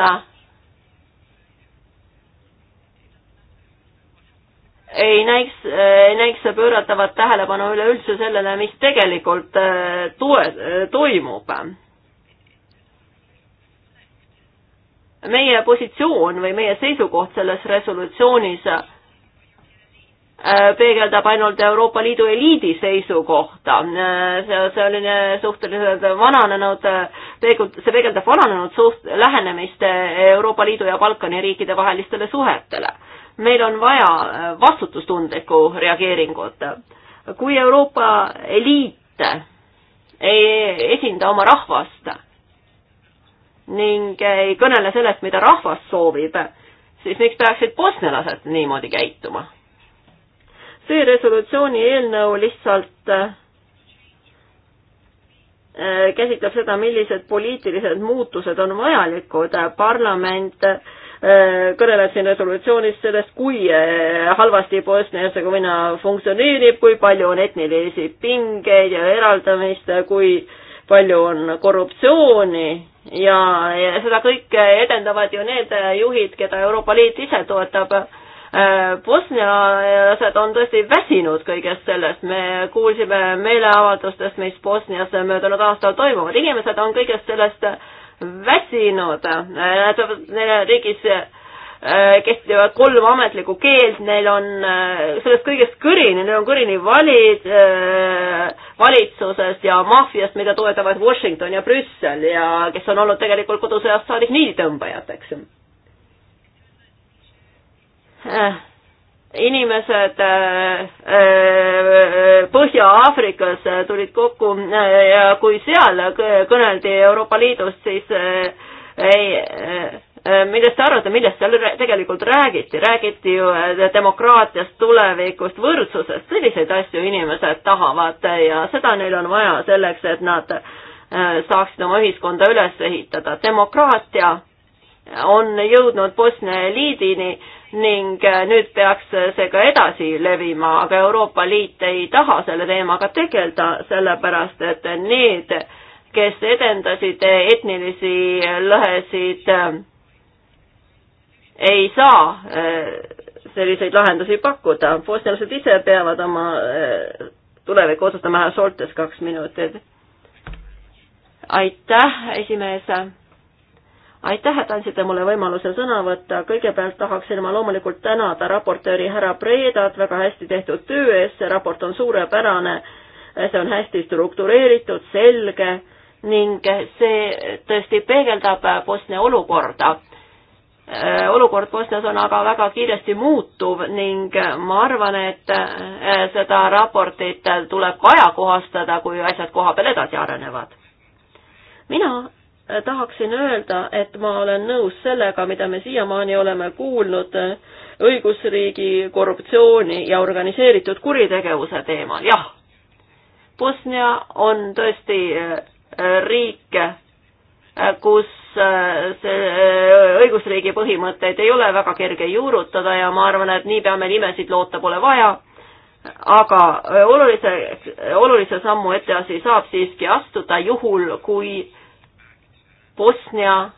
Speaker 3: ei näiks, näiks pööratavat tähelepanu üleüldse sellele, mis tegelikult äh, toe-, äh, toimub. meie positsioon või meie seisukoht selles resolutsioonis Äh, peegeldab ainult Euroopa Liidu eliidi seisukohta. Äh, see, see oli äh, suhteliselt vananenud, peegelt-, see peegeldab vananenud suht-, lähenemist Euroopa Liidu ja Balkani riikide vahelistele suhetele. meil on vaja vastutustundlikku reageeringut. kui Euroopa eliit ei esinda oma rahvast ning ei kõnele sellest, mida rahvas soovib, siis miks peaksid bosnialased niimoodi käituma? see resolutsiooni eelnõu lihtsalt äh, käsitleb seda, millised poliitilised muutused on vajalikud. parlament äh, kõneleb siin resolutsioonis sellest, kui äh, halvasti Bosnia-Hertsegoviina funktsioneerib, kui palju on etnilisi pingeid ja eraldamist, kui palju on korruptsiooni ja, ja seda kõike edendavad ju need juhid, keda Euroopa Liit ise toetab bosnialased on tõesti väsinud kõigest sellest, me kuulsime meeleavaldustest, mis Bosnias möödunud aastal toimuvad, inimesed on kõigest sellest väsinud, nad peavad, neil riigis äh, kehtivad kolm ametlikku keelt, neil on äh, sellest kõigest kõrini, neil on kõrini valid, äh, valitsusest ja maffiast, mida toetavad Washington ja Brüssel ja kes on olnud tegelikult kodusõjast saadik niilitõmbajad, eks Äh, inimesed äh, äh, Põhja-Aafrikas tulid kokku ja kui seal kõneldi Euroopa Liidust, siis ei, millest te arvate, millest seal tegelikult räägiti, räägiti ju demokraatiast, tulevikust, võrdsusest, selliseid asju inimesed tahavad ja seda neil on vaja selleks, et nad saaksid oma ühiskonda üles ehitada. demokraatia on jõudnud Bosnia eliidini ning äh, nüüd peaks see ka edasi levima, aga Euroopa Liit ei taha selle teemaga tegeleda, sellepärast et need, kes edendasid etnilisi lõhesid, äh, ei saa äh, selliseid lahendusi pakkuda. bosnialased ise peavad oma tulevikku otsustama, härra Soltes kaks minutit. aitäh, esimees aitäh, et andsite mulle võimaluse sõna võtta, kõigepealt tahaksin ma loomulikult tänada raportööri härra Preedat väga hästi tehtud töö eest, see raport on suurepärane, see on hästi struktureeritud, selge ning see tõesti peegeldab Bosnia olukorda. olukord Bosnias on aga väga kiiresti muutuv ning ma arvan, et eh, seda raportit tuleb ka ajakohastada, kui asjad koha peal edasi arenevad mina tahaksin öelda, et ma olen nõus sellega, mida me siiamaani oleme kuulnud äh, õigusriigi, korruptsiooni ja organiseeritud kuritegevuse teemal, jah. Bosnia on tõesti äh, riik, äh, kus see õigusriigi põhimõtteid ei ole väga kerge juurutada ja ma arvan, et niipea meil imesid loota pole vaja aga olulise, olulise sammu etteasi saab siiski astuda juhul, kui Bosnia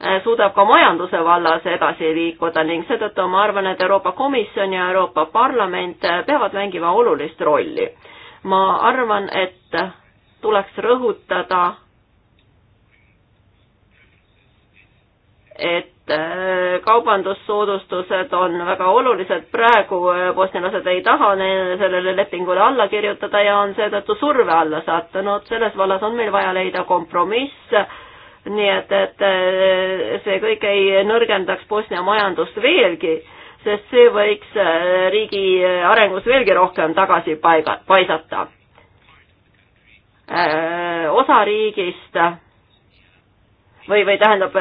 Speaker 3: äh, suudab ka majanduse vallas edasi liikuda ning seetõttu ma arvan, et Euroopa Komisjon ja Euroopa Parlament äh, peavad mängima olulist rolli. ma arvan, et tuleks rõhutada, et Äh, kaubandussoodustused on väga olulised, praegu äh, bosnialased ei taha sellele lepingule alla kirjutada ja on seetõttu surve alla sattunud, selles vallas on meil vaja leida kompromiss, nii et, et äh, see kõik ei nõrgendaks Bosnia majandust veelgi, sest see võiks riigi arengus veelgi rohkem tagasi paiga, paisata. osa riigist või, või tähendab,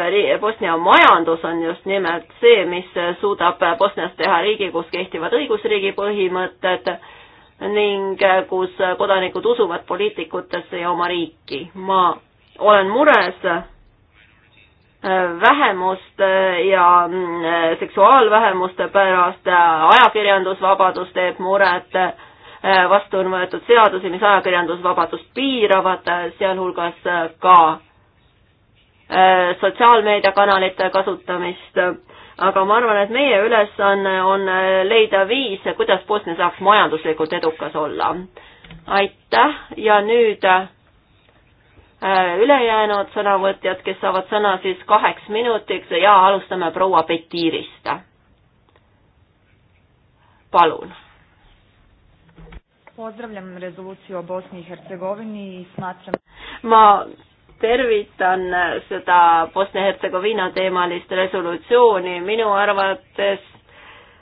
Speaker 3: Bosnia majandus on just nimelt see, mis suudab Bosnias teha riigi, kus kehtivad õigusriigi põhimõtted ning kus kodanikud usuvad poliitikutesse ja oma riiki. ma olen mures äh, vähemuste äh, ja mm, äh, seksuaalvähemuste pärast, ajakirjandusvabadus teeb muret, vastu on võetud seadusi, mis ajakirjandusvabadust piiravad, sealhulgas ka Äh, sotsiaalmeediakanalite kasutamist, aga ma arvan, et meie ülesanne on, on äh, leida viis, kuidas Bosnia saaks majanduslikult edukas olla. aitäh ja nüüd äh, ülejäänud sõnavõtjad, kes saavad sõna siis kaheks minutiks ja alustame proua Petirist. palun. ma tervitan seda Bosnia-Hertsegoviina teemalist resolutsiooni, minu arvates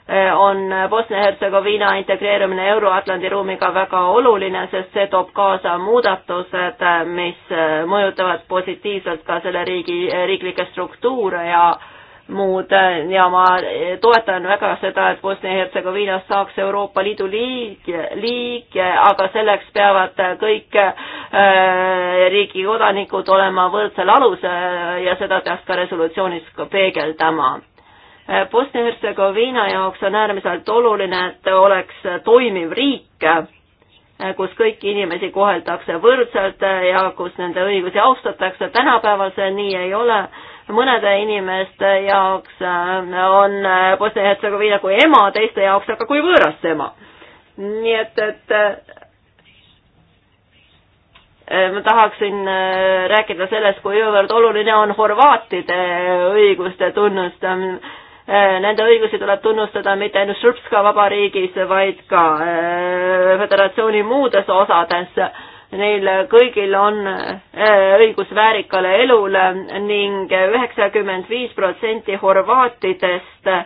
Speaker 3: eh, on Bosnia-Hertsegoviina integreerumine Euro-Atlandi ruumiga väga oluline, sest see toob kaasa muudatused, eh, mis eh, mõjutavad positiivselt ka selle riigi riiklikke struktuure ja äh, muud äh, ja ma äh, toetan väga seda, et Bosnia-Hertsegoviinast saaks Euroopa Liidu liige, liige, aga selleks peavad kõik äh, riigi kodanikud olema võrdsel alusel ja seda peaks ka resolutsioonis peegeldama. Bosnia-Hertsegoviina jaoks on äärmiselt oluline, et oleks toimiv riik, kus kõiki inimesi koheldakse võrdselt ja kus nende õigusi austatakse, tänapäeval see nii ei ole mõnede inimeste jaoks äh, on äh, Bosnia-Hertsegoviina kui ema, teiste jaoks aga kui võõras ema. nii et, et äh, ma tahaksin rääkida sellest, kuivõrd oluline on horvaatide õiguste tunnustamine. Nende õigusi tuleb tunnustada mitte ainult Srpska vabariigis, vaid ka föderatsiooni muudes osades Neil kõigil on äh, õigus väärikale elule ning üheksakümmend viis protsenti horvaatidest äh,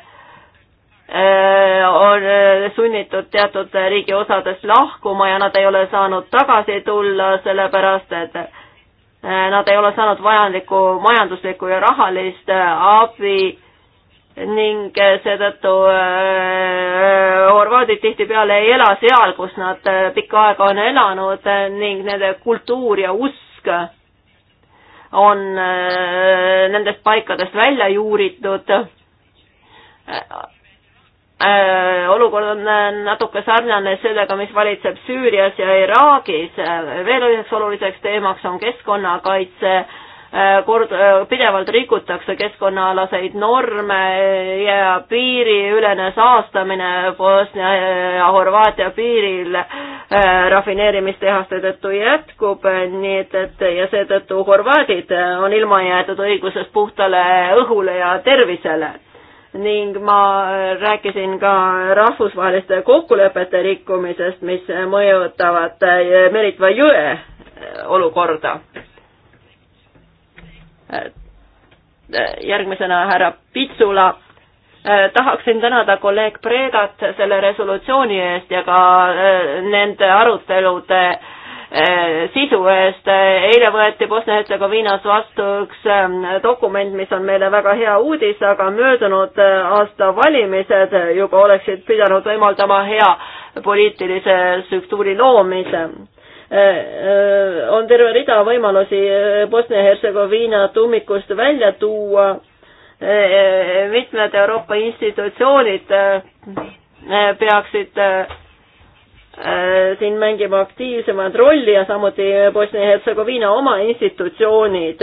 Speaker 3: on äh, sunnitud teatud riigi osadest lahkuma ja nad ei ole saanud tagasi tulla, sellepärast et nad ei ole saanud vajalikku majanduslikku ja rahalist abi ning eh, seetõttu äh, eh, horvaadid tihtipeale ei ela seal, kus nad äh, pikka aega on elanud äh, ning nende kultuur ja usk on äh, nendest paikadest välja juuritud äh, olukord on natuke sarnane sellega, mis valitseb Süürias ja Iraagis. veel üheks oluliseks teemaks on keskkonnakaitse. Äh, kord, äh, pidevalt rikutakse keskkonnaalaseid norme ja piiriülene saastamine Bosnia ja Horvaatia piiril äh, rafineerimistehaste tõttu jätkub, nii et, et ja seetõttu horvaadid on ilma jäetud õigusest puhtale õhule ja tervisele ning ma rääkisin ka rahvusvaheliste kokkulepete rikkumisest, mis mõjutavad Meritva jõe olukorda järgmisena härra Pitsula. Äh, tahaksin tänada kolleeg Predat selle resolutsiooni eest ja ka äh, nende arutelude äh, sisu eest. eile võeti Bosnia-Hertsegoviinas vastu üks ähm, dokument, mis on meile väga hea uudis, aga möödunud aasta valimised juba oleksid pidanud võimaldama hea poliitilise struktuuri loomise Eh, eh, on terve rida võimalusi eh, Bosnia-Hertsegoviina tummikust välja tuua. mitmed Euroopa institutsioonid peaksid siin mängima aktiivsemat rolli ja samuti Bosnia-Hertsegoviina oma institutsioonid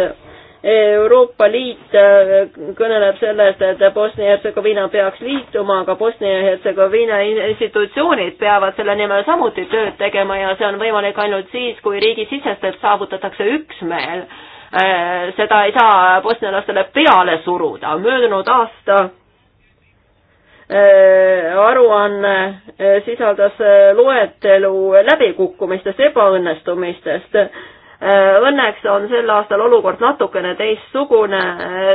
Speaker 3: Euroopa Liit äh, kõneleb sellest, et Bosnia-Hertsegoviina peaks liituma, aga Bosnia-Hertsegoviina institutsioonid peavad selle nimel samuti tööd tegema ja see on võimalik ainult siis, kui riigisisestelt saavutatakse üksmeel. Äh, seda ei saa bosnialastele peale suruda. möödunud aasta äh, aruanne sisaldas loetelu läbikukkumistest, ebaõnnestumistest Äh, õnneks on sel aastal olukord natukene teistsugune. Äh,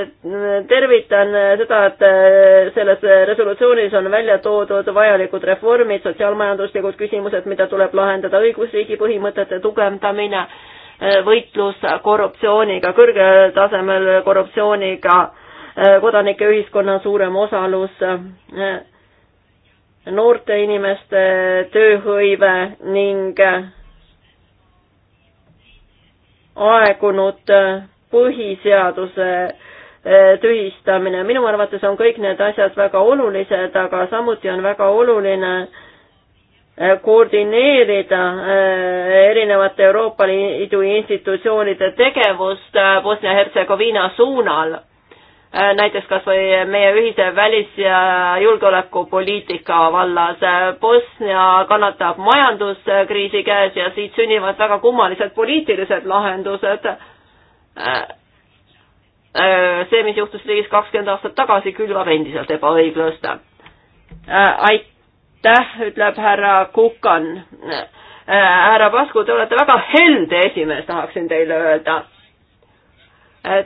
Speaker 3: tervitan seda, et äh, selles resolutsioonis on välja toodud vajalikud reformid, sotsiaalmajanduslikud küsimused, mida tuleb lahendada, õigusriigi põhimõtete tugevdamine, võitlus korruptsiooniga, kõrgel tasemel korruptsiooniga, kodanike ühiskonna suurem osalus noorte inimeste tööhõive ning aegunud äh, põhiseaduse äh, tühistamine. minu arvates on kõik need asjad väga olulised, aga samuti on väga oluline äh, koordineerida erinevate Euroopa Liidu institutsioonide tegevust Bosnia-Hertsegoviina suunal Äh, näiteks kas või meie ühise välis- ja julgeolekupoliitika vallas. Äh, Bosnia kannatab majanduskriisi käes ja siit sünnivad väga kummalised poliitilised lahendused. Äh, see, mis juhtus riigis kakskümmend aastat tagasi, külvab endiselt ebaõiglust. aitäh, ütleb härra Kukan. härra Pasku, te olete väga helde esimees, tahaksin teile öelda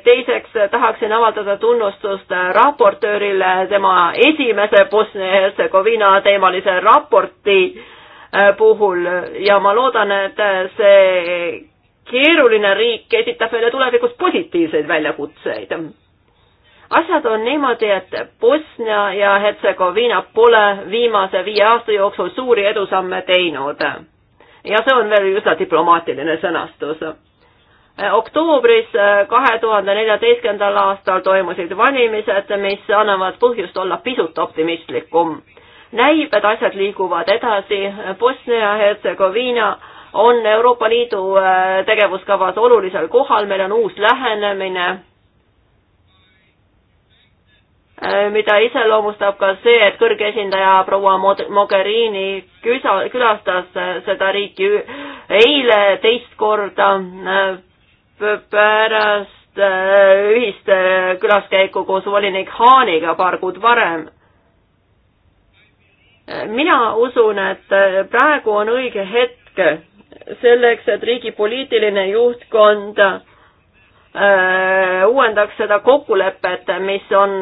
Speaker 3: teiseks tahaksin avaldada tunnustust raportöörile tema esimese Bosnia-Hertsegoviina teemalise raporti äh, puhul ja ma loodan, et see keeruline riik esitab meile tulevikus positiivseid väljakutseid. asjad on niimoodi, et Bosnia ja Hertsegoviina pole viimase viie aasta jooksul suuri edusamme teinud. ja see on veel üsna diplomaatiline sõnastus Eh, oktoobris eh, kahe tuhande neljateistkümnendal aastal toimusid valimised, mis annavad põhjust olla pisut optimistlikum. näib, et asjad liiguvad edasi, Bosnia-Hertsegoviina on Euroopa Liidu eh, tegevuskavas olulisel kohal, meil on uus lähenemine, mida iseloomustab ka see, et kõrge esindaja proua Mogherini küsa, külastas seda riiki eile teist korda pärast äh, ühist äh, külaskäiku koos volinik Haaniga paar kuud varem. mina usun, et äh, praegu on õige hetk selleks, et riigi poliitiline juhtkond uuendaks seda kokkulepet, mis on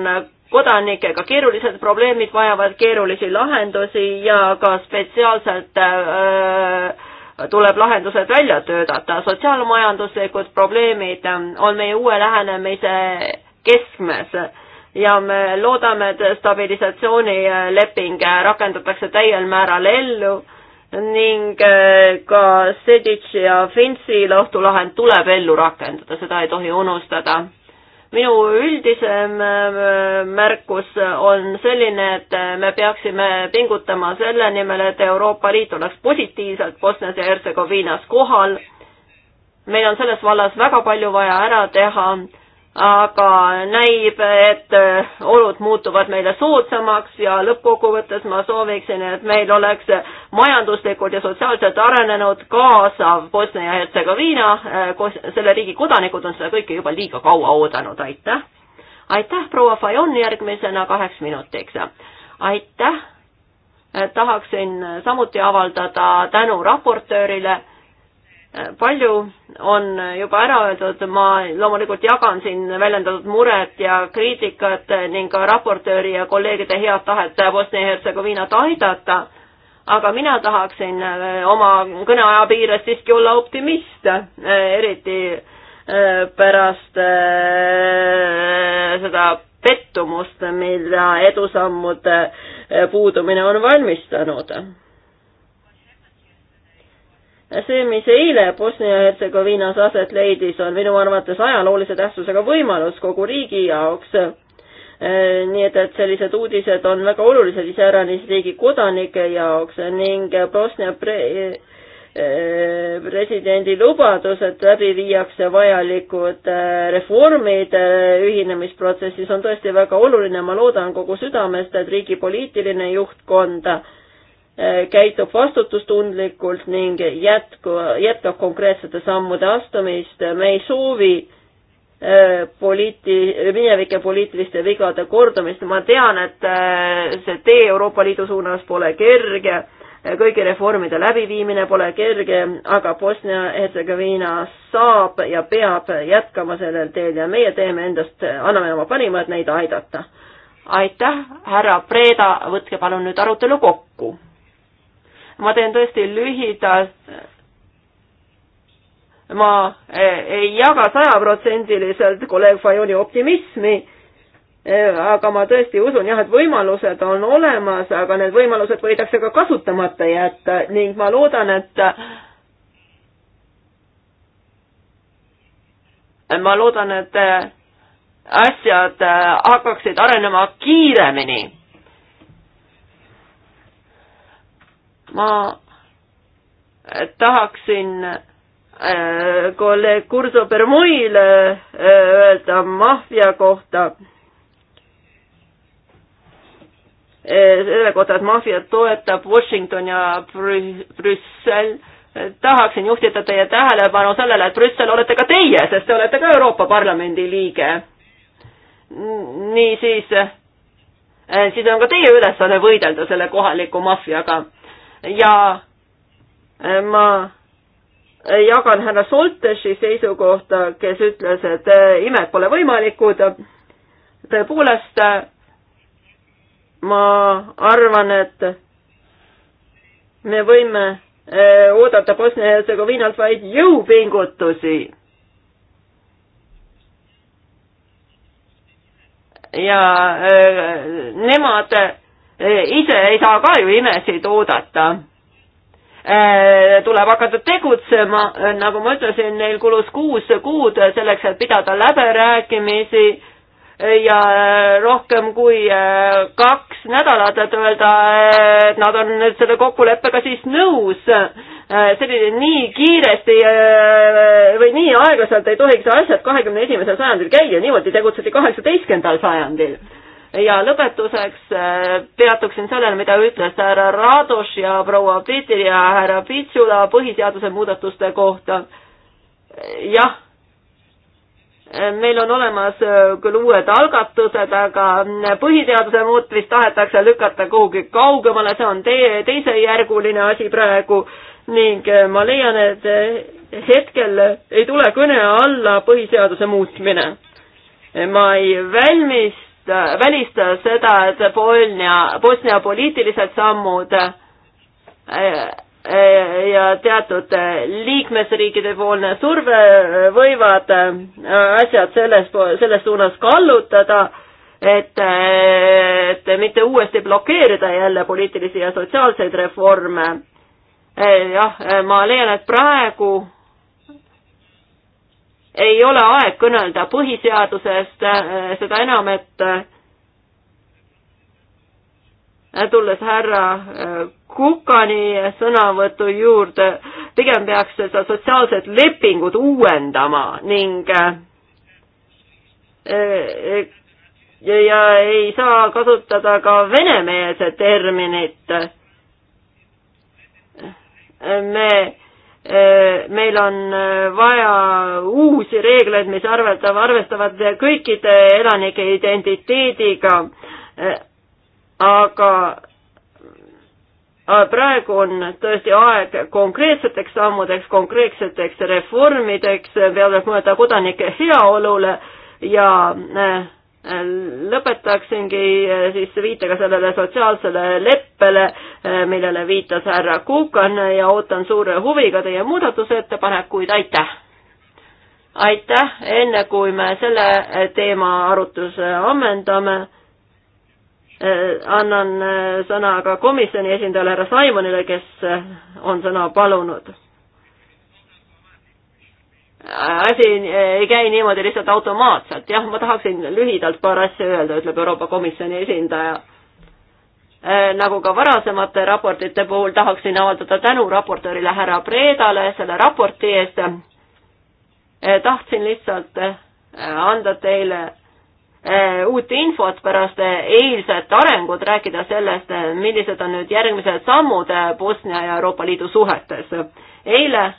Speaker 3: kodanikega, keerulised probleemid vajavad keerulisi lahendusi ja ka spetsiaalselt öö, tuleb lahendused välja töötada. sotsiaalmajanduslikud probleemid ähm, on meie uue lähenemise keskmes ja me loodame, et stabilisatsioonileping rakendatakse täiel määral ellu ning äh, ka Sedic ja Finci lohtulahend tuleb ellu rakendada, seda ei tohi unustada minu üldisem äh, märkus on selline, et me peaksime pingutama selle nimel, et Euroopa Liit oleks positiivselt Bosnias ja Hertsegoviinas kohal. meil on selles vallas väga palju vaja ära teha aga näib, et äh, olud muutuvad meile soodsamaks ja lõppkokkuvõttes ma sooviksin, et meil oleks majanduslikult ja sotsiaalselt arenenud kaasav Bosnia-Hertsegoviina, äh, selle riigi kodanikud on seda kõike juba liiga kaua oodanud, aitäh. aitäh, proua Fajon, järgmisena kaheks minutiks. aitäh, äh, tahaksin samuti avaldada tänu raportöörile palju on juba ära öeldud, ma loomulikult jagan siin väljendatud muret ja kriitikat ning ka raportööri ja kolleegide head tahet Bosnia-Hertsegoviinat aidata, aga mina tahaksin äh, oma kõneaja piires siiski olla optimist, äh, eriti äh, pärast seda pettumust, mille edusammude puudumine on valmistanud see, mis eile Bosnia-Hertsegoviinas aset leidis, on minu arvates ajaloolise tähtsusega võimalus kogu riigi jaoks. nii et, et sellised uudised on väga olulised iseäranis riigi kodanike jaoks ning Bosnia pre-, presidendi lubadus, et läbi viiakse vajalikud äh, reformid äh, ühinemisprotsessis, on tõesti väga oluline, ma loodan kogu südamest, et riigi poliitiline juhtkond Äh, käitub vastutustundlikult ning jätku, jätkab konkreetsete sammude astumist. me ei soovi äh, poliiti-, minevike poliitiliste vigade kordumist. ma tean, et äh, see tee Euroopa Liidu suunas pole kerge, kõigi reformide läbiviimine pole kerge, aga Bosnia-Hertsegoviina saab ja peab jätkama sellel teel ja meie teeme endast, anname oma parima, et neid aidata. aitäh, härra Preeda, võtke palun nüüd arutelu kokku ma teen tõesti lühidalt. ma e, ei jaga sajaprotsendiliselt kolleeg Fajoni optimismi e, aga ma tõesti usun jah, et võimalused on olemas, aga need võimalused võidakse ka kasutamata jätta ning ma loodan, et ma loodan, et asjad hakkaksid arenema kiiremini. ma tahaksin äh, kolleeg Kurso Bermuile äh, öelda maffia kohta äh,. selle kohta, et maffia toetab Washington ja Brü Brüssel. tahaksin juhtida teie tähelepanu sellele, et Brüssel olete ka teie, sest te olete ka Euroopa Parlamendi liige. niisiis, äh, siis on ka teie ülesanne võidelda selle kohaliku maffiaga ja äh, ma äh, jagan härra Soltesi seisukohta, kes ütles, et äh, imed pole võimalikud. tõepoolest, ma arvan, et me võime oodata Bosnia-Hertsegoviinalt vaid jõupingutusi ja öö, nemad ise ei saa ka ju imesid oodata tuleb hakata tegutsema, nagu ma ütlesin, neil kulus kuus kuud selleks, et pidada läbirääkimisi ja rohkem kui kaks nädalat, et öelda, et nad on nüüd selle kokkuleppega siis nõus. selline nii kiiresti või nii aeglaselt ei tohiks asjad kahekümne esimesel sajandil käia, niimoodi tegutseti kaheksateistkümnendal sajandil ja lõpetuseks äh, peatuksin sellel, mida ütles härra Radoš ja proua Peeter ja härra Pitsula põhiseaduse muudatuste kohta. jah, äh, meil on olemas äh, küll uued algatused, aga põhiseaduse muutmist tahetakse lükata kuhugi kaugemale, see on teie teisejärguline asi praegu ning ma leian, et hetkel ei tule kõne alla põhiseaduse muutmine. ma ei valmis Äh, välista seda, et Bolnia, Bosnia poliitilised sammud äh, äh, ja teatud liikmesriikide poolne surve võivad asjad selles, selles suunas kallutada, et, et mitte uuesti blokeerida jälle poliitilisi ja sotsiaalseid reforme. jah, ma leian, et praegu ei ole aeg kõnelda põhiseadusest, äh, seda enam, et äh, tulles härra äh, Kukani sõnavõtu juurde, pigem peaks seda sotsiaalset lepingut uuendama ning ja ei saa kasutada ka venemeelse terminit. me Äh, meil on äh, vaja uusi reegleid, mis arveldab, arvestavad kõikide elanike identiteediga, äh, aga praegu on tõesti aeg konkreetseteks sammudeks, konkreetseteks reformideks, peale mõelda kodanike heaolule ja äh, lõpetaksingi eh, siis viitega sellele sotsiaalsele leppele, eh, millele viitas härra Kukan ja ootan suure huviga teie muudatusettepanekuid, aitäh! aitäh, enne kui me selle teema arutluse ammendame eh, annan sõna ka komisjoni esindajale härra Saimonile, kes on sõna palunud asi ei käi niimoodi lihtsalt automaatselt, jah, ma tahaksin lühidalt paar asja öelda, ütleb Euroopa Komisjoni esindaja. Äh, nagu ka varasemate raportite puhul tahaksin avaldada tänu raportöörile härra Predale selle raporti eest. Äh, tahtsin lihtsalt äh, anda teile uut infot pärast eilset arengut, rääkida sellest, millised on nüüd järgmised sammud Bosnia ja Euroopa Liidu suhetes. eile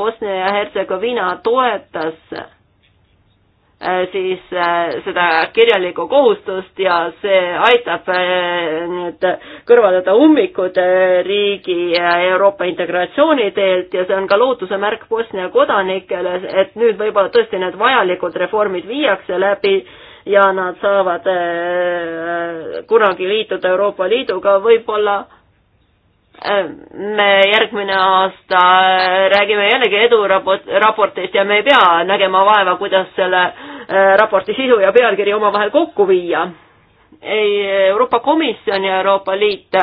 Speaker 3: Bosnia ja Hertsegoviina toetas äh, siis äh, seda kirjalikku kohustust ja see aitab äh, nüüd kõrvaldada ummikud riigi Euroopa integratsiooni teelt ja see on ka lootuse märk Bosnia kodanikele, et nüüd võib-olla tõesti need vajalikud reformid viiakse läbi ja nad saavad kunagi liituda Euroopa Liiduga võib-olla me järgmine aasta räägime jällegi eduraportist ja me ei pea nägema vaeva, kuidas selle äh, raporti sisu ja pealkiri omavahel kokku viia. ei, Euroopa Komisjon ja Euroopa Liit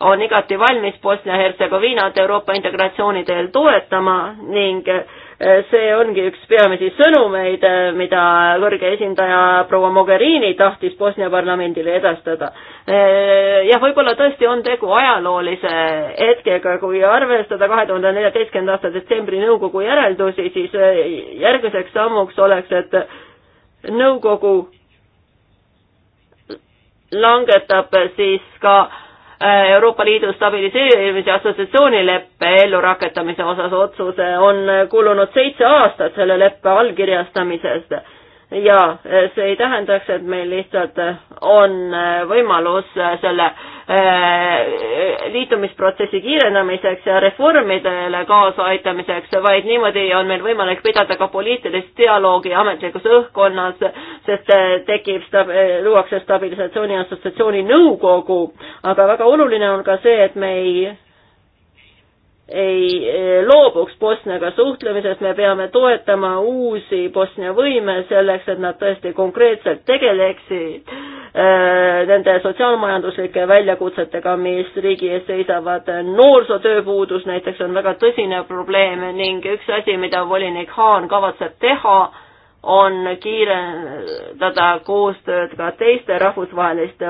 Speaker 3: on igati valmis Bosnia-Hertsegoviinat Euroopa integratsiooni teel toetama ning äh, Eh, see ongi üks peamisi sõnumeid, eh, mida kõrge esindaja proua Mogherini tahtis Bosnia parlamendile edastada. Eh, jah, võib-olla tõesti on tegu ajaloolise hetkega, kui arvestada kahe tuhande neljateistkümnenda aasta detsembri nõukogu järeldusi, siis järgmiseks sammuks oleks, et nõukogu langetab siis ka äh, Äh, Euroopa Liidu stabiliseerimise assotsiatsioonileppe ellurakendamise osas otsuse äh, on äh, kulunud seitse aastat selle leppe allkirjastamisest ja see ei tähendaks, et meil lihtsalt on võimalus selle Äh, liitumisprotsessi kiirendamiseks ja reformidele kaasaaitamiseks, vaid niimoodi on meil võimalik pidada ka poliitilist dialoogi ametlikus õhkkonnas, sest äh, tekib, luuakse stabilisatsiooni assotsiatsiooni nõukogu, aga väga oluline on ka see, et me ei ei eh, loobuks Bosniaga suhtlemisest, me peame toetama uusi Bosnia võime selleks, et nad tõesti konkreetselt tegeleksid eh, nende sotsiaalmajanduslike väljakutsetega, mis riigi ees seisavad. noorsootööpuudus näiteks on väga tõsine probleem ning üks asi, mida volinik Haan kavatseb teha, on kiirendada koostööd ka teiste rahvusvaheliste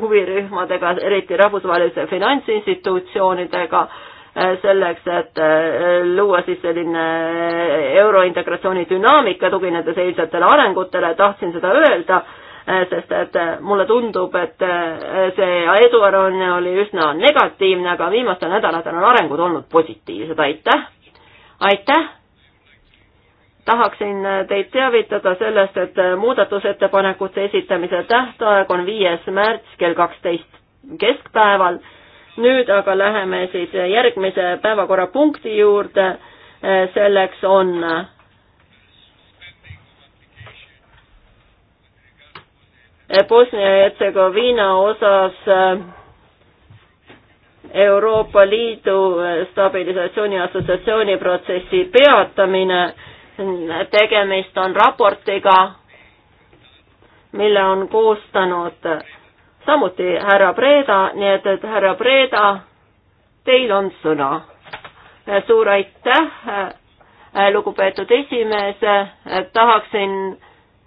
Speaker 3: huvirühmadega, eriti rahvusvaheliste finantsinstitutsioonidega Äh, selleks, et äh, luua siis selline äh, eurointegratsiooni dünaamika, tuginedes eilsetele arengutele, tahtsin seda öelda, sest et mulle tundub, et see eduaruanne oli üsna negatiivne, aga viimastel nädalatel on arengud olnud positiivsed, aitäh! aitäh! tahaksin teid teavitada sellest, et muudatusettepanekute esitamise tähtaeg on viies märts kell kaksteist keskpäeval nüüd aga läheme siis järgmise päevakorrapunkti juurde. selleks on Bosnia ja Hertsegoviina osas Euroopa Liidu stabilisatsiooni assotsiatsiooni protsessi peatamine. tegemist on raportiga, mille on koostanud samuti härra Preeda, nii et, et härra Preeda, teil on sõna. suur aitäh, äh, lugupeetud esimees, äh, tahaksin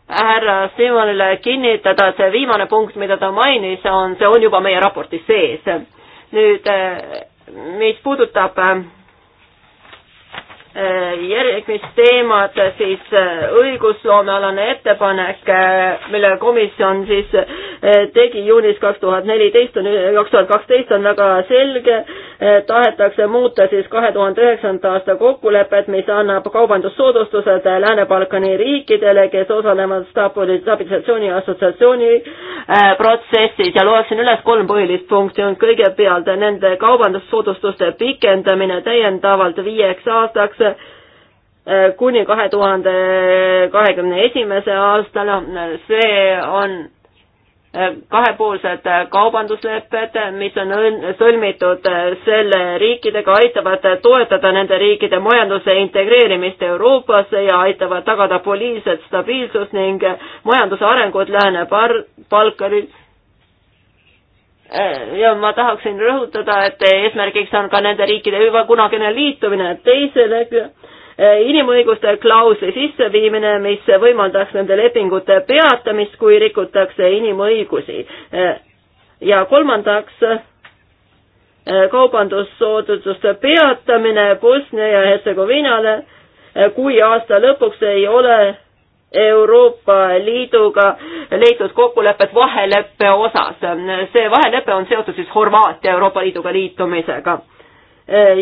Speaker 3: härra Simonile kinnitada, et see viimane punkt, mida ta mainis, on, see on juba meie raportis sees. nüüd, äh, mis puudutab Äh, järgmist teemat äh, siis äh, õigusloomealane ettepanek, mille komisjon siis tegi juunis kaks tuhat neliteist, kaks tuhat kaksteist on väga selge, tahetakse muuta siis kahe tuhande üheksanda aasta kokkulepet, mis annab kaubandussoodustused Lääne-Balkani riikidele, kes osalevad stabilisatsiooni assotsiatsiooni protsessis ja loeksin üles kolm põhilist punkti, on kõigepealt nende kaubandussoodustuste pikendamine täiendavalt viieks aastaks, kuni kahe tuhande kahekümne esimese aastana, see on äh, kahepoolsed äh, kaubanduslepped, mis on sõlmitud äh, selle riikidega, aitavad toetada nende riikide majanduse integreerimist Euroopasse ja aitavad tagada poliitilist stabiilsust ning majanduse arengut Lääne-Balkanil Äh, ja ma tahaksin rõhutada, et eesmärgiks on ka nende riikide juba kunagine liitumine, teisele äh, inimõiguste klausli sisseviimine, mis võimaldaks nende lepingute peatamist, kui rikutakse inimõigusi. Äh, ja kolmandaks, kaubandussoodustuste peatamine Bosnia ja Hertsegoviinale, kui aasta lõpuks ei ole Euroopa Liiduga leitud kokkulepet vaheleppe osas. see vahelepe on seotud siis Horvaatia Euroopa Liiduga liitumisega.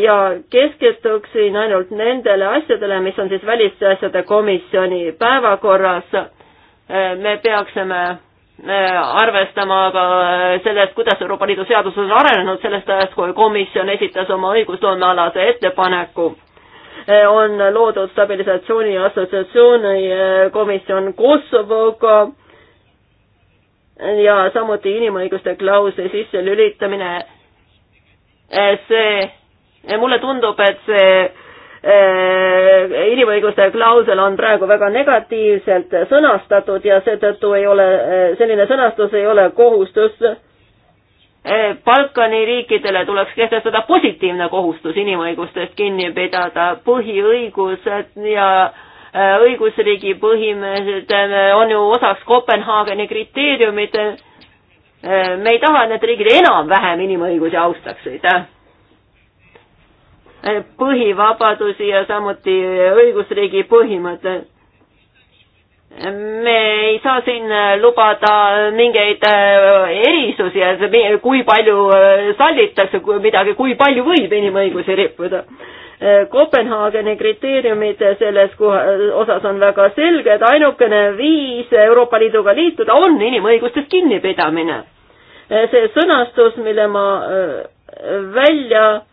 Speaker 3: ja keskenduksin ainult nendele asjadele, mis on siis välisasjade komisjoni päevakorras. me peaksime eh, arvestama ka sellest, kuidas Euroopa Liidu seadus on arenenud sellest ajast, kui komisjon esitas oma õigusloomealase ettepaneku on loodud stabilisatsiooni ja assotsiatsiooni eh, komisjon Kosovoga ja samuti inimõiguste klausli sisselülitamine. Eh, see, eh, mulle tundub, et see inimõiguste klausel on praegu väga negatiivselt sõnastatud ja seetõttu ei ole, selline sõnastus ei ole kohustus Eh, Balkani riikidele tuleks kehtestada positiivne kohustus inimõigustest kinni pidada, põhiõigused ja eh, õigusriigi põhimõtted eh, on ju osaks Kopenhaageni kriteeriumid. me ei taha, et need riigid enam-vähem inimõigusi austaksid. põhivabadusi ja samuti õigusriigi põhimõtted me ei saa siin äh, lubada mingeid äh, erisusi, et kui palju äh, sallitakse midagi, kui palju võib inimõigusi rippuda. Kopenhaageni kriteeriumid selles osas on väga selged, ainukene viis Euroopa Liiduga liituda on inimõigustest kinnipidamine. see sõnastus, mille ma välja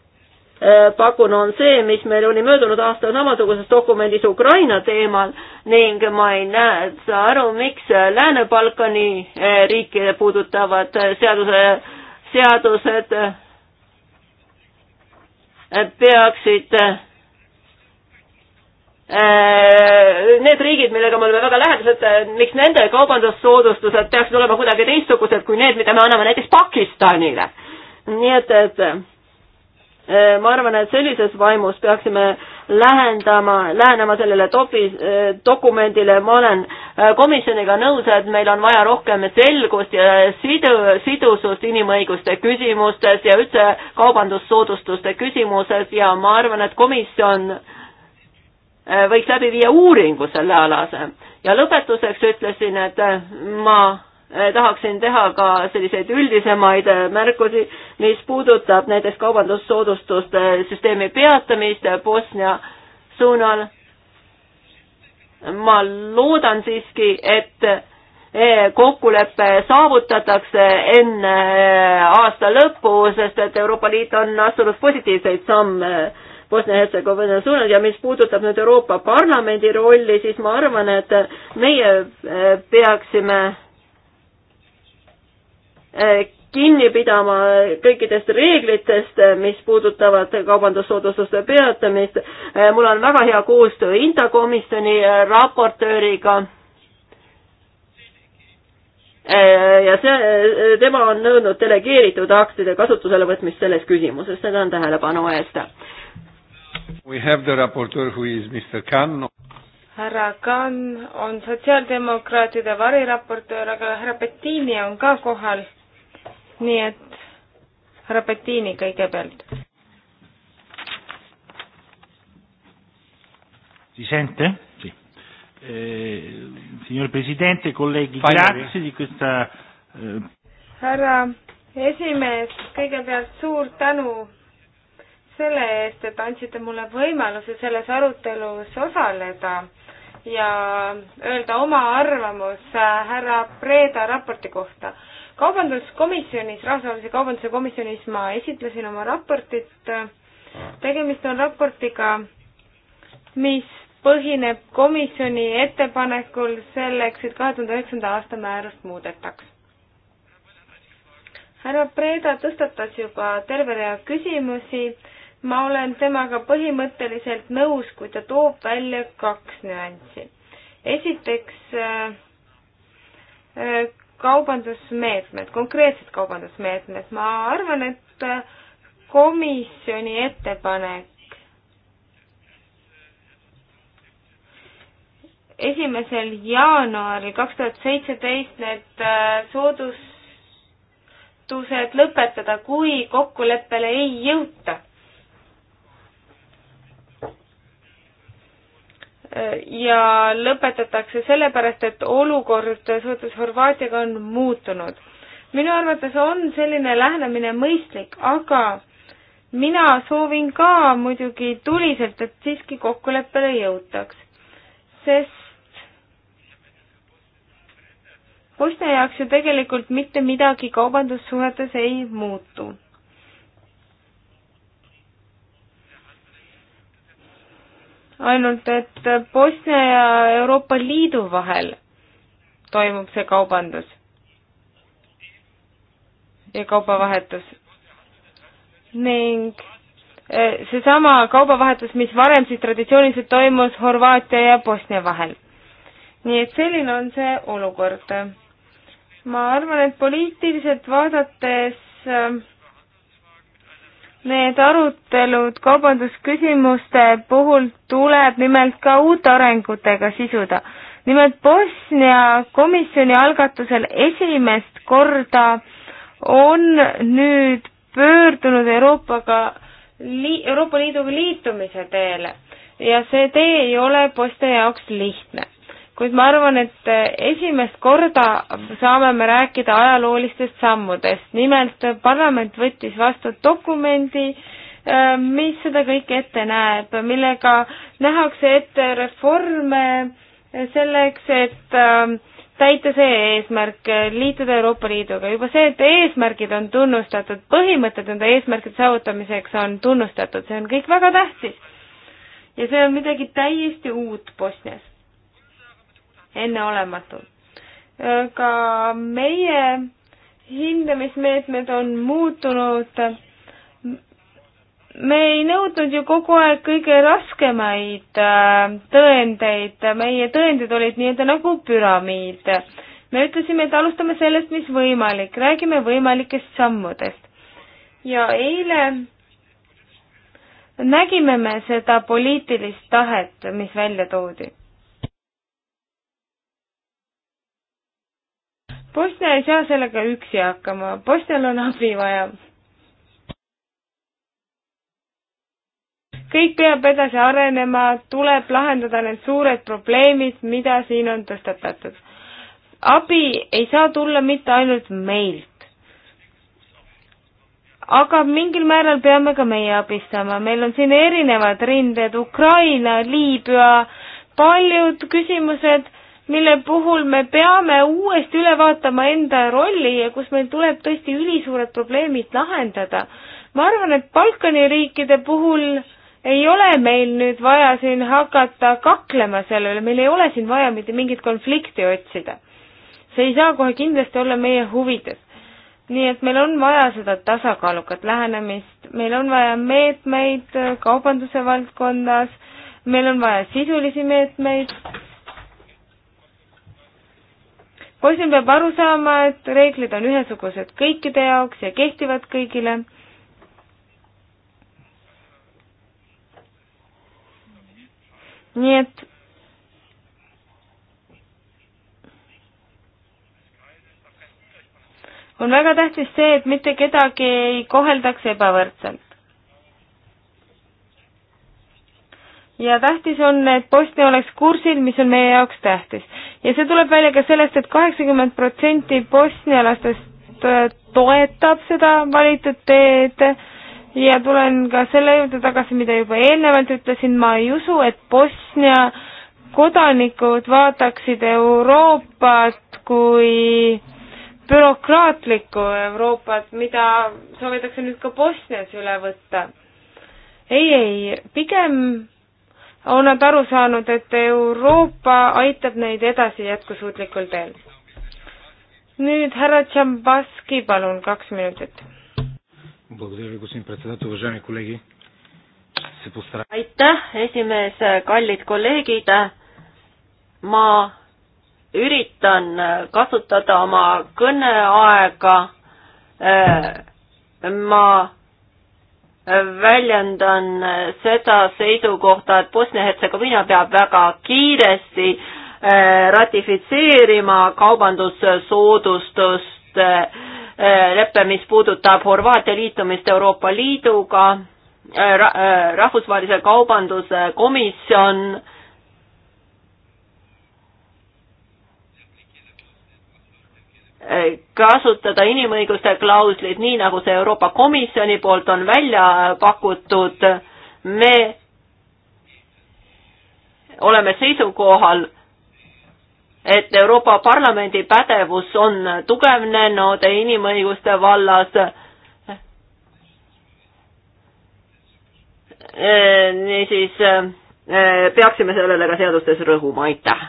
Speaker 3: Äh, pakun, on see, mis meil oli möödunud aastal samasuguses dokumendis Ukraina teemal ning ma ei näe, et saa aru, miks Lääne-Balkani äh, riike puudutavad äh, seaduse, seadused peaksid need riigid, millega me oleme väga lähedased, miks nende kaubandussoodustused peaksid olema kuidagi teistsugused kui need, mida me anname näiteks Pakistanile. nii et, et Äh, ma arvan, et sellises vaimus peaksime lähendama, lähenema sellele topi, äh, dokumendile, ma olen äh, komisjoniga nõus, et meil on vaja rohkem selgust ja sidu, sidusust inimõiguste küsimustes ja üldse kaubandussoodustuste küsimuses ja ma arvan, et komisjon võiks läbi viia uuringu selle alase. ja lõpetuseks ütlesin, et ma Äh, tahaksin teha ka selliseid üldisemaid äh, märkusi, mis puudutab näiteks kaubandussoodustuste äh, süsteemi peatamist Bosnia suunal. ma loodan siiski, et kokkulepe saavutatakse enne aasta lõppu, sest et Euroopa Liit on astunud positiivseid samme Bosnia-Hertsegoviina suunal ja mis puudutab nüüd Euroopa Parlamendi rolli, siis ma arvan, et meie peaksime Äh, kinni pidama kõikidest reeglitest, äh, mis puudutavad kaubandussoodustuste peatamist. Äh, mul on väga hea koostöö Inta komisjoni raportööriga. ja see, tema on nõudnud delegeeritud aktide kasutusele võtmist selles küsimuses, tänan tähelepanu eest. We have the
Speaker 1: raportöör who is Mr Kann härra Kann on sotsiaaldemokraatide variraportöör, aga härra Bettini on ka kohal nii et härra Bettini kõigepealt. Si sente? Sì. Eh, signor Presidente, colleghi, grazie di questa... Eh... Härra esimees, kõigepealt suur tänu selle eest, et andsite mulle võimaluse selles arutelus osaleda ja öelda oma arvamus härra Preeda raporti kohta kaubanduskomisjonis, Rahvusvahelise Kaubanduse Komisjonis ma esitlesin oma raportit. tegemist on raportiga, mis põhineb komisjoni ettepanekul selleks, et kahe tuhande üheksanda aasta määrust muudetaks. härra Preeda tõstatas juba terve rea küsimusi. ma olen temaga põhimõtteliselt nõus, kui ta toob välja kaks nüanssi. esiteks äh, kaubandusmeetmed, konkreetsed kaubandusmeetmed, ma arvan, et komisjoni ettepanek esimesel jaanuaril kaks tuhat seitseteist need äh, soodustused lõpetada, kui kokkuleppele ei jõuta ja lõpetatakse sellepärast, et olukord suhetes Horvaatiaga on muutunud. minu arvates on selline lähenemine mõistlik, aga mina soovin ka muidugi tuliselt, et siiski kokkuleppele jõutaks, sest Bosnia jaoks ju tegelikult mitte midagi kaubandussuhetes ei muutu ainult et Bosnia ja Euroopa Liidu vahel toimub see kaubandus ja kaubavahetus. ning eh, seesama kaubavahetus, mis varem siis traditsiooniliselt toimus Horvaatia ja Bosnia vahel. nii et selline on see olukord. ma arvan, et poliitiliselt vaadates äh, Need arutelud kaubandusküsimuste puhul tuleb nimelt ka uute arengutega sisuda. nimelt Bosnia komisjoni algatusel esimest korda on nüüd pöördunud Euroopaga, Euroopa Liiduga liitumise teele ja see tee ei ole Bosnia jaoks lihtne kuid ma arvan, et esimest korda saame me rääkida ajaloolistest sammudest. nimelt parlament võttis vastu dokumendi, äh, mis seda kõike ette näeb, millega nähakse ette reforme selleks, et äh, täita see eesmärk, liituda Euroopa Liiduga. juba see, et eesmärgid on tunnustatud, põhimõtted nende eesmärkide saavutamiseks on tunnustatud, see on kõik väga tähtis. ja see on midagi täiesti uut Bosnias enneolematu. ka meie hindamismeetmed on muutunud. me ei nõudnud ju kogu aeg kõige raskemaid äh, tõendeid, meie tõendid olid nii-öelda nagu püramiid. me ütlesime, et alustame sellest, mis võimalik, räägime võimalikest sammudest. ja eile nägime me seda poliitilist tahet, mis välja toodi Bosnia ei saa sellega üksi hakkama, Bosnial on abi vaja. kõik peab edasi arenema, tuleb lahendada need suured probleemid, mida siin on tõstatatud. abi ei saa tulla mitte ainult meilt. aga mingil määral peame ka meie abistama, meil on siin erinevad rinded, Ukraina, Liibüa, paljud küsimused mille puhul me peame uuesti üle vaatama enda rolli ja kus meil tuleb tõesti ülisuured probleemid lahendada. ma arvan, et Balkani riikide puhul ei ole meil nüüd vaja siin hakata kaklema selle üle, meil ei ole siin vaja mitte mingit konflikti otsida. see ei saa kohe kindlasti olla meie huvides. nii et meil on vaja seda tasakaalukat lähenemist, meil on vaja meetmeid kaubanduse valdkonnas, meil on vaja sisulisi meetmeid poisil peab aru saama, et reeglid on ühesugused kõikide jaoks ja kehtivad kõigile. nii et on väga tähtis see, et mitte kedagi ei koheldaks ebavõrdselt. ja tähtis on, et Bosnia oleks kursil, mis on meie jaoks tähtis. ja see tuleb välja ka sellest et, et kaheksakümmend protsenti bosnialastest toetab seda valitud teed ja tulen ka selle juurde tagasi, mida juba eelnevalt ütlesin, ma ei usu, et Bosnia kodanikud vaataksid Euroopat kui bürokraatlikku Euroopat, mida soovitakse nüüd ka Bosnias üle võtta. ei, ei, pigem on nad aru saanud, et Euroopa aitab neid edasi jätkusuutlikul teel. nüüd härra Tšambaski, palun, kaks minutit. aitäh,
Speaker 3: esimees, kallid kolleegid. ma üritan kasutada oma kõneaega. ma väljendan seda seisukohta, et Bosnia-Hertsegoviina peab väga kiiresti äh, ratifitseerima kaubandussoodustust äh, leppe, mis puudutab Horvaatia liitumist Euroopa Liiduga, äh, rahvusvahelise kaubanduse komisjon Äh, kasutada inimõiguste klauslit nii, nagu see Euroopa Komisjoni poolt on välja pakutud, me oleme seisukohal, et Euroopa Parlamendi pädevus on tugevnenud inimõiguste vallas äh, niisiis äh, peaksime sellele ka seadustes rõhuma, aitäh!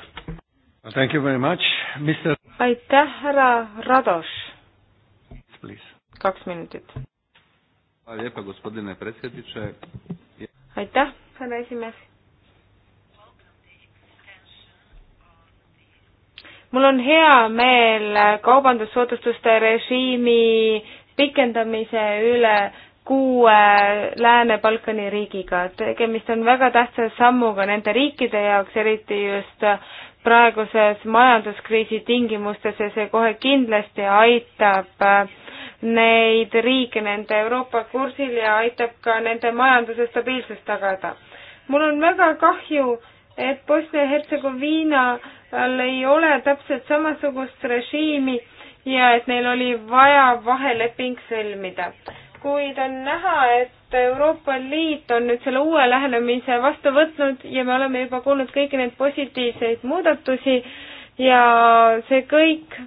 Speaker 1: Thank you very much, Mr aitäh, härra Radoš. kaks minutit. aitäh, härra esimees. mul on hea meel kaubandussoodustuste režiimi pikendamise üle kuue Lääne-Balkani riigiga. tegemist on väga tähtsa sammuga nende riikide jaoks, eriti just praeguses majanduskriisi tingimustes ja see kohe kindlasti aitab äh, neid riike nende Euroopa kursil ja aitab ka nende majanduse stabiilsust tagada. mul on väga kahju, et Bosnia-Hertsegoviinal ei ole täpselt samasugust režiimi ja et neil oli vaja vaheleping sõlmida. kuid on näha, et Euroopa Liit on nüüd selle uue lähenemise vastu võtnud ja me oleme juba kuulnud kõiki neid positiivseid muudatusi ja see kõik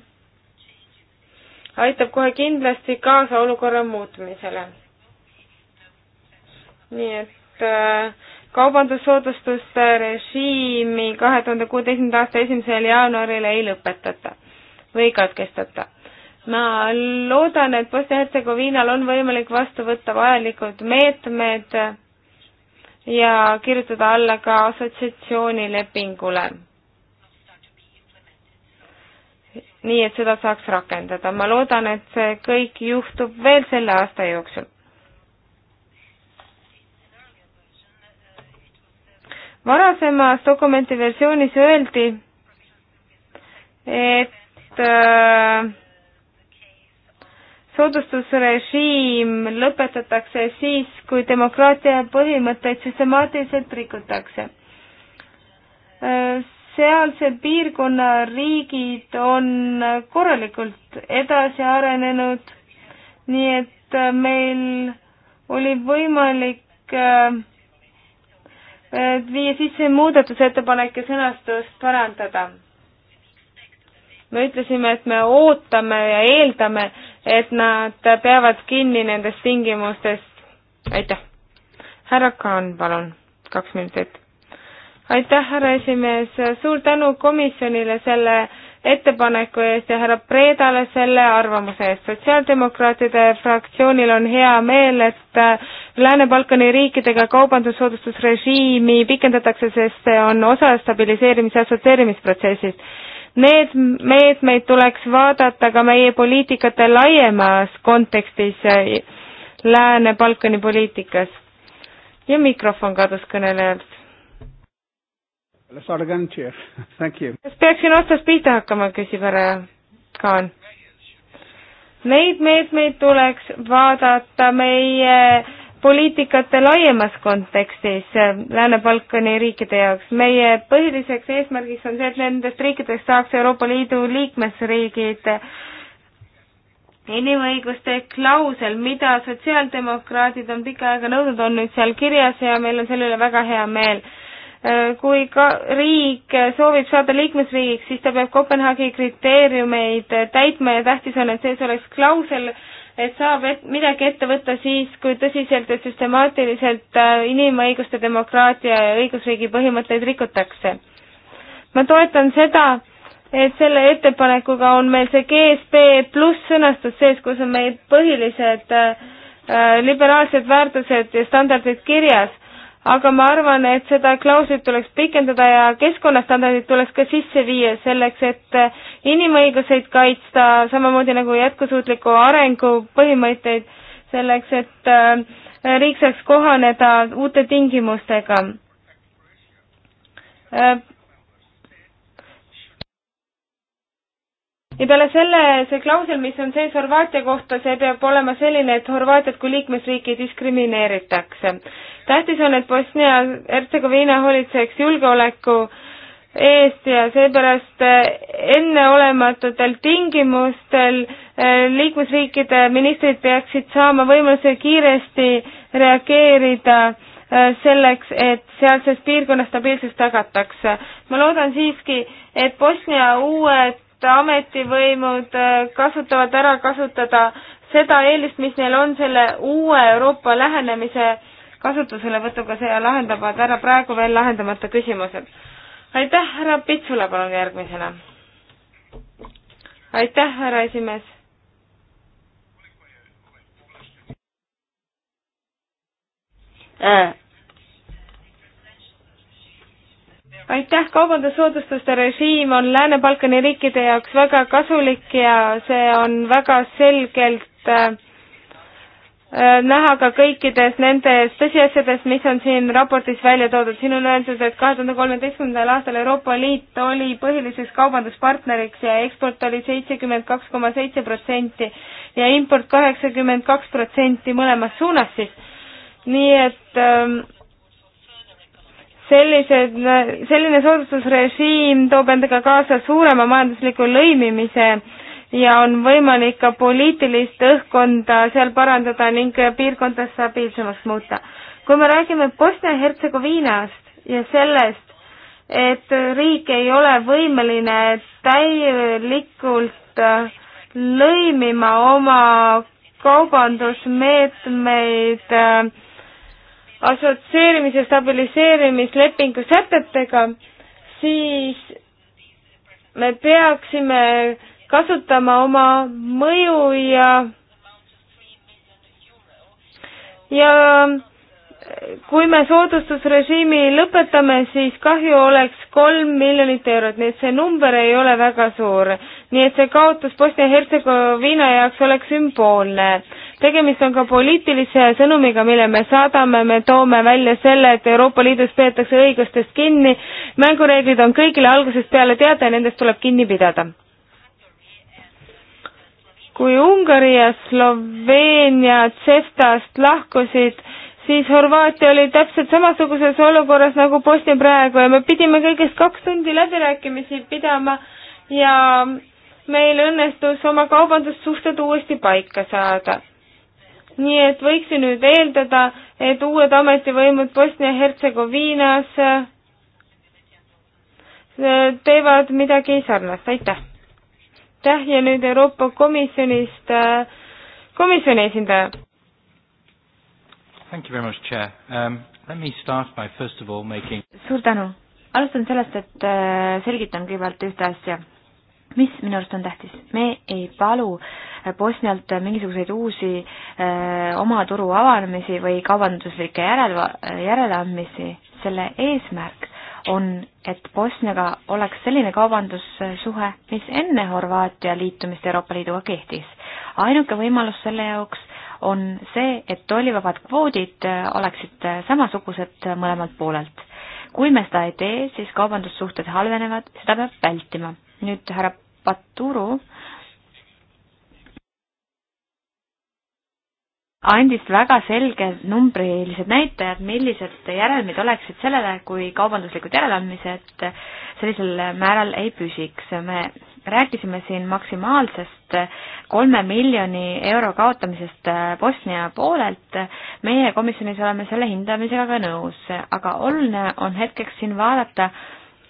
Speaker 1: aitab kohe kindlasti kaasa olukorra muutumisele. nii et äh, kaubandussoodustuste režiimi kahe tuhande kuueteistkümnenda aasta esimesel jaanuaril ei lõpetata või katkestata ma loodan, et Bosnia-Hertsegoviinal on võimalik vastu võtta vajalikud meetmed ja kirjutada alla ka assotsiatsioonilepingule. nii et seda saaks rakendada. ma loodan, et see kõik juhtub veel selle aasta jooksul. varasemas dokumenti versioonis öeldi, et äh, soodustusrežiim lõpetatakse siis, kui demokraatia põhimõtteid süstemaatiliselt rikutakse. sealse piirkonna riigid on korralikult edasi arenenud, nii et meil oli võimalik viia sisse muudatusettepanek ja sõnastust parandada me ütlesime, et me ootame ja eeldame, et nad peavad kinni nendest tingimustest. aitäh. härra Kaan, palun, kaks minutit. aitäh, härra esimees, suur tänu komisjonile selle ettepaneku eest ja härra Predale selle arvamuse eest. sotsiaaldemokraatide fraktsioonil on hea meel, et Lääne-Balkani riikidega kaubandussoodustusrežiimi pikendatakse, sest see on osa stabiliseerimise assotsieerimisprotsessist Need meetmeid tuleks vaadata ka meie poliitikate laiemas kontekstis äh, Lääne-Balkani poliitikas. ja mikrofon kadus kõnelejalt. kas peaksin otsast pihta hakkama, küsib härra Kaan. Neid meetmeid tuleks vaadata meie poliitikate laiemas kontekstis äh, Lääne-Balkani riikide jaoks. meie põhiliseks eesmärgiks on see, et nendest riikidest saaks Euroopa Liidu liikmesriigid inimõiguste klausel, mida sotsiaaldemokraadid on pikka aega nõudnud, on nüüd seal kirjas ja meil on selle üle väga hea meel. Äh, kui ka riik soovib saada liikmesriigiks, siis ta peab Kopenhaagi kriteeriumeid täitma ja tähtis on, et sees oleks klausel, et saab et midagi ette võtta siis, kui tõsiselt ja süstemaatiliselt äh, inimõiguste, demokraatia ja õigusriigi põhimõtteid rikutakse. ma toetan seda, et selle ettepanekuga on meil see GSP pluss sõnastus sees, kus on meie põhilised äh, äh, liberaalsed väärtused ja standardid kirjas aga ma arvan, et seda klauslit tuleks pikendada ja keskkonnastandardid tuleks ka sisse viia selleks, et inimõiguseid kaitsta, samamoodi nagu jätkusuutliku arengu põhimõtteid, selleks, et äh, riik saaks kohaneda uute tingimustega äh, ja peale selle, see klausel, mis on sees Horvaatia kohta, see peab olema selline, et Horvaatiat kui liikmesriiki diskrimineeritakse. tähtis on, et Bosnia-Hertsegoviina hoolitseks julgeoleku eest ja seepärast eh, enneolematutel tingimustel eh, liikmesriikide ministrid peaksid saama võimaluse kiiresti reageerida eh, selleks, et sealses piirkonnas stabiilsus tagatakse. ma loodan siiski, et Bosnia uued ametivõimud äh, kasutavad ära kasutada seda eelist, mis neil on selle uue Euroopa lähenemise kasutuselevõtuga, see lahendavad ära praegu veel lahendamata küsimused. aitäh, härra Pitsula, palun järgmisena. aitäh, härra esimees. Äh, aitäh, kaubandussoodustuste režiim on Lääne-Balkani riikide jaoks väga kasulik ja see on väga selgelt äh, näha ka kõikides nendes tõsiasjades, mis on siin raportis välja toodud. siin on öeldud, et kahe tuhande kolmeteistkümnendal aastal Euroopa Liit oli põhiliseks kaubanduspartneriks ja eksport oli seitsekümmend kaks koma seitse protsenti ja import kaheksakümmend kaks protsenti mõlemas suunas siis. nii et ähm, sellised, selline soodustusrežiim toob endaga kaasa suurema majandusliku lõimimise ja on võimalik ka poliitilist õhkkonda seal parandada ning piirkonda stabiilsemaks muuta. kui me räägime Bosnia-Hertsegoviinast ja sellest, et riik ei ole võimeline täielikult äh, lõimima oma kaubandusmeetmeid äh, assotsieerimise stabiliseerimislepingu sätetega, siis me peaksime kasutama oma mõju ja ja kui me soodustusrežiimi lõpetame, siis kahju oleks kolm miljonit eurot, nii et see number ei ole väga suur. nii et see kaotus Bosnia-Hertsegoviina jaoks oleks sümboolne tegemist on ka poliitilise sõnumiga, mille me saadame, me toome välja selle, et Euroopa Liidus peetakse õigustest kinni, mängureeglid on kõigile algusest peale teada ja nendest tuleb kinni pidada. kui Ungari ja Sloveenia CEFTA-st lahkusid, siis Horvaatia oli täpselt samasuguses olukorras nagu Bosnia praegu ja me pidime kõigest kaks tundi läbirääkimisi pidama ja meil õnnestus oma kaubandussuhted uuesti paika saada nii et võiksin nüüd eeldada, et uued ametivõimud Bosnia-Hertsegoviinas äh, teevad midagi sarnast, aitäh! aitäh ja nüüd Euroopa Komisjonist äh, komisjoni esindaja. Thank you very much, Chair um,. Let me start by first of all making suur
Speaker 2: tänu! alustan sellest, et äh, selgitan kõigepealt ühte asja, mis minu arust on tähtis. me ei palu äh, Bosnialt mingisuguseid uusi eh, oma turu avanemisi või kaubanduslikke järelva-, järeleandmisi, selle eesmärk on, et Bosniaga oleks selline kaubandussuhe, mis enne Horvaatia liitumist Euroopa Liiduga kehtis. ainuke võimalus selle jaoks on see, et tollivabad kvoodid eh, oleksid eh, samasugused mõlemalt poolelt. kui me seda ei tee, siis kaubandussuhted halvenevad, seda peab vältima. nüüd härra Baturu andis väga selge numbrilised näitajad, millised järelmid oleksid sellele, kui kaubanduslikud järeleandmised sellisel määral ei püsiks. me rääkisime siin maksimaalsest kolme miljoni euro kaotamisest Bosnia poolelt. meie komisjonis oleme selle hindamisega ka nõus, aga oluline on hetkeks siin vaadata,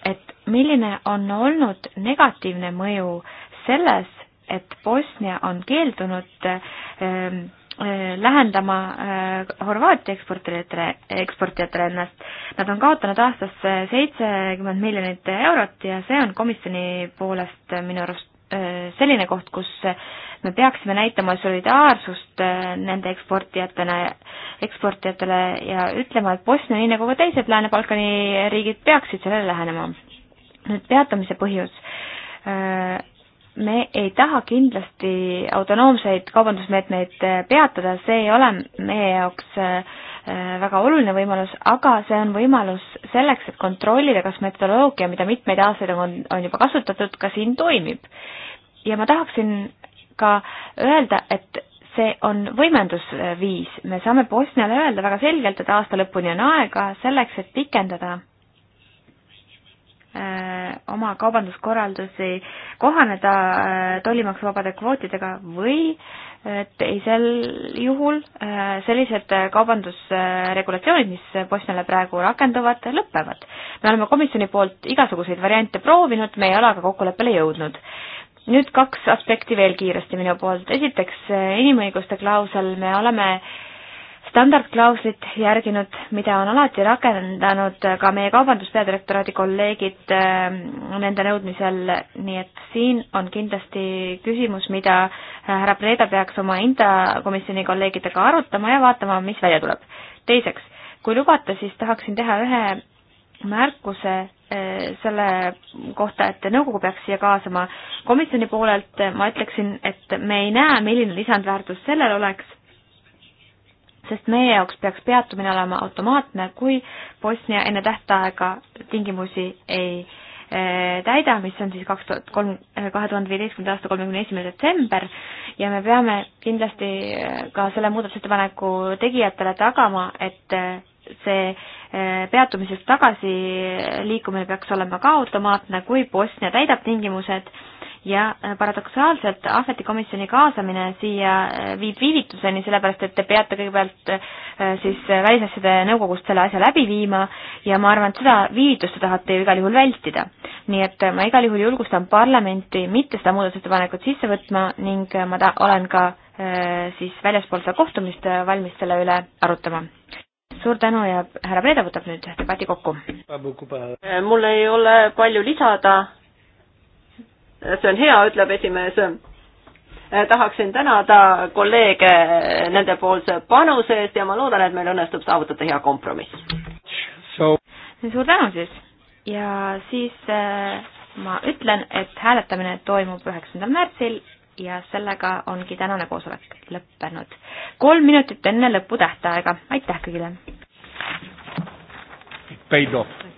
Speaker 2: et milline on olnud negatiivne mõju selles, et Bosnia on keeldunud ähm, Äh, lähendama äh, Horvaatia eksportijatele, eksportijatele ennast. Nad on kaotanud aastas seitsekümmend miljonit eurot ja see on komisjoni poolest minu arust äh, selline koht, kus me peaksime näitama solidaarsust nende eksportijatena, eksportijatele ja ütlema, et Bosnia, nii nagu ka teised Lääne-Balkani riigid, peaksid sellele lähenema. nüüd peatamise põhjus me ei taha kindlasti autonoomseid kaubandusmeetmeid äh, peatada, see ei ole meie jaoks äh, äh, väga oluline võimalus, aga see on võimalus selleks, et kontrollida, kas metodoloogia, mida mitmeid aastaid on, on juba kasutatud, ka siin toimib. ja ma tahaksin ka öelda, et see on võimendusviis, me saame Bosniale öelda väga selgelt, et aasta lõpuni on aega selleks, et pikendada Äh, oma kaubanduskorraldusi kohaneda äh, tollimaksuvabade kvootidega või äh, teisel juhul sellised kaubandusregulatsioonid, mis Bosniale praegu rakenduvad, lõpevad. me oleme komisjoni poolt igasuguseid variante proovinud, me ei ole aga kokkuleppele jõudnud nüüd kaks aspekti veel kiiresti minu poolt. esiteks inimõiguste klausel, me oleme äh, standardklauslit järginud, mida on alati rakendanud ka meie kaubanduspeadirektoraadi kolleegid äh, nende nõudmisel, nii et siin on kindlasti küsimus, mida äh, härra Preeda peaks oma Inta komisjoni kolleegidega arutama ja vaatama, mis välja tuleb. teiseks, kui lubate, siis tahaksin teha ühe märkuse äh, selle kohta, et nõukogu peaks siia kaasama. komisjoni poolelt ma ütleksin, et me ei näe, milline lisandväärtus sellel oleks sest meie jaoks peaks peatumine olema automaatne, kui Bosnia enne tähtaega tingimusi ei eh, täida, mis on siis kaks tuhat kolm, eh, kahe tuhande viieteistkümnenda aasta kolmekümne esimene detsember ja me peame kindlasti eh, ka selle muudatusettepaneku tegijatele tagama, et see peatumisest tagasi liikumine peaks olema ka automaatne, kui Bosnia täidab tingimused ja äh, paradoksaalselt ahvetikomisjoni kaasamine siia äh, viib viivituseni, sellepärast et te peate kõigepealt äh, siis välisasjade nõukogust selle asja läbi viima ja ma arvan, et seda viivitust te tahate ju igal juhul vältida. nii et ma igal juhul julgustan parlamenti mitte seda muudatusettepanekut sisse võtma ning ma ta-, olen ka siis väljaspool seda kohtumist valmis selle üle arutama. suur tänu ja härra Preeda võtab nüüd debati kokku.
Speaker 3: mul ei ole palju lisada see on hea, ütleb esimees. Eh, tahaksin tänada kolleege nendepoolse panuse
Speaker 2: eest ja ma loodan, et meil õnnestub saavutada hea kompromiss. suur tänu siis ja siis eh, ma ütlen, et hääletamine toimub üheksandal märtsil ja sellega ongi tänane koosolek lõppenud. kolm minutit enne lõputähtaega, aitäh kõigile!
Speaker 1: Paid off.